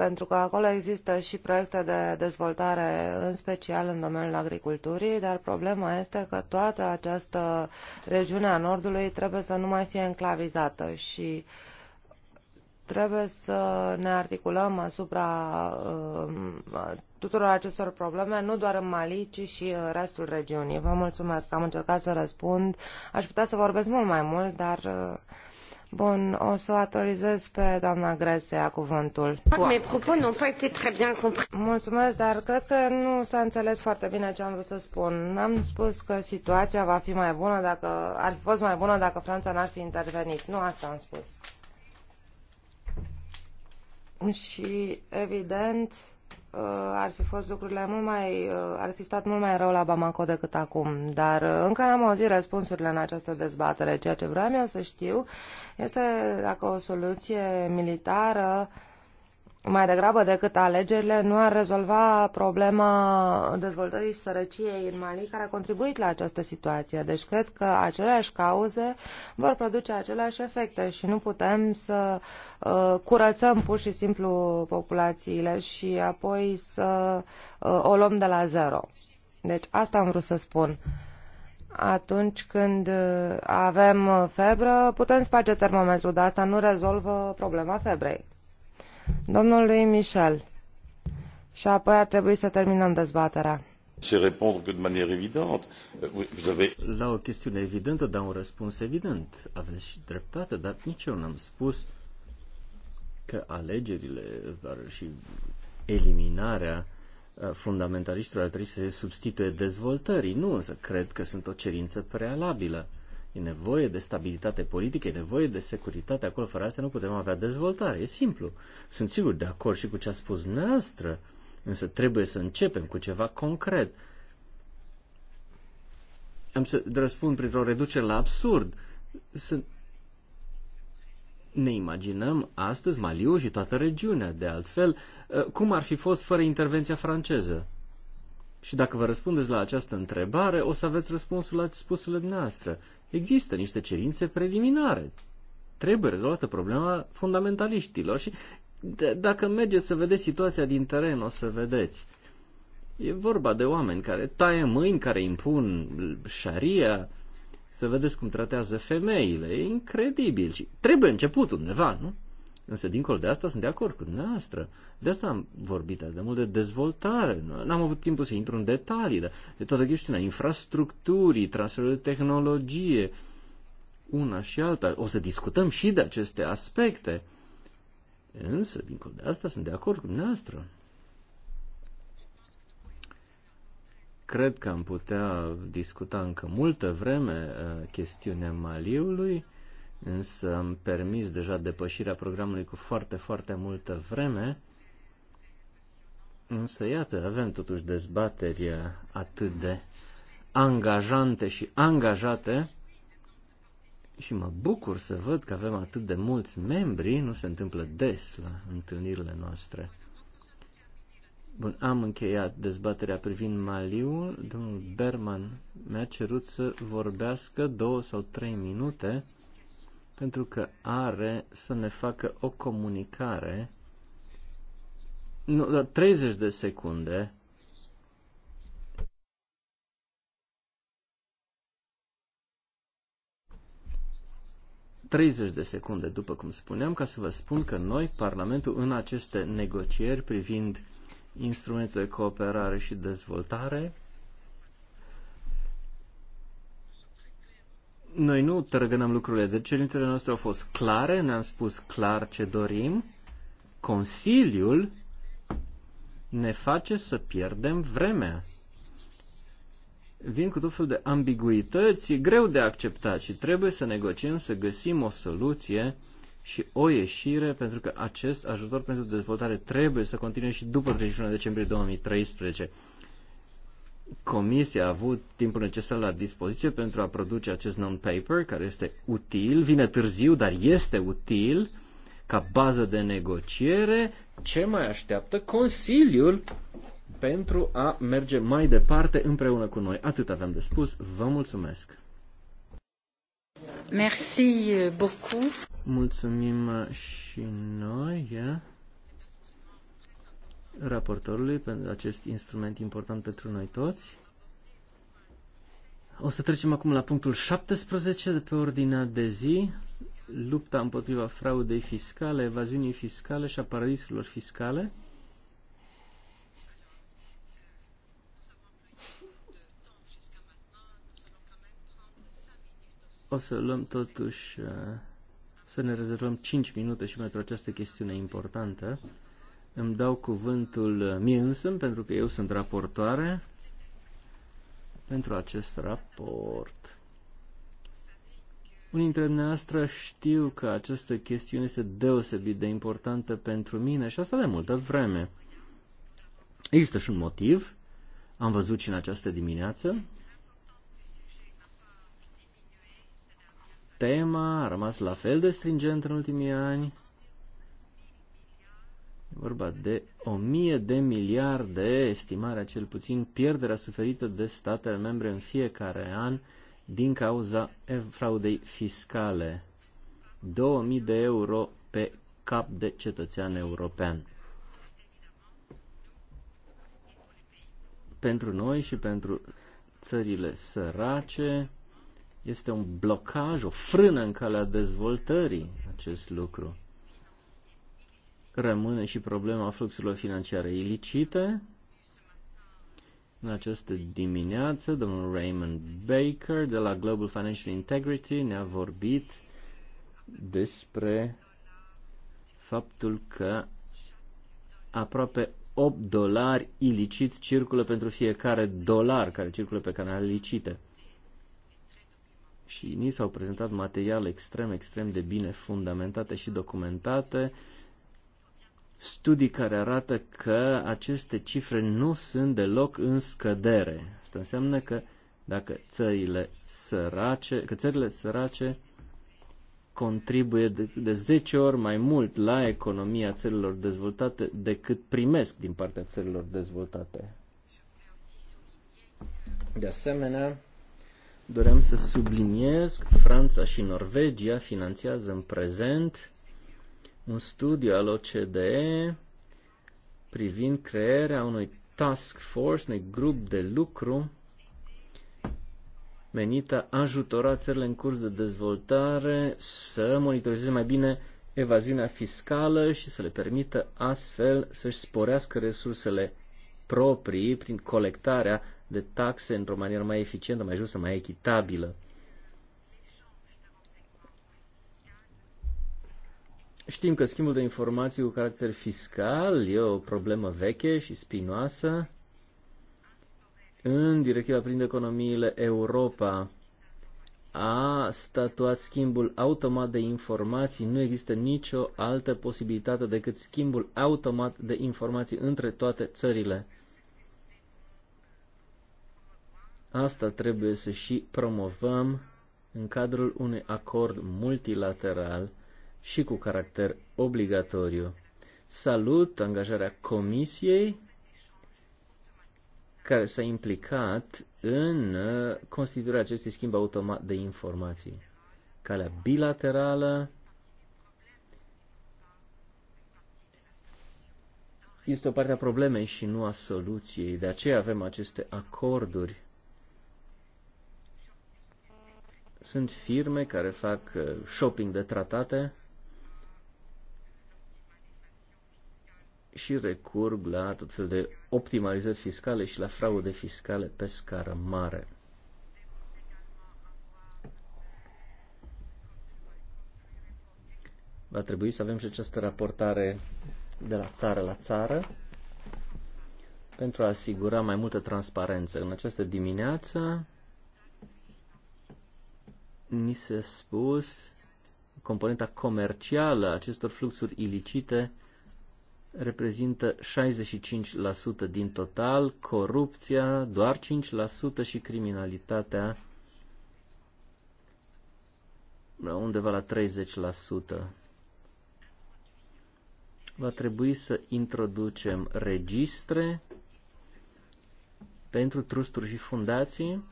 C: pentru că acolo există și proiecte de dezvoltare, în special în domeniul agriculturii, dar problema este că toată această regiune a Nordului trebuie să nu mai fie enclavizată și trebuie să ne articulăm asupra uh, tuturor acestor probleme, nu doar în Mali, ci și în restul regiunii. Vă mulțumesc, am încercat să răspund. Aș putea să vorbesc mult mai mult, dar uh, Bun, o să autorizez pe doamna Gresea cuvântul. Mulțumesc, dar cred că nu s-a înțeles foarte bine ce am vrut să spun. N-am spus că situația va fi mai bună dacă ar fi fost mai bună dacă Franța n-ar fi intervenit. Nu asta am spus. Și evident, Uh, ar fi fost lucrurile mult mai, uh, ar fi stat mult mai rău la Bamako decât acum, dar uh, încă n-am auzit răspunsurile în această dezbatere. Ceea ce vreau eu să știu este dacă o soluție militară uh, mai degrabă decât alegerile, nu ar rezolva problema dezvoltării și sărăciei în Mali, care a contribuit la această situație. Deci cred că aceleași cauze vor produce aceleași efecte și nu putem să uh, curățăm pur și simplu populațiile și apoi să uh, o luăm de la zero. Deci asta am vrut să spun. Atunci când uh, avem febră, putem sparge termometrul, dar asta nu rezolvă problema febrei. Domnului Michel. Și apoi ar trebui să terminăm dezbaterea.
A: răspund de manieră evidentă.
B: Euh, La o chestiune evidentă, dar un răspuns evident. Aveți și dreptate, dar nici eu n-am spus că alegerile dar și eliminarea uh, fundamentaliștilor ar trebui să se substituie dezvoltării. Nu, însă cred că sunt o cerință prealabilă. E nevoie de stabilitate politică, e nevoie de securitate acolo. Fără asta nu putem avea dezvoltare. E simplu. Sunt sigur de acord și cu ce a spus noastră, însă trebuie să începem cu ceva concret. Am să răspund printr-o reducere la absurd. Sunt ne imaginăm astăzi Maliu și toată regiunea, de altfel, uh, cum ar fi fost fără intervenția franceză? Și dacă vă răspundeți la această întrebare, o să aveți răspunsul la spusele noastre. Există niște cerințe preliminare. Trebuie rezolvată problema fundamentaliștilor și dacă mergeți să vedeți situația din teren, o să vedeți. E vorba de oameni care taie mâini, care impun șaria, să vedeți cum tratează femeile. E incredibil și trebuie început undeva, nu? Însă, dincolo de asta, sunt de acord cu dumneavoastră. De asta am vorbit de mult de dezvoltare. N-am avut timpul să intru în detalii, dar de toată chestiunea infrastructurii, transferul de tehnologie, una și alta. O să discutăm și de aceste aspecte. Însă, dincolo de asta, sunt de acord cu dumneavoastră. Cred că am putea discuta încă multă vreme uh, chestiunea Maliului însă am permis deja depășirea programului cu foarte, foarte multă vreme. Însă, iată, avem totuși dezbateri atât de angajante și angajate și mă bucur să văd că avem atât de mulți membri, nu se întâmplă des la întâlnirile noastre. Bun, am încheiat dezbaterea privind Maliul. Domnul Berman mi-a cerut să vorbească două sau trei minute pentru că are să ne facă o comunicare nu, 30 de secunde ...30 de secunde, după cum spuneam, ca să vă spun că noi, Parlamentul, în aceste negocieri privind instrumentul de cooperare și dezvoltare, noi nu tărăgânăm lucrurile, deci cerințele noastre au fost clare, ne-am spus clar ce dorim. Consiliul ne face să pierdem vremea. Vin cu tot felul de ambiguități, e greu de acceptat și trebuie să negociem, să găsim o soluție și o ieșire, pentru că acest ajutor pentru dezvoltare trebuie să continue și după 31 decembrie 2013. Comisia a avut timpul necesar la dispoziție pentru a produce acest non-paper, care este util, vine târziu, dar este util ca bază de negociere. Ce mai așteaptă Consiliul pentru a merge mai departe împreună cu noi? Atât aveam de spus. Vă mulțumesc!
A: Merci beaucoup.
B: Mulțumim și noi. Yeah raportorului pentru acest instrument important pentru noi toți. O să trecem acum la punctul 17 de pe ordinea de zi, lupta împotriva fraudei fiscale, evaziunii fiscale și a paradisurilor fiscale. O să luăm totuși, să ne rezervăm 5 minute și pentru această chestiune importantă. Îmi dau cuvântul uh, mie însă, pentru că eu sunt raportoare pentru acest raport. Unii dintre dumneavoastră știu că această chestiune este deosebit de importantă pentru mine și asta de multă vreme. Există și un motiv, am văzut și în această dimineață. Tema a rămas la fel de stringent în ultimii ani vorba de o mie de miliarde, estimarea cel puțin, pierderea suferită de statele membre în fiecare an din cauza fraudei fiscale. 2000 de euro pe cap de cetățean european. Pentru noi și pentru țările sărace este un blocaj, o frână în calea dezvoltării acest lucru rămâne și problema fluxurilor financiare ilicite. În această dimineață, domnul Raymond Baker de la Global Financial Integrity ne-a vorbit despre faptul că aproape 8 dolari iliciți circulă pentru fiecare dolar care circulă pe canale licite. Și ni s-au prezentat materiale extrem, extrem de bine fundamentate și documentate studii care arată că aceste cifre nu sunt deloc în scădere. Asta înseamnă că dacă țările sărace, că țările sărace contribuie de, de 10 ori mai mult la economia țărilor dezvoltate decât primesc din partea țărilor dezvoltate. De asemenea, doream să subliniez că Franța și Norvegia finanțează în prezent un studiu al OCDE privind crearea unui task force, unui grup de lucru menită a ajutora țările în curs de dezvoltare să monitorizeze mai bine evaziunea fiscală și să le permită astfel să-și sporească resursele proprii prin colectarea de taxe într-o manieră mai eficientă, mai justă, mai echitabilă. Știm că schimbul de informații cu caracter fiscal e o problemă veche și spinoasă. În directiva privind economiile Europa a statuat schimbul automat de informații. Nu există nicio altă posibilitate decât schimbul automat de informații între toate țările. Asta trebuie să și promovăm în cadrul unui acord multilateral și cu caracter obligatoriu. Salut angajarea Comisiei care s-a implicat în uh, constituirea acestui schimb automat de informații. Calea bilaterală este o parte a problemei și nu a soluției. De aceea avem aceste acorduri. Sunt firme care fac uh, shopping de tratate și recurg la tot fel de optimalizări fiscale și la fraude fiscale pe scară mare. Va trebui să avem și această raportare de la țară la țară pentru a asigura mai multă transparență. În această dimineață ni s-a spus componenta comercială a acestor fluxuri ilicite reprezintă 65% din total, corupția doar 5% și criminalitatea undeva la 30%. Va trebui să introducem registre pentru trusturi și fundații.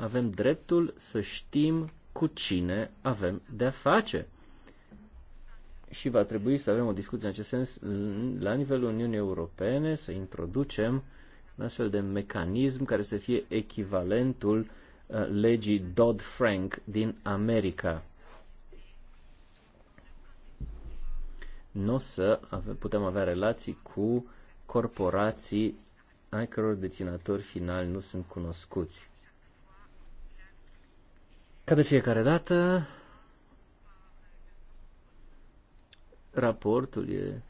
B: Avem dreptul să știm cu cine avem de-a face și va trebui să avem o discuție în acest sens la nivelul Uniunii Europene, să introducem un astfel de mecanism care să fie echivalentul uh, legii Dodd-Frank din America. Nu o să ave, putem avea relații cu corporații ai căror deținători finali nu sunt cunoscuți. Ca de fiecare dată, raportul e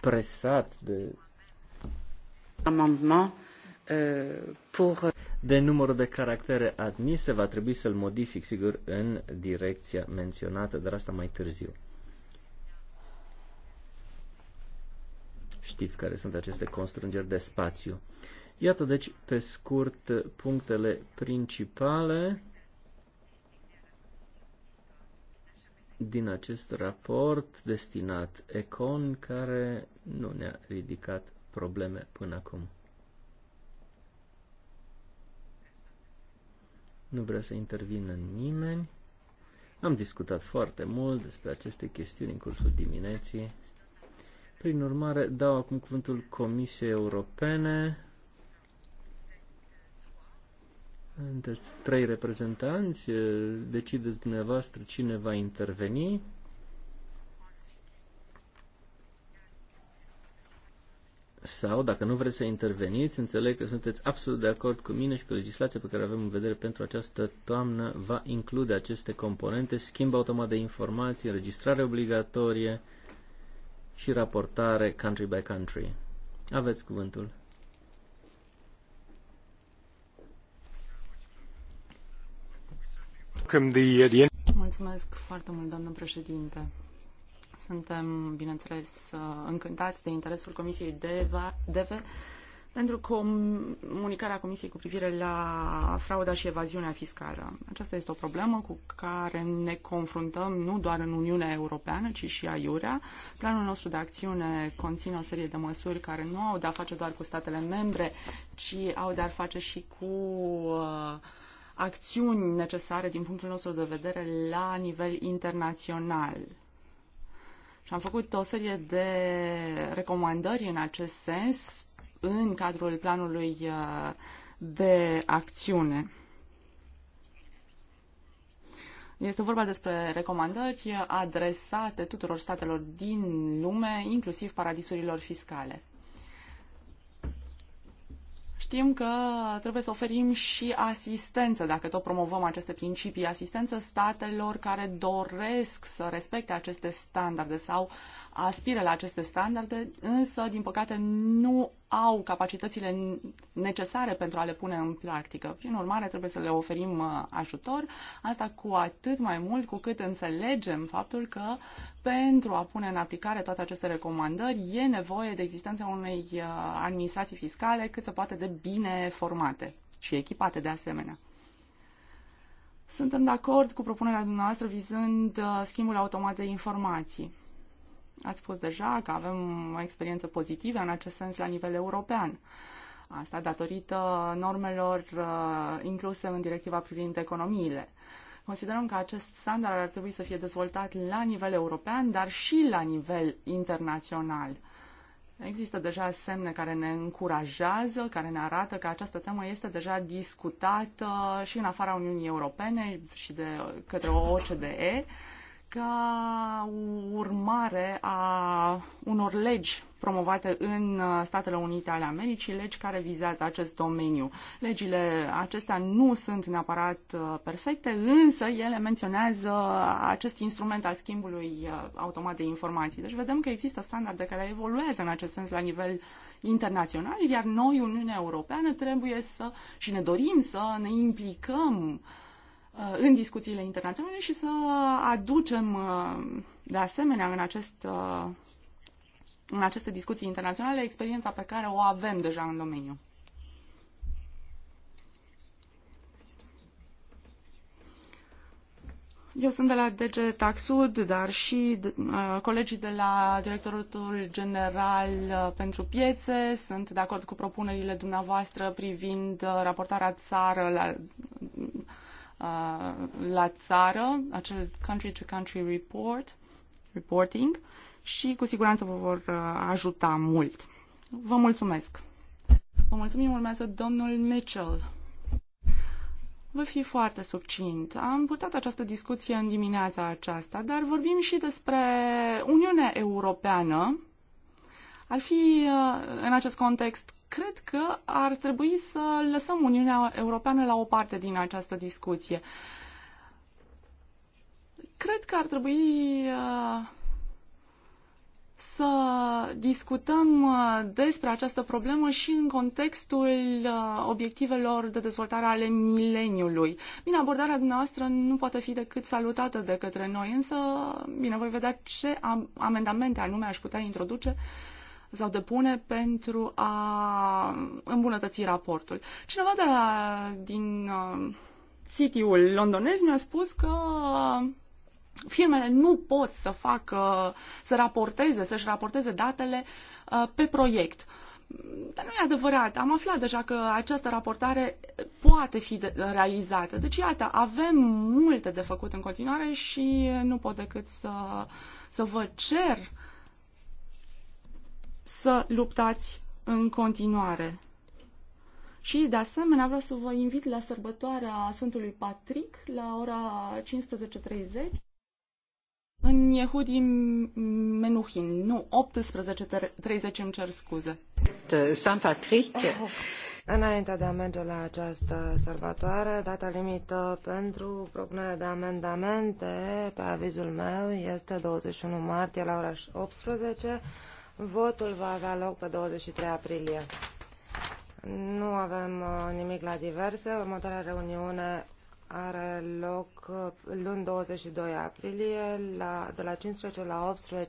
B: presat de amendement euh, euh, de numărul de caractere admise, va trebui să-l modific, sigur, în direcția menționată, dar asta mai târziu. Știți care sunt aceste constrângeri de spațiu. Iată deci pe scurt punctele principale din acest raport destinat Econ care nu ne-a ridicat probleme până acum. Nu vrea să intervină nimeni. Am discutat foarte mult despre aceste chestiuni în cursul dimineții. Prin urmare, dau acum cuvântul Comisiei Europene. Deci trei reprezentanți, decideți dumneavoastră cine va interveni. Sau, dacă nu vreți să interveniți, înțeleg că sunteți absolut de acord cu mine și că legislația pe care o avem în vedere pentru această toamnă va include aceste componente, schimb automat de informații, înregistrare obligatorie și raportare country by country. Aveți cuvântul. Uh,
D: Mulțumesc foarte mult, doamnă președinte. Suntem, bineînțeles, uh, încântați de interesul Comisiei DEVE pentru comunicarea Comisiei cu privire la frauda și evaziunea fiscală. Aceasta este o problemă cu care ne confruntăm nu doar în Uniunea Europeană, ci și aiurea. Planul nostru de acțiune conține o serie de măsuri care nu au de-a face doar cu statele membre, ci au de-a face și cu uh, acțiuni necesare din punctul nostru de vedere la nivel internațional. Și am făcut o serie de recomandări în acest sens în cadrul planului uh, de acțiune. Este vorba despre recomandări adresate tuturor statelor din lume, inclusiv paradisurilor fiscale. Știm că trebuie să oferim și asistență, dacă tot promovăm aceste principii, asistență statelor care doresc să respecte aceste standarde sau aspire la aceste standarde, însă, din păcate, nu au capacitățile necesare pentru a le pune în practică. Prin urmare, trebuie să le oferim uh, ajutor, asta cu atât mai mult cu cât înțelegem faptul că pentru a pune în aplicare toate aceste recomandări e nevoie de existența unei uh, administrații fiscale cât se poate de bine formate și echipate de asemenea. Suntem de acord cu propunerea dumneavoastră vizând uh, schimbul automat de informații. Ați spus deja că avem o experiență pozitivă în acest sens la nivel european. Asta datorită normelor uh, incluse în directiva privind economiile. Considerăm că acest standard ar trebui să fie dezvoltat la nivel european, dar și la nivel internațional. Există deja semne care ne încurajează, care ne arată că această temă este deja discutată și în afara Uniunii Europene și de către OCDE ca urmare a unor legi promovate în uh, Statele Unite ale Americii, legi care vizează acest domeniu. Legile acestea nu sunt neapărat uh, perfecte, însă ele menționează acest instrument al schimbului uh, automat de informații. Deci vedem că există standarde care evoluează în acest sens la nivel internațional, iar noi, Uniunea Europeană, trebuie să și ne dorim să ne implicăm uh, Uh, în discuțiile internaționale și să aducem uh, de asemenea în, acest, uh, în aceste discuții internaționale experiența pe care o avem deja în domeniu. Eu sunt de la DG Taxud, dar și uh, colegii de la directorul General pentru Piețe sunt de acord cu propunerile dumneavoastră privind uh, raportarea țară la, Uh, la țară, acel country-to-country report, reporting și cu siguranță vă vor uh, ajuta mult. Vă mulțumesc! Vă mulțumim, urmează domnul Mitchell. Vă fi foarte subțint. Am putut această discuție în dimineața aceasta, dar vorbim și despre Uniunea Europeană ar fi, uh, în acest context, cred că ar trebui să lăsăm Uniunea Europeană la o parte din această discuție. Cred că ar trebui uh, să discutăm uh, despre această problemă și în contextul obiectivelor de dezvoltare ale mileniului. Bine, abordarea noastră nu poate fi decât salutată de către noi, însă, bine, voi vedea ce amendamente anume aș putea introduce uh, sau depune pentru a îmbunătăți raportul. Cineva de la, din uh, City-ul londonez mi-a spus că firmele nu pot să facă, să raporteze, să-și raporteze datele uh, pe proiect. Dar nu e adevărat. Am aflat deja că această raportare poate fi de- realizată. Deci, iată, avem multe de făcut în continuare și nu pot decât să, să vă cer să luptați în continuare. Și, de asemenea, vreau să vă invit la sărbătoarea Sfântului Patrick la ora 15.30 în Yehudi Menuhin. Nu, 18.30 îmi cer scuze. Sfânt Patrick.
C: Înainte de a merge la această sărbătoare, data limită pentru propunerea de amendamente pe avizul meu este 21 martie la ora 18 Votul va avea loc pe 23 aprilie. Nu avem uh, nimic la diverse. Următoarea reuniune are loc uh, luni 22 aprilie la, de la 15 la 18.30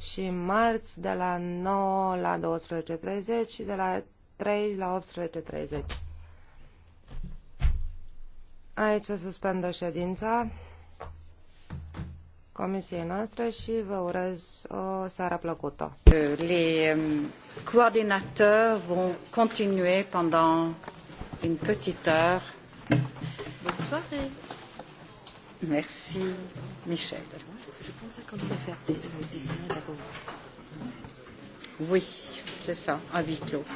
C: și marți de la 9 la 12.30 și de la 3 la 18.30. Aici se suspendă ședința comisiei noastre și vă urez o seară plăcută. Les um, coordinateurs vont continuer pendant une petite
A: heure. Bonne soirée. Merci, Michel. Je pensais qu'on allait faire des, le d'abord. Oui, c'est ça, à huis clos.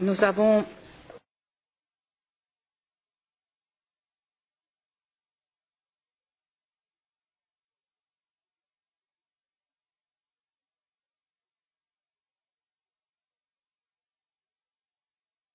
A: Nous avons